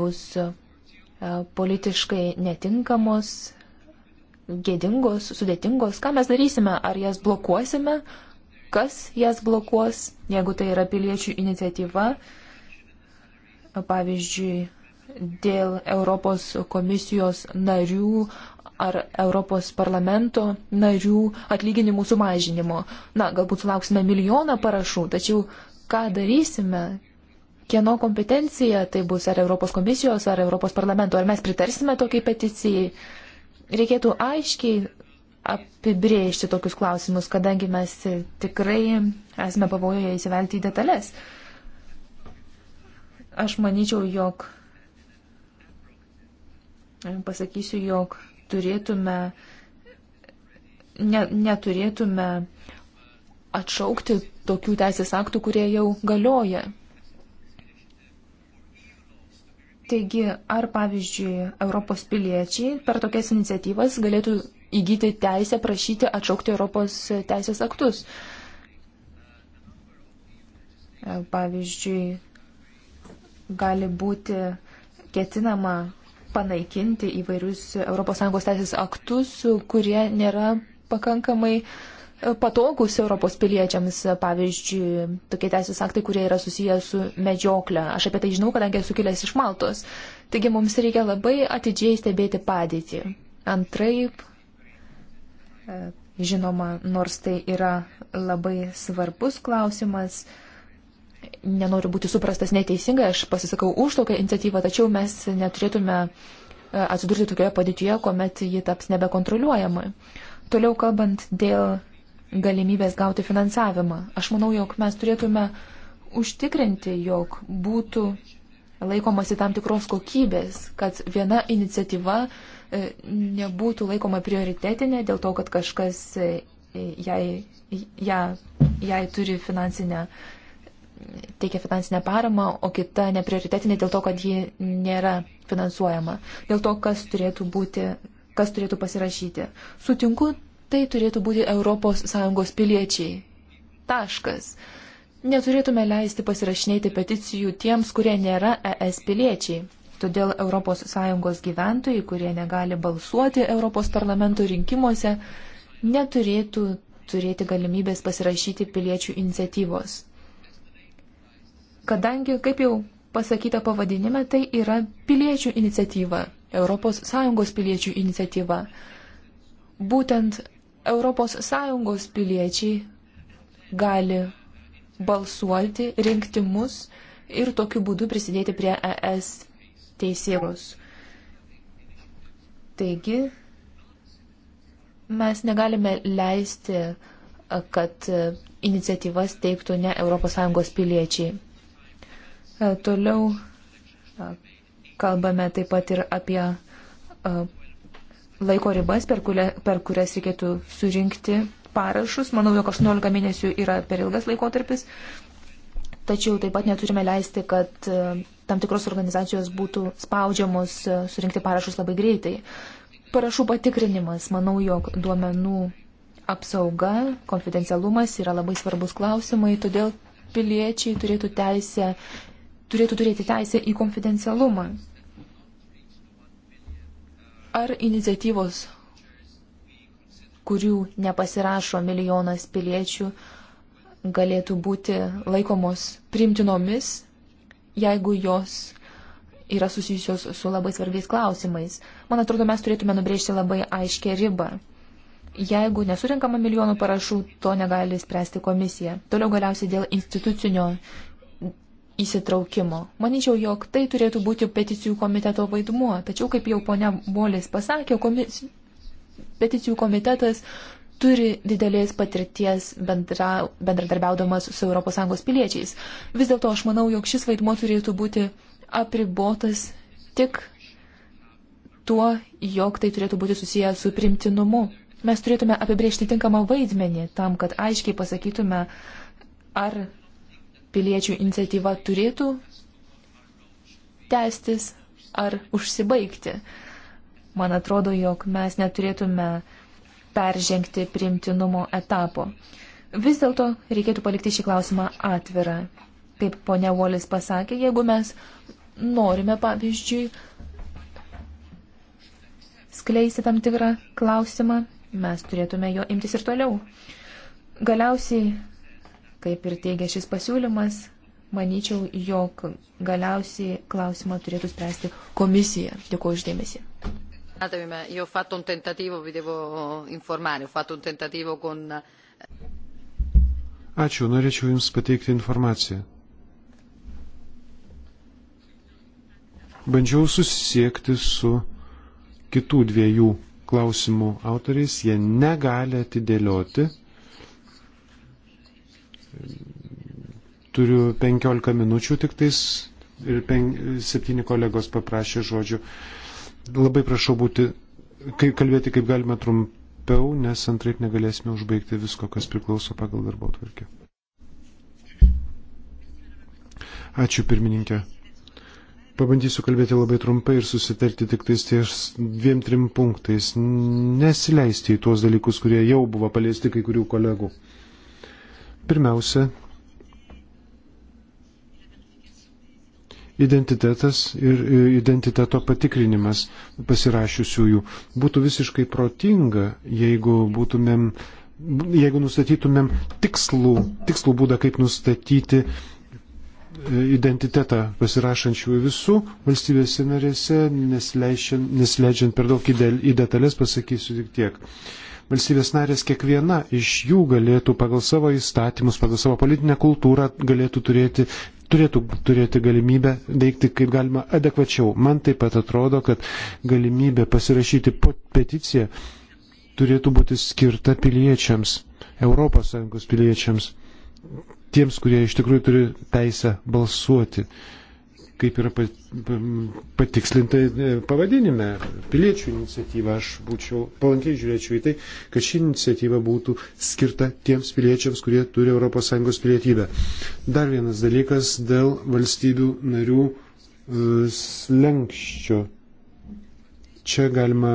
bus e, politiškai netinkamos, gėdingos, sudėtingos, ką mes darysime, ar jas blokuosime, kas jas blokuos, jeigu tai yra piliečių iniciatyva, pavyzdžiui, dėl Europos komisijos narių ar Europos parlamento narių atlyginimų sumažinimo. Na, galbūt sulauksime milijoną parašų, tačiau ką darysime, kieno kompetencija tai bus, ar Europos komisijos, ar Europos parlamento, ar mes pritarsime tokiai peticijai. Reikėtų aiškiai apibrėžti tokius klausimus, kadangi mes tikrai esame pavojoje įsivelti į detalės. Aš manyčiau, jog pasakysiu, jog turėtume, ne, neturėtume atšaukti tokių teisės aktų, kurie jau galioja. Taigi, ar pavyzdžiui, Europos piliečiai per tokias iniciatyvas galėtų įgyti teisę prašyti atšaukti Europos teisės aktus? E, pavyzdžiui, gali būti ketinama panaikinti įvairius ES teisės aktus, kurie nėra pakankamai uh, patogus Europos piliečiams, pavyzdžiui, tokie teisės aktai, kurie yra susiję su medžiokle. Aš apie tai žinau, kadangi esu kilęs iš Maltos. Taigi mums reikia labai atidžiai stebėti padėtį. Antraip, e, žinoma, nors tai yra labai svarbus klausimas, nenoriu būti suprastas neteisingai, aš pasisakau už tokią iniciatyvą, tačiau mes neturėtume e, atsidurti tokioje padėtyje, kuomet ji taps nebekontroliuojama. Toliau kalbant dėl galimybės gauti finansavimą. Aš manau, jog mes turėtume užtikrinti, jog būtų laikomasi tam tikros kokybės, kad viena iniciatyva e, nebūtų laikoma prioritetinė dėl to, kad kažkas e, jai, ją, jai turi finansinę, teikia finansinę paramą, o kita neprioritetinė dėl to, kad ji nėra finansuojama. Dėl to, kas turėtų būti kas turėtų pasirašyti. Sutinku tai turėtų būti ES piliečiai. Taškas. Neturėtume leisti pasirašinėti peticijų tiems, kurie nėra ES piliečiai. Todėl ES gyventojai, kurie negali balsuoti ES parlamento rinkimuose, neturėtų turėti galimybės pasirašyti piliečių iniciatyvos. Kadangi, kaip jau pasakyta pavadinime, tai yra piliečių iniciatyva, ES piliečių iniciatyva. Būtent ES piliečiai gali balsuoti, rinkti mus ir tokiu būdu prisidėti prie ES teisėros. Taigi, mes negalime leisti, kad iniciatyvas teiktų ne ES piliečiai. Toliau kalbame taip pat ir apie laiko ribas, per, kuria, per kurias reikėtų surinkti parašus. Manau, jog 18 mėnesių yra per ilgas laikotarpis. Tačiau taip pat neturime leisti, kad e, tam tikros organizacijos būtų spaudžiamos e, surinkti parašus labai greitai. Parašų patikrinimas, manau, jog duomenų apsauga, konfidencialumas yra labai svarbus klausimai, todėl piliečiai turėtų, teisę, turėtų turėti teisę į konfidencialumą. Ar iniciatyvos, kurių nepasirašo milijonas piliečių, galėtų būti laikomos primtinomis, jeigu jos yra susijusios su labai svarbiais klausimais. Man atrodo, mes turėtume nubrėžti labai aiškę ribą. Jeigu nesurinkama milijonų parašų, to negali spręsti komisija. Toliau galiausiai dėl institucinio įsitraukimo. Manyčiau, jog tai turėtų būti peticijų komiteto vaidmuo, tačiau, kaip jau ponia Bolis pasakė, komis... peticijų komitetas turi didelės patirties bendra, bendradarbiaudamas su ES piliečiais. Vis dėlto aš manau, jog šis vaidmuo turėtų būti apribotas tik tuo, jog tai turėtų būti susiję su primtinumu. Mes turėtume apibriežti tinkamą vaidmenį tam, kad aiškiai pasakytume, ar piliečių iniciatyva turėtų tęstis ar užsibaigti. Man atrodo, jog mes neturėtume peržengti priimtinumo etapo. Vis dėlto reikėtų palikti šį klausimą atvirą. Kaip ponia Volis pasakė, jeigu mes norime, pavyzdžiui, skleisti tam tikrą klausimą, mes turėtume jo imtis ir toliau. Galiausiai Kaip ir teigia šis pasiūlymas, manyčiau, jog galiausiai klausimą turėtų spręsti komisija. Dėkuoju uždėmesį. Io ho fatto un tentativo, vi devo informare, ho fatto un tentativo con... Ačiū, norėčiau Jums pateikti informaciją. Bandžiau susisiekti su kitų dviejų klausimų autoriais, jie negali atidėlioti Turiu 15 minučių tik tais ir pen, septyni kolegos paprašė žodžių. Labai prašau būti, kaip kalbėti kaip galima trumpiau, nes antraip negalėsime užbaigti visko, kas priklauso pagal darbo tvarkę. Ačiū pirmininkė. Pabandysiu kalbėti labai trumpai ir susitarti tik tais ties dviem trim punktais. Nesileisti į tuos dalykus, kurie jau buvo paliesti kai kurių kolegų. Pirmiausia, identitetas ir e, identiteto patikrinimas pasirašiusiųjų. Būtų visiškai protinga, jeigu būtumėm jeigu nustatytumėm tikslų, tikslų būdą, kaip nustatyti e, identitetą pasirašančių visų valstybės narėse, nesileidžiant per daug į detalės, pasakysiu tik tiek valstybės narės kiekviena iš jų galėtų pagal savo įstatymus, pagal savo politinę kultūrą galėtų turėti turėtų turėti galimybę veikti kaip galima adekvačiau. Man taip pat atrodo, kad galimybė pasirašyti peticiją turėtų būti skirta piliečiams, ES piliečiams, tiems, kurie iš tikrųjų turi teisę balsuoti. Uh, kaip yra patikslinta e, pavadinime, piliečių iniciatyva, aš būčiau palankiai žiūrėčiau į tai, kad ši iniciatyva būtų skirta tiems piliečiams, kurie turi ES pilietybę. Dar vienas dalykas dėl valstybių narių e, slengščio. Čia galima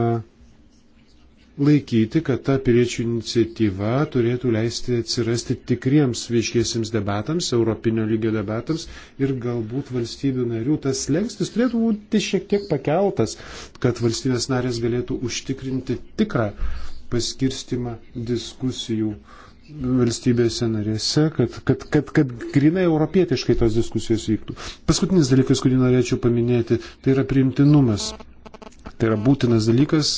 laikyti, kad ta piliečių iniciatyva turėtų leisti atsirasti tikriems vieškiesiems debatams, europinio lygio debatams ir galbūt valstybių narių tas lengstis turėtų būti šiek tiek pakeltas, kad valstybės narės galėtų užtikrinti tikrą paskirstimą diskusijų valstybėse narėse, kad, kad, kad, kad grinai europietiškai tos diskusijos vyktų. Paskutinis dalykas, kurį norėčiau paminėti, tai yra priimtinumas. Tai yra būtinas dalykas,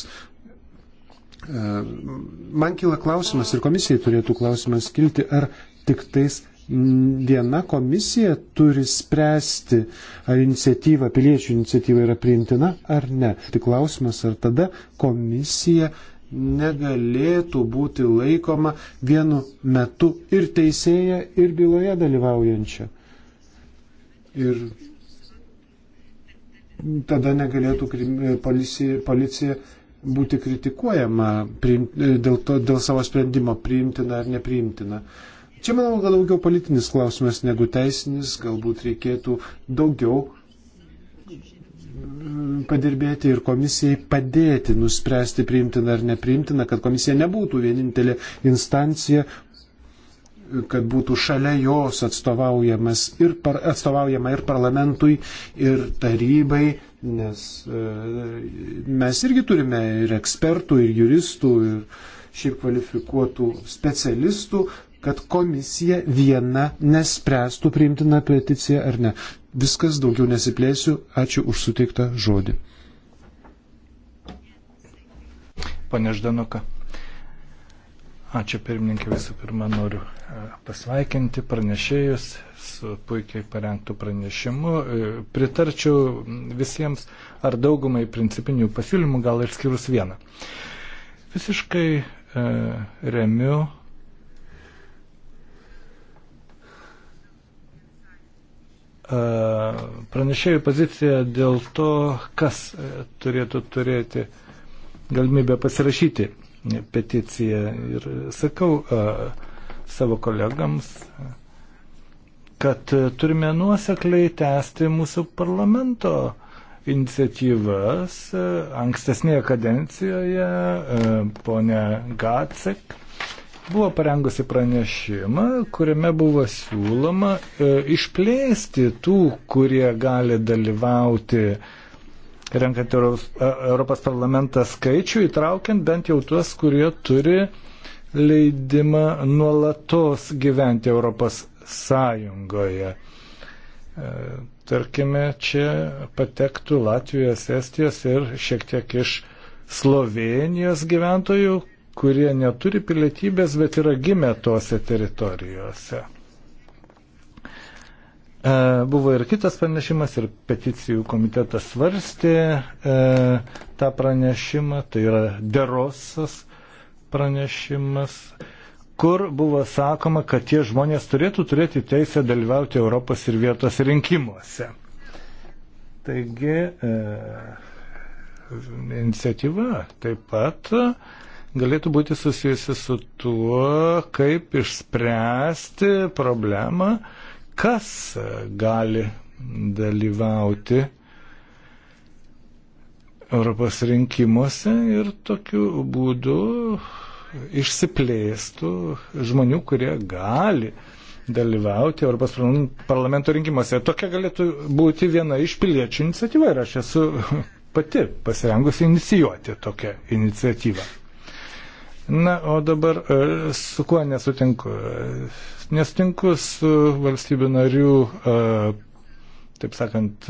Ehm, man kyla klausimas ir komisijai turėtų klausimas kilti, ar tik tais viena komisija turi spręsti, ar iniciatyva, piliečių iniciatyva yra priimtina ar ne. Tik klausimas, ar tada komisija negalėtų būti laikoma vienu metu ir teisėja, ir byloje dalyvaujančia. Ir tada negalėtų policija, policija būti kritikuojama priim, e, dėl, to, dėl savo sprendimo priimtina ar nepriimtina. Čia, manau, gal daugiau politinis klausimas negu teisinis, galbūt reikėtų daugiau mm, padirbėti ir komisijai padėti nuspręsti priimtina ar nepriimtina, kad komisija nebūtų vienintelė instancija, kad būtų šalia jos atstovaujamas ir par, atstovaujama ir parlamentui, ir tarybai, nes e, mes irgi turime ir ekspertų, ir juristų, ir šiaip kvalifikuotų specialistų, kad komisija viena nespręstų priimtiną peticiją ar ne. Viskas daugiau nesiplėsiu. Ačiū už suteiktą žodį. Pane Ždanuka. Ačiū pirmininkė, visų pirma noriu e, pasveikinti pranešėjus su puikiai parengtų pranešimu. E, pritarčiau visiems ar daugumai principinių pasiūlymų, gal ir skirus vieną. Visiškai e, remiu pranešėjų poziciją dėl to, kas turėtų turėti galimybę pasirašyti peticiją. Ir sakau savo kolegams, kad turime nuosekliai tęsti mūsų parlamento iniciatyvas. Ankstesnėje kadencijoje ponia Gacek buvo parengusi pranešimą, kuriame buvo siūloma e, išplėsti tų, kurie gali dalyvauti renkant e, Europos parlamentą skaičių, įtraukiant bent jau tuos, kurie turi leidimą nuolatos gyventi Europos Sąjungoje. E, tarkime, čia patektų Latvijos, Estijos ir šiek tiek iš Slovenijos gyventojų, kurie neturi pilietybės, bet yra gimę tose teritorijose. E, buvo ir kitas pranešimas, ir peticijų komitetas svarstė e, tą pranešimą, tai yra derosas pranešimas, kur buvo sakoma, kad tie žmonės turėtų turėti teisę dalyvauti Europos ir vietos rinkimuose. Taigi, e, iniciatyva taip pat galėtų būti susijusi su tuo, kaip išspręsti problemą, e, kas gali dalyvauti Europos rinkimuose ir tokiu būdu išsiplėstų žmonių, kurie gali dalyvauti Europos parlamento rinkimuose. Tokia galėtų būti viena iš piliečių iniciatyva ir aš esu pati pasirengusi inicijuoti tokią iniciatyvą. Na, o dabar e, su kuo nesutinku? E, nesutinku su valstybių narių, e, taip sakant,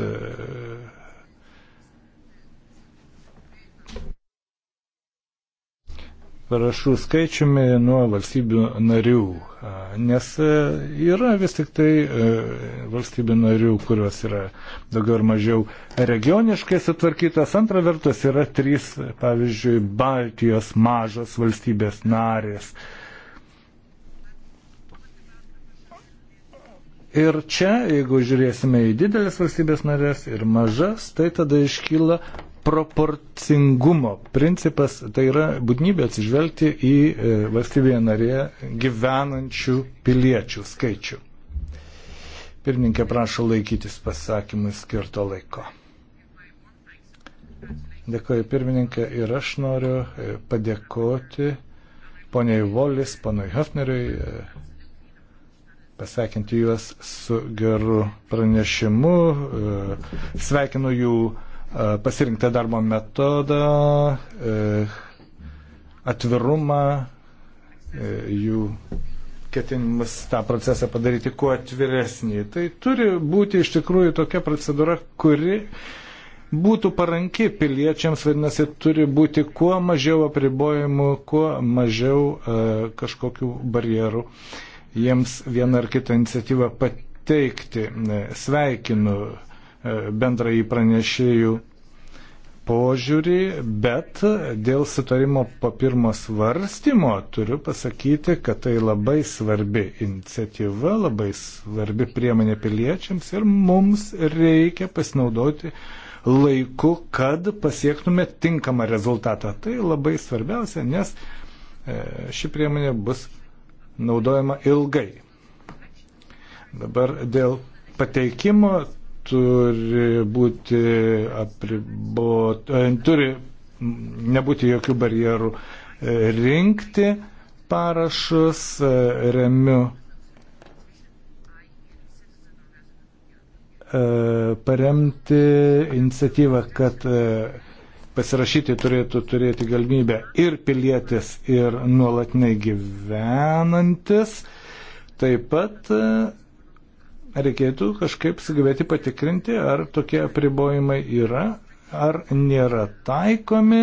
parašų skaičiumi nuo valstybių narių nes e, yra vis tik tai e, valstybių narių, kurios yra daugiau ar mažiau regioniškai sutvarkytas. Antra vertus yra trys, pavyzdžiui, Baltijos mažos valstybės narės. Ir čia, jeigu žiūrėsime į didelės valstybės narės ir mažas, tai tada iškyla proporcingumo principas, tai yra būtinybė atsižvelgti į e, valstybėje narėje gyvenančių piliečių skaičių. Pirmininkė prašo laikytis pasakymui skirto laiko. Dėkoju pirmininkė ir aš noriu e, padėkoti poniai Volis, ponui Hefneriui, e, pasveikinti juos su geru pranešimu, sveikinu jų E, pasirinktą darbo metodą, e, atvirumą, e, jų ketinimas tą procesą padaryti kuo atviresnį. Tai turi būti iš tikrųjų tokia procedūra, kuri būtų paranki piliečiams, vadinasi, turi būti kuo mažiau apribojimų, kuo mažiau e, kažkokių barjerų jiems vieną ar kitą iniciatyvą pateikti. Sveikinu E, bendrąjį pranešėjų požiūrį, bet dėl sutarimo po pirmo svarstymo turiu pasakyti, kad tai labai svarbi iniciatyva, labai svarbi priemonė piliečiams ir mums reikia pasinaudoti laiku, kad pasiektume tinkamą rezultatą. Tai labai svarbiausia, nes e, ši priemonė bus naudojama ilgai. Dabar dėl pateikimo turi būti apribot, e, turi nebūti jokių barjerų e, rinkti parašus, e, remiu paremti iniciatyvą, kad pasirašyti turėtų turėti galimybę ir pilietis, ir nuolatiniai gyvenantis. Taip pat reikėtų kažkaip sugebėti patikrinti, ar tokie apribojimai yra, ar nėra taikomi.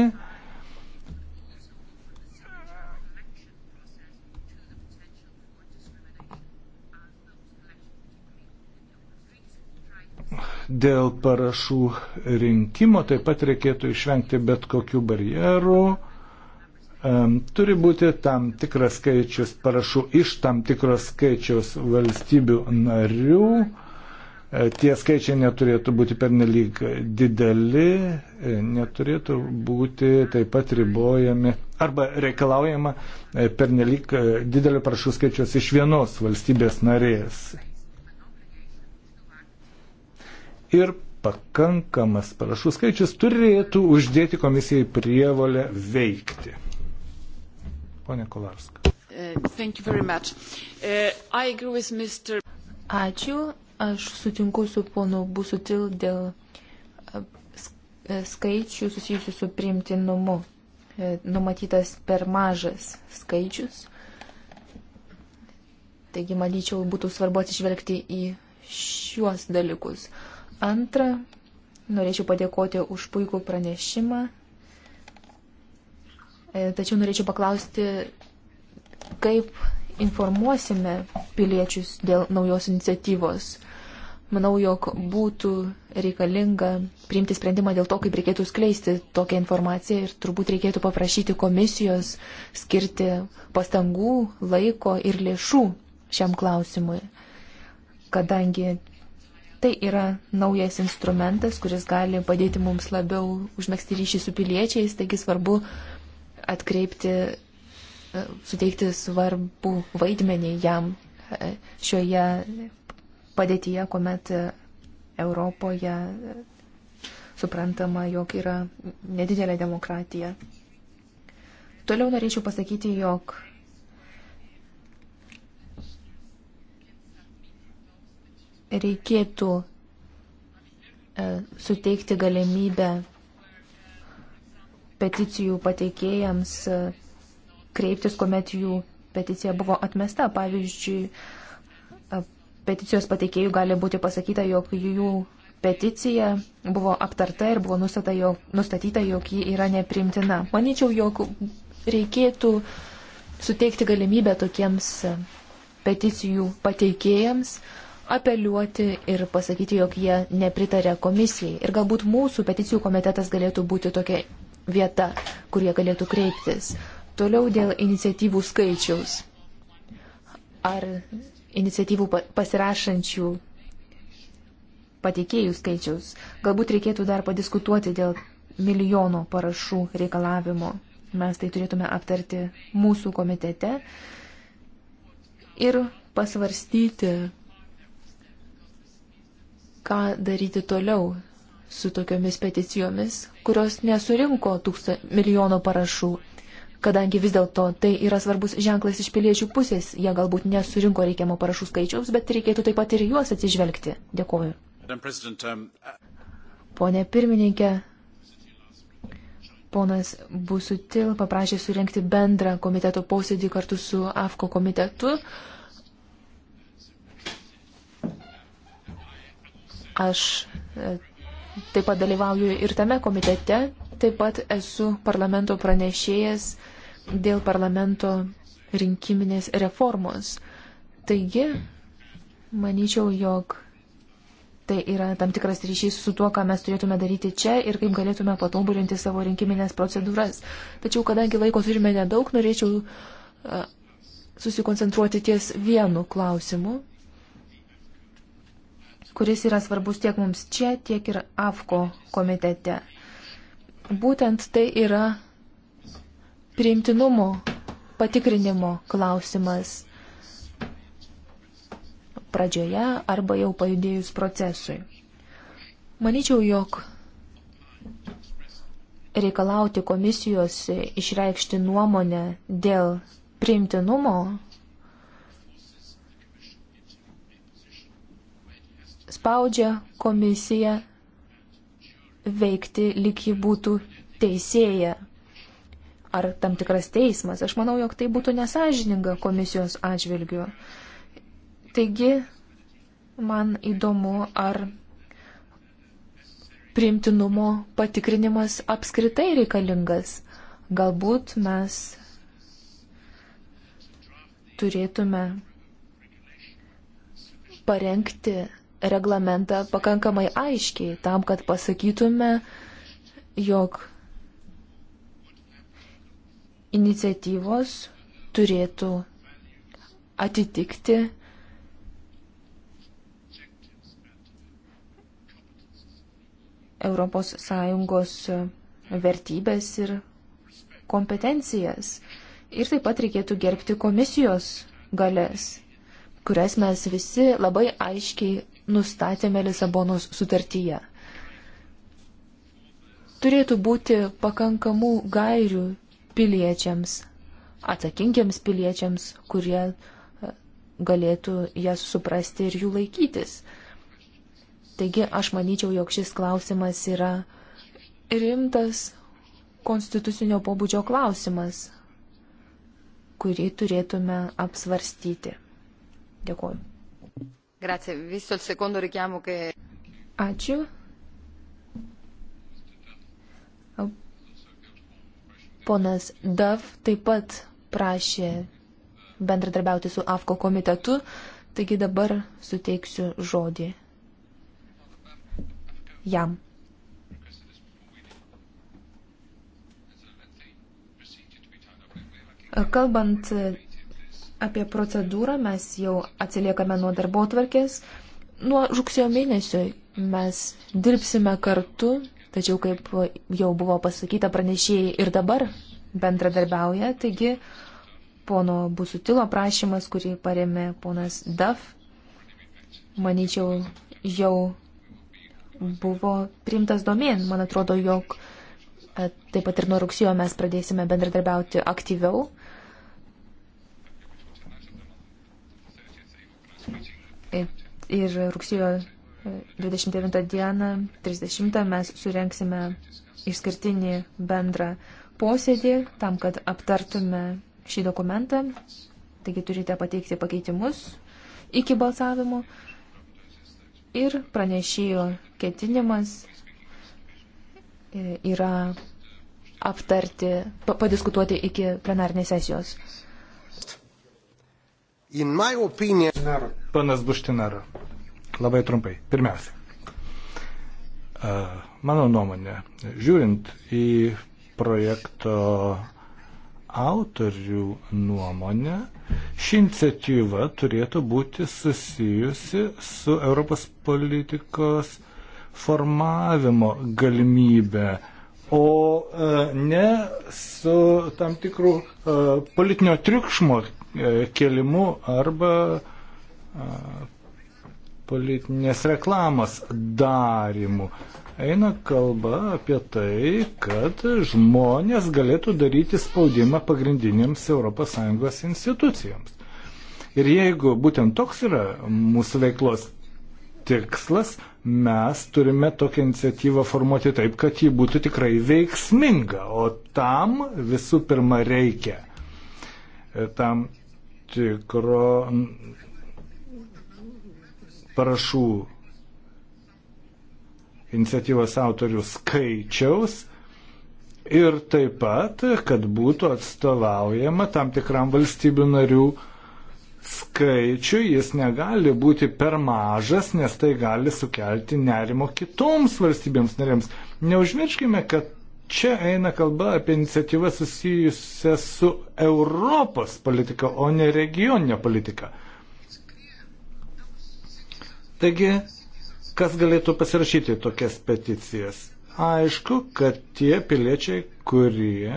Dėl parašų rinkimo taip pat reikėtų išvengti bet kokių barjerų. Turi būti tam tikras skaičius parašų iš tam tikros skaičiaus valstybių narių. E, tie skaičiai neturėtų būti pernelyg dideli, e, neturėtų būti taip pat ribojami arba reikalaujama e, pernelyg didelio parašų skaičiaus iš vienos valstybės narės. Ir pakankamas parašų skaičius turėtų uždėti komisijai prievolę veikti. Pone Kolarska. E, e, Ačiū. Aš sutinku su ponu Busutil dėl e, skaičių susijusių su priimtinumu. Numatytas per mažas skaičius. Taigi, manyčiau, būtų svarbu atsižvelgti į šiuos dalykus. Antra, norėčiau padėkoti už puikų pranešimą. E, tačiau norėčiau paklausti, kaip informuosime piliečius dėl naujos iniciatyvos. Manau, jog būtų reikalinga priimti sprendimą dėl to, kaip reikėtų skleisti tokią informaciją ir turbūt reikėtų paprašyti komisijos skirti pastangų, laiko ir lėšų šiam klausimui, kadangi tai yra naujas instrumentas, kuris gali padėti mums labiau užmėgsti ryšį su piliečiais, taigi svarbu uh, atkreipti, e, suteikti svarbų vaidmenį jam e, šioje padėtyje, kuomet e, Europoje suprantama, jog yra nedidelė demokratija. Toliau norėčiau pasakyti, jog reikėtų suteikti galimybę peticijų pateikėjams e, kreiptis, kuomet jų peticija buvo atmesta. Pavyzdžiui, e, peticijos pateikėjų gali būti pasakyta, jog jų peticija buvo aptarta ir buvo nustata, jog, nustatyta, jog ji yra neprimtina. Manyčiau, jog reikėtų suteikti galimybę tokiems e, peticijų pateikėjams apeliuoti ir pasakyti, jog jie nepritarė komisijai. Ir galbūt mūsų peticijų komitetas galėtų būti tokia vieta, kur jie galėtų kreiptis. Toliau dėl iniciatyvų skaičiaus. Ar iniciatyvų pasirašančių pateikėjų skaičiaus. Galbūt reikėtų dar padiskutuoti dėl milijono parašų reikalavimo. Mes tai turėtume aptarti mūsų komitete ir pasvarstyti, ką daryti toliau su tokiomis peticijomis, kurios nesurinko tūksta milijono parašų, kadangi vis dėlto tai yra svarbus ženklas iš piliečių pusės, jie galbūt nesurinko reikiamo parašų skaičiaus, bet reikėtų taip pat ir juos atsižvelgti. Dėkuoju. Um, uh, Pone pirmininkė, ponas Busutil paprašė surinkti bendrą komiteto posėdį kartu su AFKO komitetu. Aš taip pat dalyvauju ir tame komitete, taip pat esu parlamento pranešėjas dėl parlamento rinkiminės reformos. Taigi, manyčiau, jog tai yra tam tikras ryšys su tuo, ką mes turėtume daryti čia ir kaip galėtume patobulinti savo rinkiminės procedūras. Tačiau, kadangi laiko turime nedaug, norėčiau e, susikoncentruoti ties vienu klausimu kuris yra svarbus tiek mums čia, tiek ir AFKO komitete. Būtent tai yra priimtinumo patikrinimo klausimas pradžioje arba jau pajudėjus procesui. Maničiau, jog reikalauti komisijos išreikšti nuomonę dėl priimtinumo spaudžia komisiją veikti, lyg ji būtų teisėja ar tam tikras teismas. Aš manau, jog tai būtų nesažininga komisijos atžvilgiu. Taigi, man įdomu, ar primtinumo patikrinimas apskritai reikalingas. Galbūt mes turėtume parengti reglamentą pakankamai aiškiai tam, kad pasakytume, jog iniciatyvos turėtų atitikti ES vertybės ir kompetencijas. Ir taip pat reikėtų gerbti komisijos galės, kurias mes visi labai aiškiai nustatėme Lisabonos sutartyje. Turėtų būti pakankamų gairių piliečiams, atsakingiams piliečiams, kurie e, galėtų jas suprasti ir jų laikytis. Taigi aš manyčiau, jog šis klausimas yra rimtas konstitucinio pobūdžio klausimas, kurį turėtume apsvarstyti. Dėkuoju. Grazie, visto il secondo richiamo che... Ačiū. Ponas Dav taip pat prašė bendradarbiauti su AFKO komitetu, taigi dabar suteiksiu žodį jam. Kalbant apie procedūrą mes jau atsiliekame nuo darbo tvarkės. Nuo rugsėjo mėnesio mes dirbsime kartu, tačiau kaip jau buvo pasakyta, pranešėjai ir dabar bendradarbiauja. Taigi, pono Busutilo prašymas, kurį paremė ponas Daf, manyčiau, jau buvo priimtas domin. Man atrodo, jog e, taip pat ir nuo rugsėjo mes pradėsime bendradarbiauti aktyviau. Ir rugsėjo 29 dieną, 30 mes surenksime išskirtinį bendrą posėdį tam, kad aptartume šį dokumentą. Taigi turite pateikti pakeitimus iki balsavimo. Ir pranešėjo ketinimas e, yra aptarti, padiskutuoti iki plenarnės sesijos. Opinion... Panas Buštinara, labai trumpai. Pirmiausia, mano nuomonė, žiūrint į projekto autorių nuomonę, ši iniciatyva turėtų būti susijusi su Europos politikos formavimo galimybė, o e, ne su tam tikrų e, politinio triukšmo E, kelimu arba e, politinės reklamos darimu. Eina kalba apie tai, kad žmonės galėtų daryti spaudimą pagrindinėms ES institucijoms. Ir jeigu būtent toks yra mūsų veiklos tikslas, mes turime tokią iniciatyvą formuoti taip, kad ji būtų tikrai veiksminga, o tam visų pirma reikia e, tam tikro parašų iniciatyvos autorių skaičiaus ir taip pat, kad būtų atstovaujama tam tikram valstybių narių skaičiui, jis negali būti per mažas, nes tai gali sukelti nerimo kitoms valstybėms narėms. Neužmirškime, kad Čia eina kalba apie iniciatyvą susijusią su Europos politika, o ne regioninė politika. Taigi, kas galėtų pasirašyti tokias peticijas? Aišku, kad tie piliečiai, kurie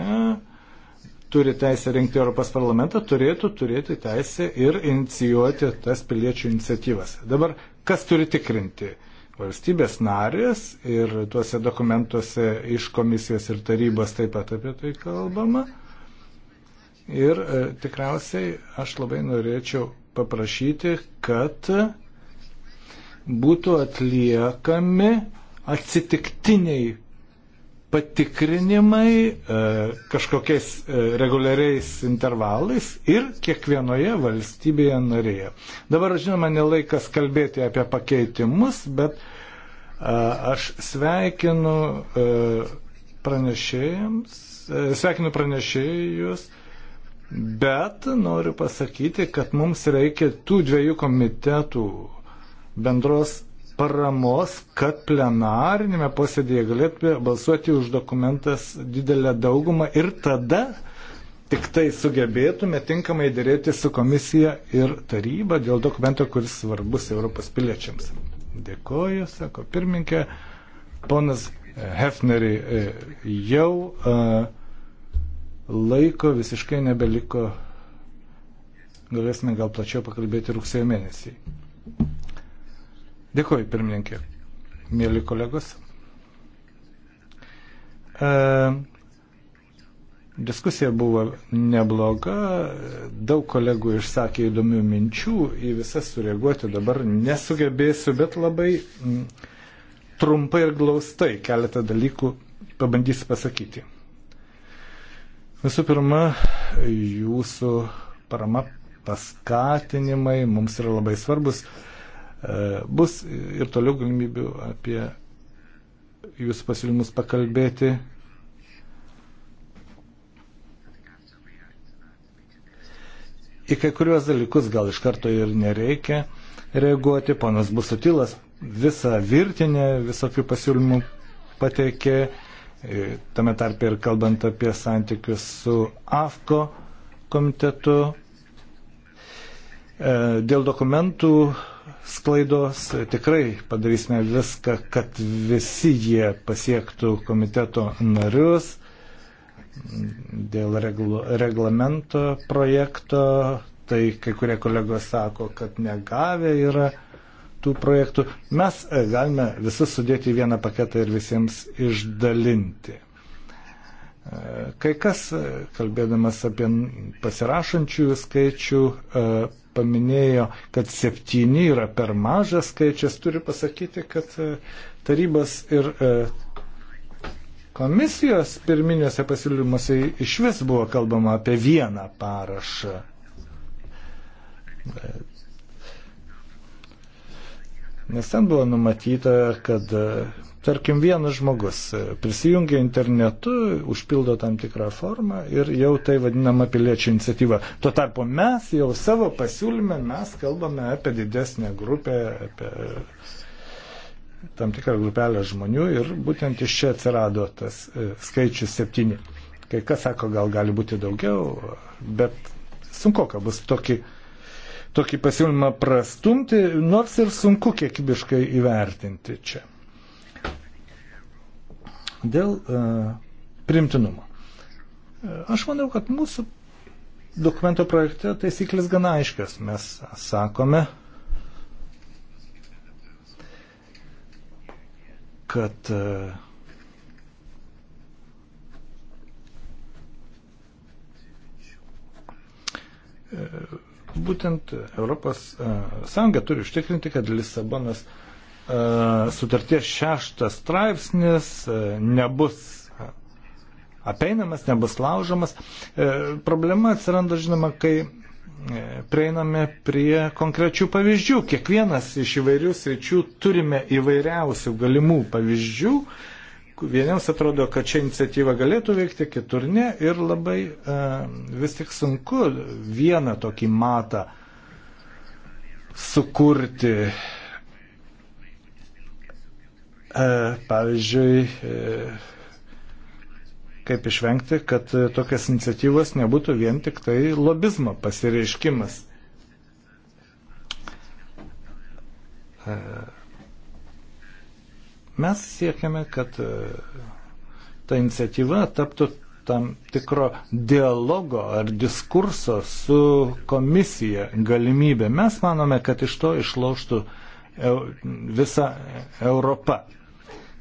turi teisę rinkti Europos parlamentą, turėtų turėti teisę ir inicijuoti tas piliečių iniciatyvas. Dabar, kas turi tikrinti? valstybės narės ir tuose dokumentuose iš komisijos ir tarybos taip pat apie tai kalbama. Ir e, tikriausiai aš labai norėčiau paprašyti, kad būtų atliekami atsitiktiniai patikrinimai e, kažkokiais e, reguliariais intervalais ir kiekvienoje valstybėje narėje. Dabar, žinoma, nelaikas kalbėti apie pakeitimus, bet e, aš sveikinu pranešėjams, sveikinu pranešėjus, bet noriu pasakyti, kad mums reikia tų dviejų komitetų bendros paramos, kad plenarinėme posėdėje galėtume balsuoti už dokumentas didelę daugumą ir tada tik tai sugebėtume tinkamai dėrėti su komisija ir taryba dėl dokumento, kuris svarbus Europos piliečiams. Dėkoju, sako pirmininkė. Ponas e, Hefneri e, jau e, laiko visiškai nebeliko. Galėsime gal plačiau pakalbėti rugsėjo mėnesį. Dėkuoju, pirmininkė. Mėly kolegos. E, diskusija buvo nebloga, daug kolegų išsakė įdomių minčių, į visas sureaguoti dabar nesugebėsiu, bet labai m, trumpai ir glaustai keletą dalykų pabandysiu pasakyti. Visų pirma, jūsų parama paskatinimai mums yra labai svarbus. E, E, bus ir toliau galimybių apie jūsų pasiūlymus pakalbėti. Į kai kuriuos dalykus gal iš karto ir nereikia reaguoti. Ponas Busutilas visą virtinę visokių pasiūlymų pateikė, e, tame tarpe ir kalbant apie santykius su AFKO komitetu. E, dėl dokumentų sklaidos. Tikrai padarysime viską, kad visi jie pasiektų komiteto narius. Dėl regl reglamento projekto, tai kai kurie kolegos sako, kad negavę yra tų projektų. Mes e, galime visus sudėti į vieną paketą ir visiems išdalinti. E, kai kas, e, kalbėdamas apie pasirašančiųjų skaičių, paminėjo, kad septyni yra per mažas skaičius, turiu pasakyti, kad e, tarybos ir e, komisijos pirminėse pasiūlymuose iš vis buvo kalbama apie vieną parašą. E, nes ten buvo numatyta, kad Tarkim, vienas žmogus prisijungia internetu, užpildo tam tikrą formą ir jau tai vadinama piliečių iniciatyva. Tuo tarpu mes jau savo pasiūlyme, mes kalbame apie didesnę grupę, apie tam tikrą grupelę žmonių ir būtent iš čia atsirado tas e, skaičius septyni. Kai kas sako, gal gali būti daugiau, bet sunku, kad bus tokį tokį pasiūlymą prastumti, nors ir sunku kiekybiškai įvertinti čia dėl e, primtinumo. E, aš manau, kad mūsų dokumento projekte taisyklės gana aiškios. Mes sakome, kad e, būtent Europos e, Sąjunga turi užtikrinti, kad Lisabonas e, E, sutarties šeštas straipsnis e, nebus apeinamas, nebus laužomas. E, problema atsiranda, žinoma, kai prieiname prie konkrečių pavyzdžių. Kiekvienas iš įvairių sričių turime įvairiausių galimų pavyzdžių. Vieniems atrodo, kad čia iniciatyva galėtų veikti, kitur ne. Ir labai vis tik sunku vieną tokį matą sukurti. E, pavyzdžiui, e, kaip išvengti, kad tokias iniciatyvas nebūtų vien tik tai lobizmo pasireiškimas. E, mes siekiame, kad ta iniciatyva taptų tam tikro dialogo ar diskurso su komisija galimybė. Mes manome, kad iš to išlauštų visa Europa.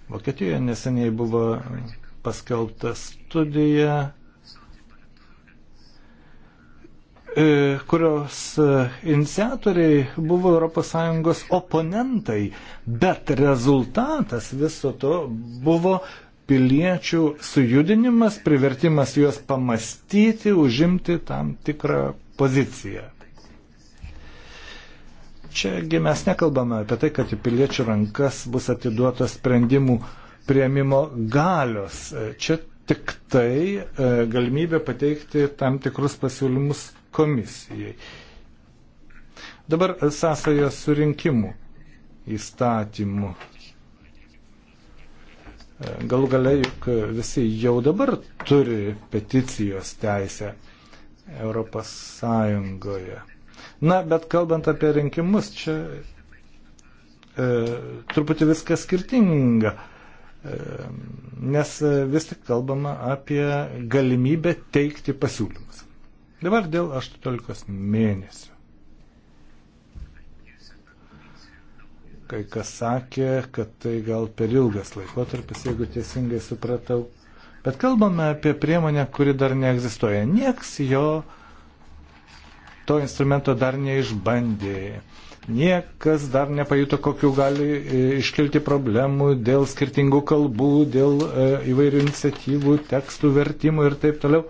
Vokietijoje neseniai buvo paskelbta studija, e, kurios e, iniciatoriai buvo ES oponentai, bet rezultatas viso to buvo piliečių sujudinimas, privertimas juos pamastyti, užimti tam tikrą poziciją. Čiagi mes nekalbame apie tai, kad į piliečių rankas bus atiduotos sprendimų prieimimo galios. Čia tik tai e, galimybė pateikti tam tikrus pasiūlymus komisijai. Dabar sąsajos su rinkimu įstatymu. E, galų gale juk visi jau dabar turi peticijos teisę Europos Sąjungoje. Na, bet kalbant apie rinkimus, čia e, truputį viskas skirtinga, e, nes e, vis tik kalbama apie galimybę teikti pasiūlymus. Dabar dėl 18 mėnesių. Kai kas sakė, kad tai gal per ilgas laikotarpis, jeigu teisingai supratau. Bet kalbame apie priemonę, kuri dar neegzistuoja. Nieks jo uh, to instrumento dar neišbandė. Niekas dar nepajuto, kokiu gali e, iškilti problemų dėl skirtingų kalbų, dėl e, įvairių iniciatyvų, tekstų vertimų ir taip toliau.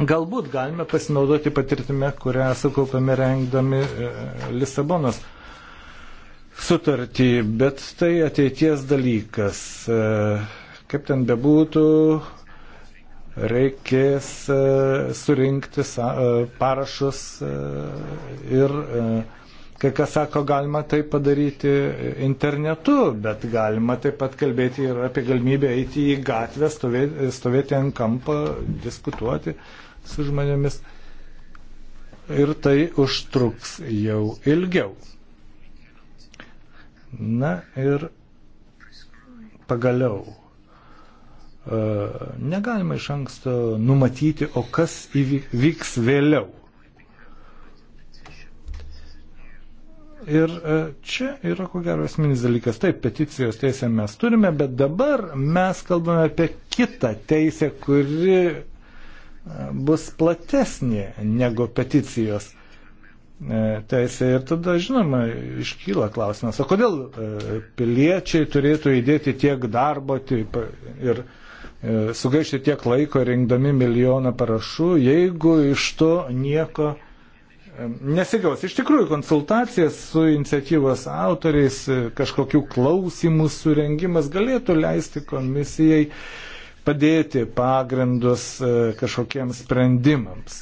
Galbūt galime pasinaudoti patirtime, kurią sukaupėme rengdami e, Lisabonos sutartį, bet tai ateities dalykas. Kaip ten bebūtų, reikės e, surinkti e, parašus e, ir kai kas sako, galima tai padaryti internetu, bet galima taip pat kalbėti ir apie galimybę eiti į gatvę, stovėti, stovėti ant kampo, diskutuoti su žmonėmis. Ir tai užtruks jau ilgiau. Na ir pagaliau E, negalima iš anksto numatyti, o kas įvyks vėliau. Ir e, čia yra ko gero esminis dalykas. Taip, peticijos teisę mes turime, bet dabar mes kalbame apie kitą teisę, kuri e, bus platesnė negu peticijos teisė. Ir tada, žinoma, iškyla klausimas, o kodėl piliečiai turėtų įdėti tiek darbo taip, ir E, sugaišti tiek laiko rinkdami milijoną parašų, jeigu iš to nieko e, nesigaus. Iš tikrųjų, konsultacijas su iniciatyvos autoriais, e, kažkokių klausimų surengimas galėtų leisti komisijai padėti pagrindus kažkokiems sprendimams.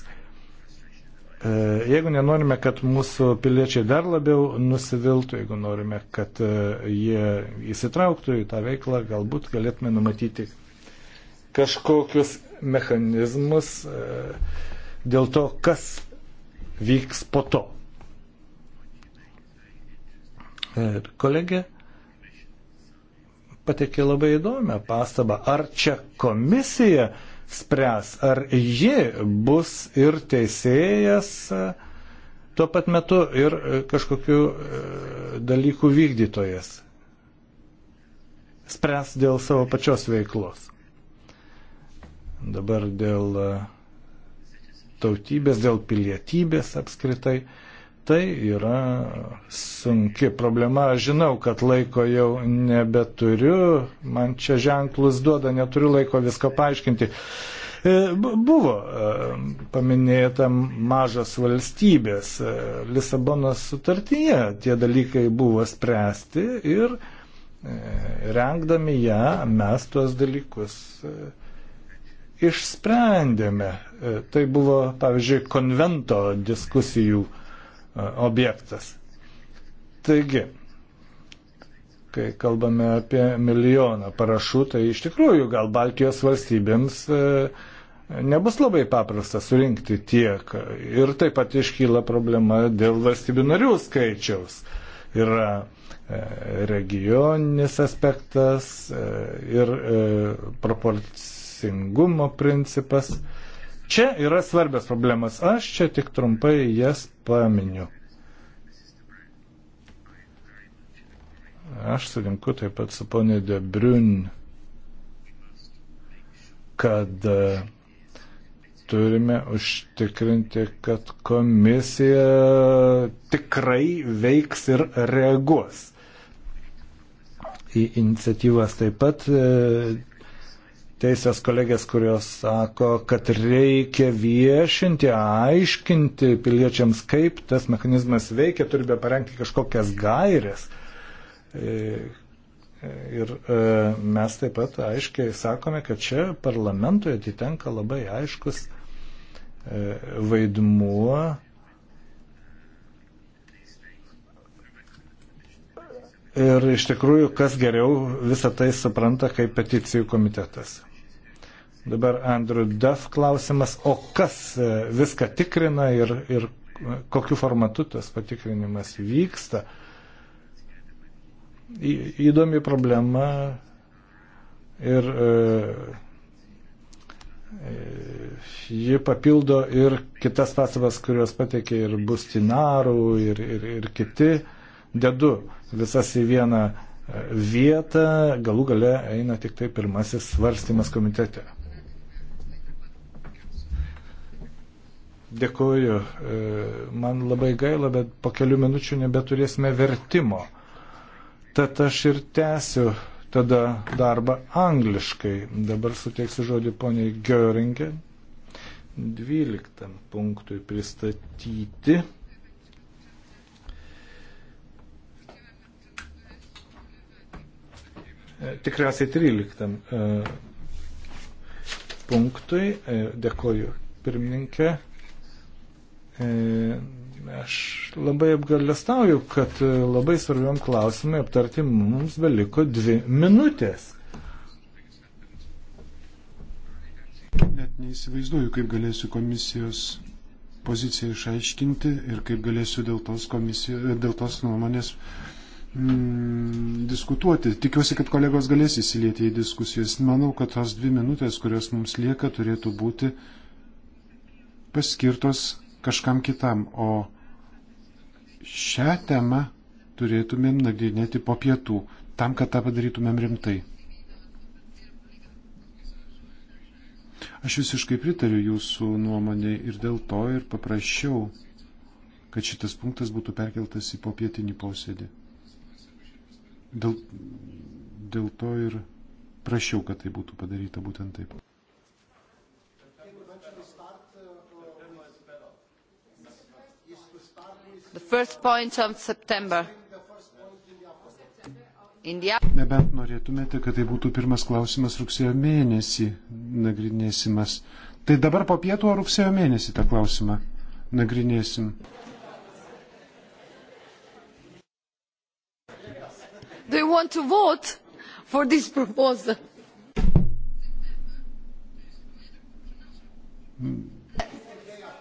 Jeigu nenorime, kad mūsų piliečiai dar labiau nusiviltų, jeigu norime, kad jie įsitrauktų į tą veiklą, galbūt galėtume numatyti kažkokius mechanizmus e, dėl to, kas vyks po to. Ir e, kolegė patekė labai įdomią pastabą, ar čia komisija spręs, ar ji bus ir teisėjas e, tuo pat metu ir kažkokiu dalykų vykdytojas. Spręs dėl savo pačios veiklos. Dabar dėl e, tautybės, dėl pilietybės apskritai. Tai yra sunki problema. Aš žinau, kad laiko jau nebeturiu. Man čia ženklus duoda, neturiu laiko visko paaiškinti. E, buvo e, paminėta mažas valstybės. Lisabonos sutartyje tie dalykai buvo spręsti ir rengdami ją mes tuos dalykus išsprendėme. E, tai buvo, pavyzdžiui, konvento diskusijų e, objektas. Taigi, kai kalbame apie milijoną parašų, tai iš tikrųjų gal Baltijos valstybėms e, nebus labai paprasta surinkti tiek. Ir taip pat iškyla problema dėl valstybių narių skaičiaus. Yra regioninis aspektas ir proporcijos proporcingumo principas. Čia yra svarbios problemas, aš čia tik trumpai jas paminiu. Aš sutinku taip pat su ponė Debriun, kad e, turime užtikrinti, kad komisija tikrai veiks ir reaguos į iniciatyvas. Taip pat e, teisės kolegės, kurios sako, kad reikia viešinti, aiškinti piliečiams, kaip tas mechanizmas veikia, turime parengti kažkokias gairės. E, e, ir e, mes taip pat aiškiai sakome, kad čia parlamentui atitenka labai aiškus vaidmuo Ir iš tikrųjų, kas geriau visą tai supranta kaip peticijų komitetas. Dabar Andrew Duff klausimas, o kas e, viską tikrina ir, ir kokiu formatu tas patikrinimas vyksta. Į, įdomi problema ir e, e, ji papildo ir kitas pastabas, kurios pateikė ir Bustinarų, ir, ir, ir kiti. Dedu visas į vieną e, vietą, galų gale eina tik tai pirmasis svarstymas komitete. Dėkuoju, e, man labai gaila, bet po kelių minučių nebeturėsime vertimo. Tad aš ir tęsiu tada darbą angliškai. Dabar suteiksiu žodį poniai Göringė. 12 punktui pristatyti. E, tikriausiai 13 e, punktui. E, dėkoju, pirmininkė. Aš labai apgalėstauju, kad labai svarbiam klausimui aptarti mums beliko dvi minutės. Net neįsivaizduoju, kaip galėsiu komisijos poziciją išaiškinti ir kaip galėsiu dėl tos, komisijos, dėl tos nuomonės uh, mm, diskutuoti. Tikiuosi, kad kolegos galės įsilieti į diskusijas. Manau, kad tos dvi minutės, kurios mums lieka, turėtų būti paskirtos kažkam kitam, o šią temą turėtumėm nagrinėti po pietų, tam, kad tą padarytumėm rimtai. Aš visiškai pritariu jūsų nuomonė ir dėl to ir paprašiau, kad šitas punktas būtų perkeltas į popietinį posėdį. Dėl, dėl to ir prašiau, kad tai būtų padaryta būtent taip. Nebent norėtumėte, kad tai būtų pirmas klausimas rugsėjo mėnesį nagrinėsimas. Tai dabar po pietų ar rugsėjo mėnesį tą klausimą nagrinėsim? they want to vote for this proposal.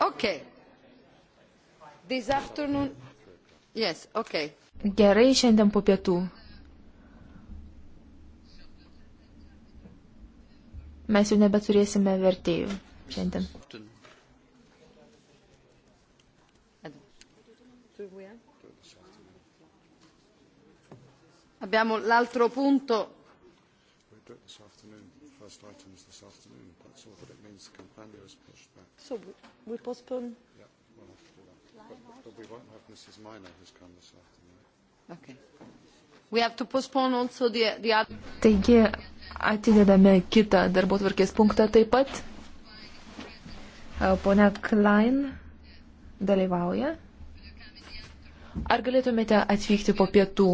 Okay. This afternoon. Yes, okay. Gerai šiandien po pietų. Mes jau nebeturėsime vertėjų šiandien. Abbiamo l'altro punto. This afternoon, first item is this afternoon. That's all, but it means Campania is pushed back. So we postpone. Yeah, we'll have to do that. But, but we won't have Mrs. Minor who's come this afternoon. Okay. We have to postpone also the, the other. Taigi atidedame kitą darbo tvarkės punktą taip pat. Pone Klein dalyvauja. Ar galėtumėte atvykti po pietų?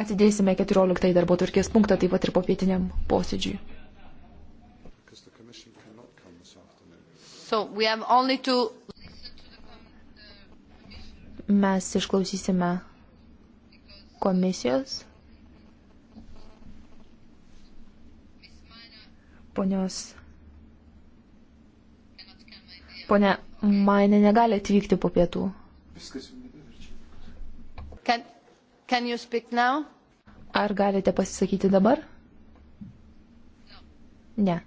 atidėsime 14 darbo turkės punktą taip pat ir popietiniam posėdžiui. So to... Mes išklausysime komisijos. Ponios. Pone Mainė negali atvykti po pietų. Viskas jau nebeverčia. Ar galite pasisakyti dabar? Ne.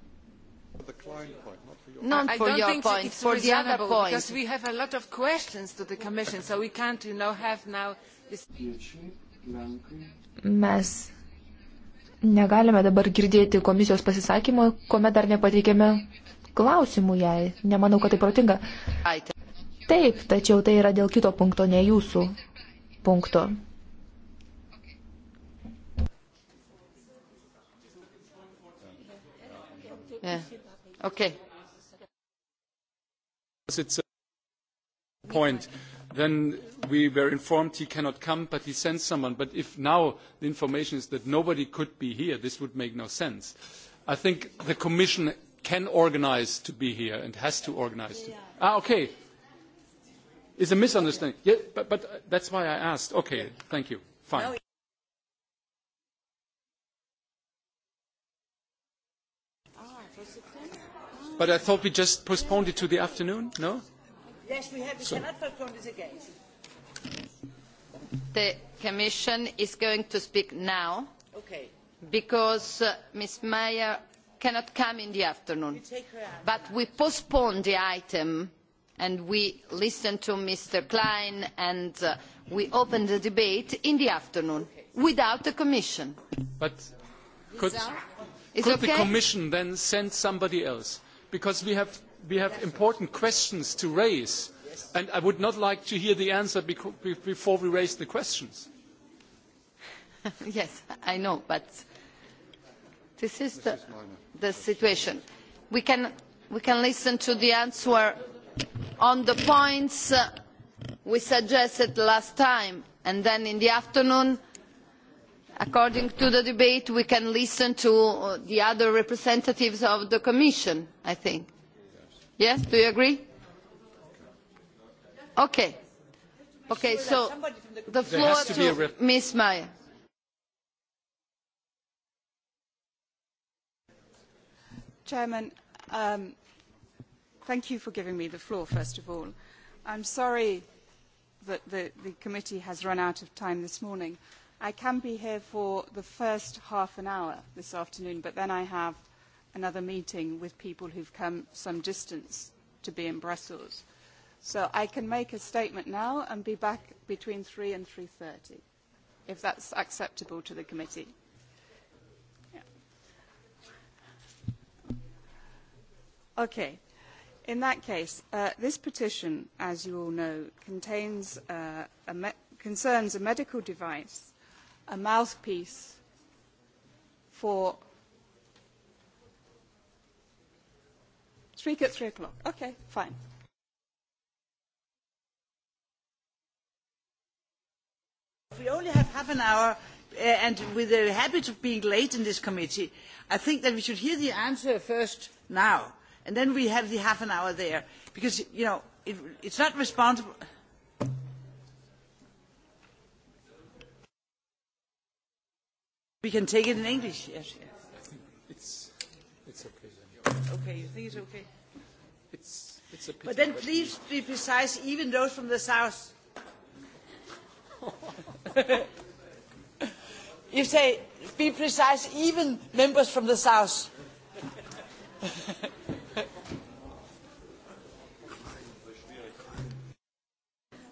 Not for your point, for the other point. Because we have a lot of questions to the Commission, so we can't, you know, have now this... Mes negalime dabar girdėti komisijos pasisakymo, kuomet dar nepateikėme klausimų jai. Nemanau, kad tai protinga. Taip, tačiau tai yra dėl kito punkto, ne jūsų punkto. Yeah. Okay. It's a point. Then we were informed he cannot come, but he sent someone. But if now the information is that nobody could be here, this would make no sense. I think the Commission can organize to be here and has to organize. To. Ah, okay. It's a misunderstanding. Yeah, but, but that's why I asked. Okay, thank you. Fine. But I thought we just postponed it to the afternoon, no? Yes, we have. We so. cannot postpone this again. The Commission is going to speak now. Okay. Because uh, Ms. Meyer cannot come in the afternoon. We take her out. But we postponed the item and we listened to Mr. Klein and uh, we opened the debate in the afternoon okay. without the Commission. But could, could okay? the Commission then send somebody else? because we have, we have important questions to raise, and I would not like to hear the answer before we raise the questions. yes, I know, but this is the, the situation. We can, we can listen to the answer on the points uh, we suggested last time, and then in the afternoon according to the debate we can listen to uh, the other representatives of the commission i think yes do you agree okay okay so the floor to ms meyer chairman um, thank you for giving me the floor first of all i'm sorry that the, the committee has run out of time this morning I can be here for the first half an hour this afternoon, but then I have another meeting with people who've come some distance to be in Brussels. So I can make a statement now and be back between 3 and 3.30, if that's acceptable to the committee. Yeah. Okay. In that case, uh, this petition, as you all know, contains, uh, a me- concerns a medical device a mouthpiece for speak at three o'clock. Okay, fine. We only have half an hour, uh, and with the habit of being late in this committee, I think that we should hear the answer first now, and then we have the half an hour there, because you know it, it's not responsible. We can take it in English. Yes, yes. It's, it's okay. Then. Okay, you think it's okay? It's, it's a pity, but then but please be precise, even those from the south. if they be precise, even members from the south.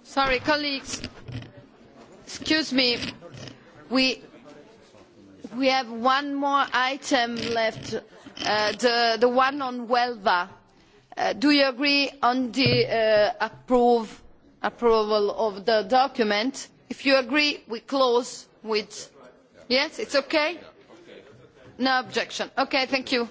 Sorry, colleagues. Excuse me. We We have one more item left, uh, the, the one on WELVA. Uh, do you agree on the uh, approve, approval of the document? If you agree, we close with... Yes, it's okay? No objection. Okay, thank you.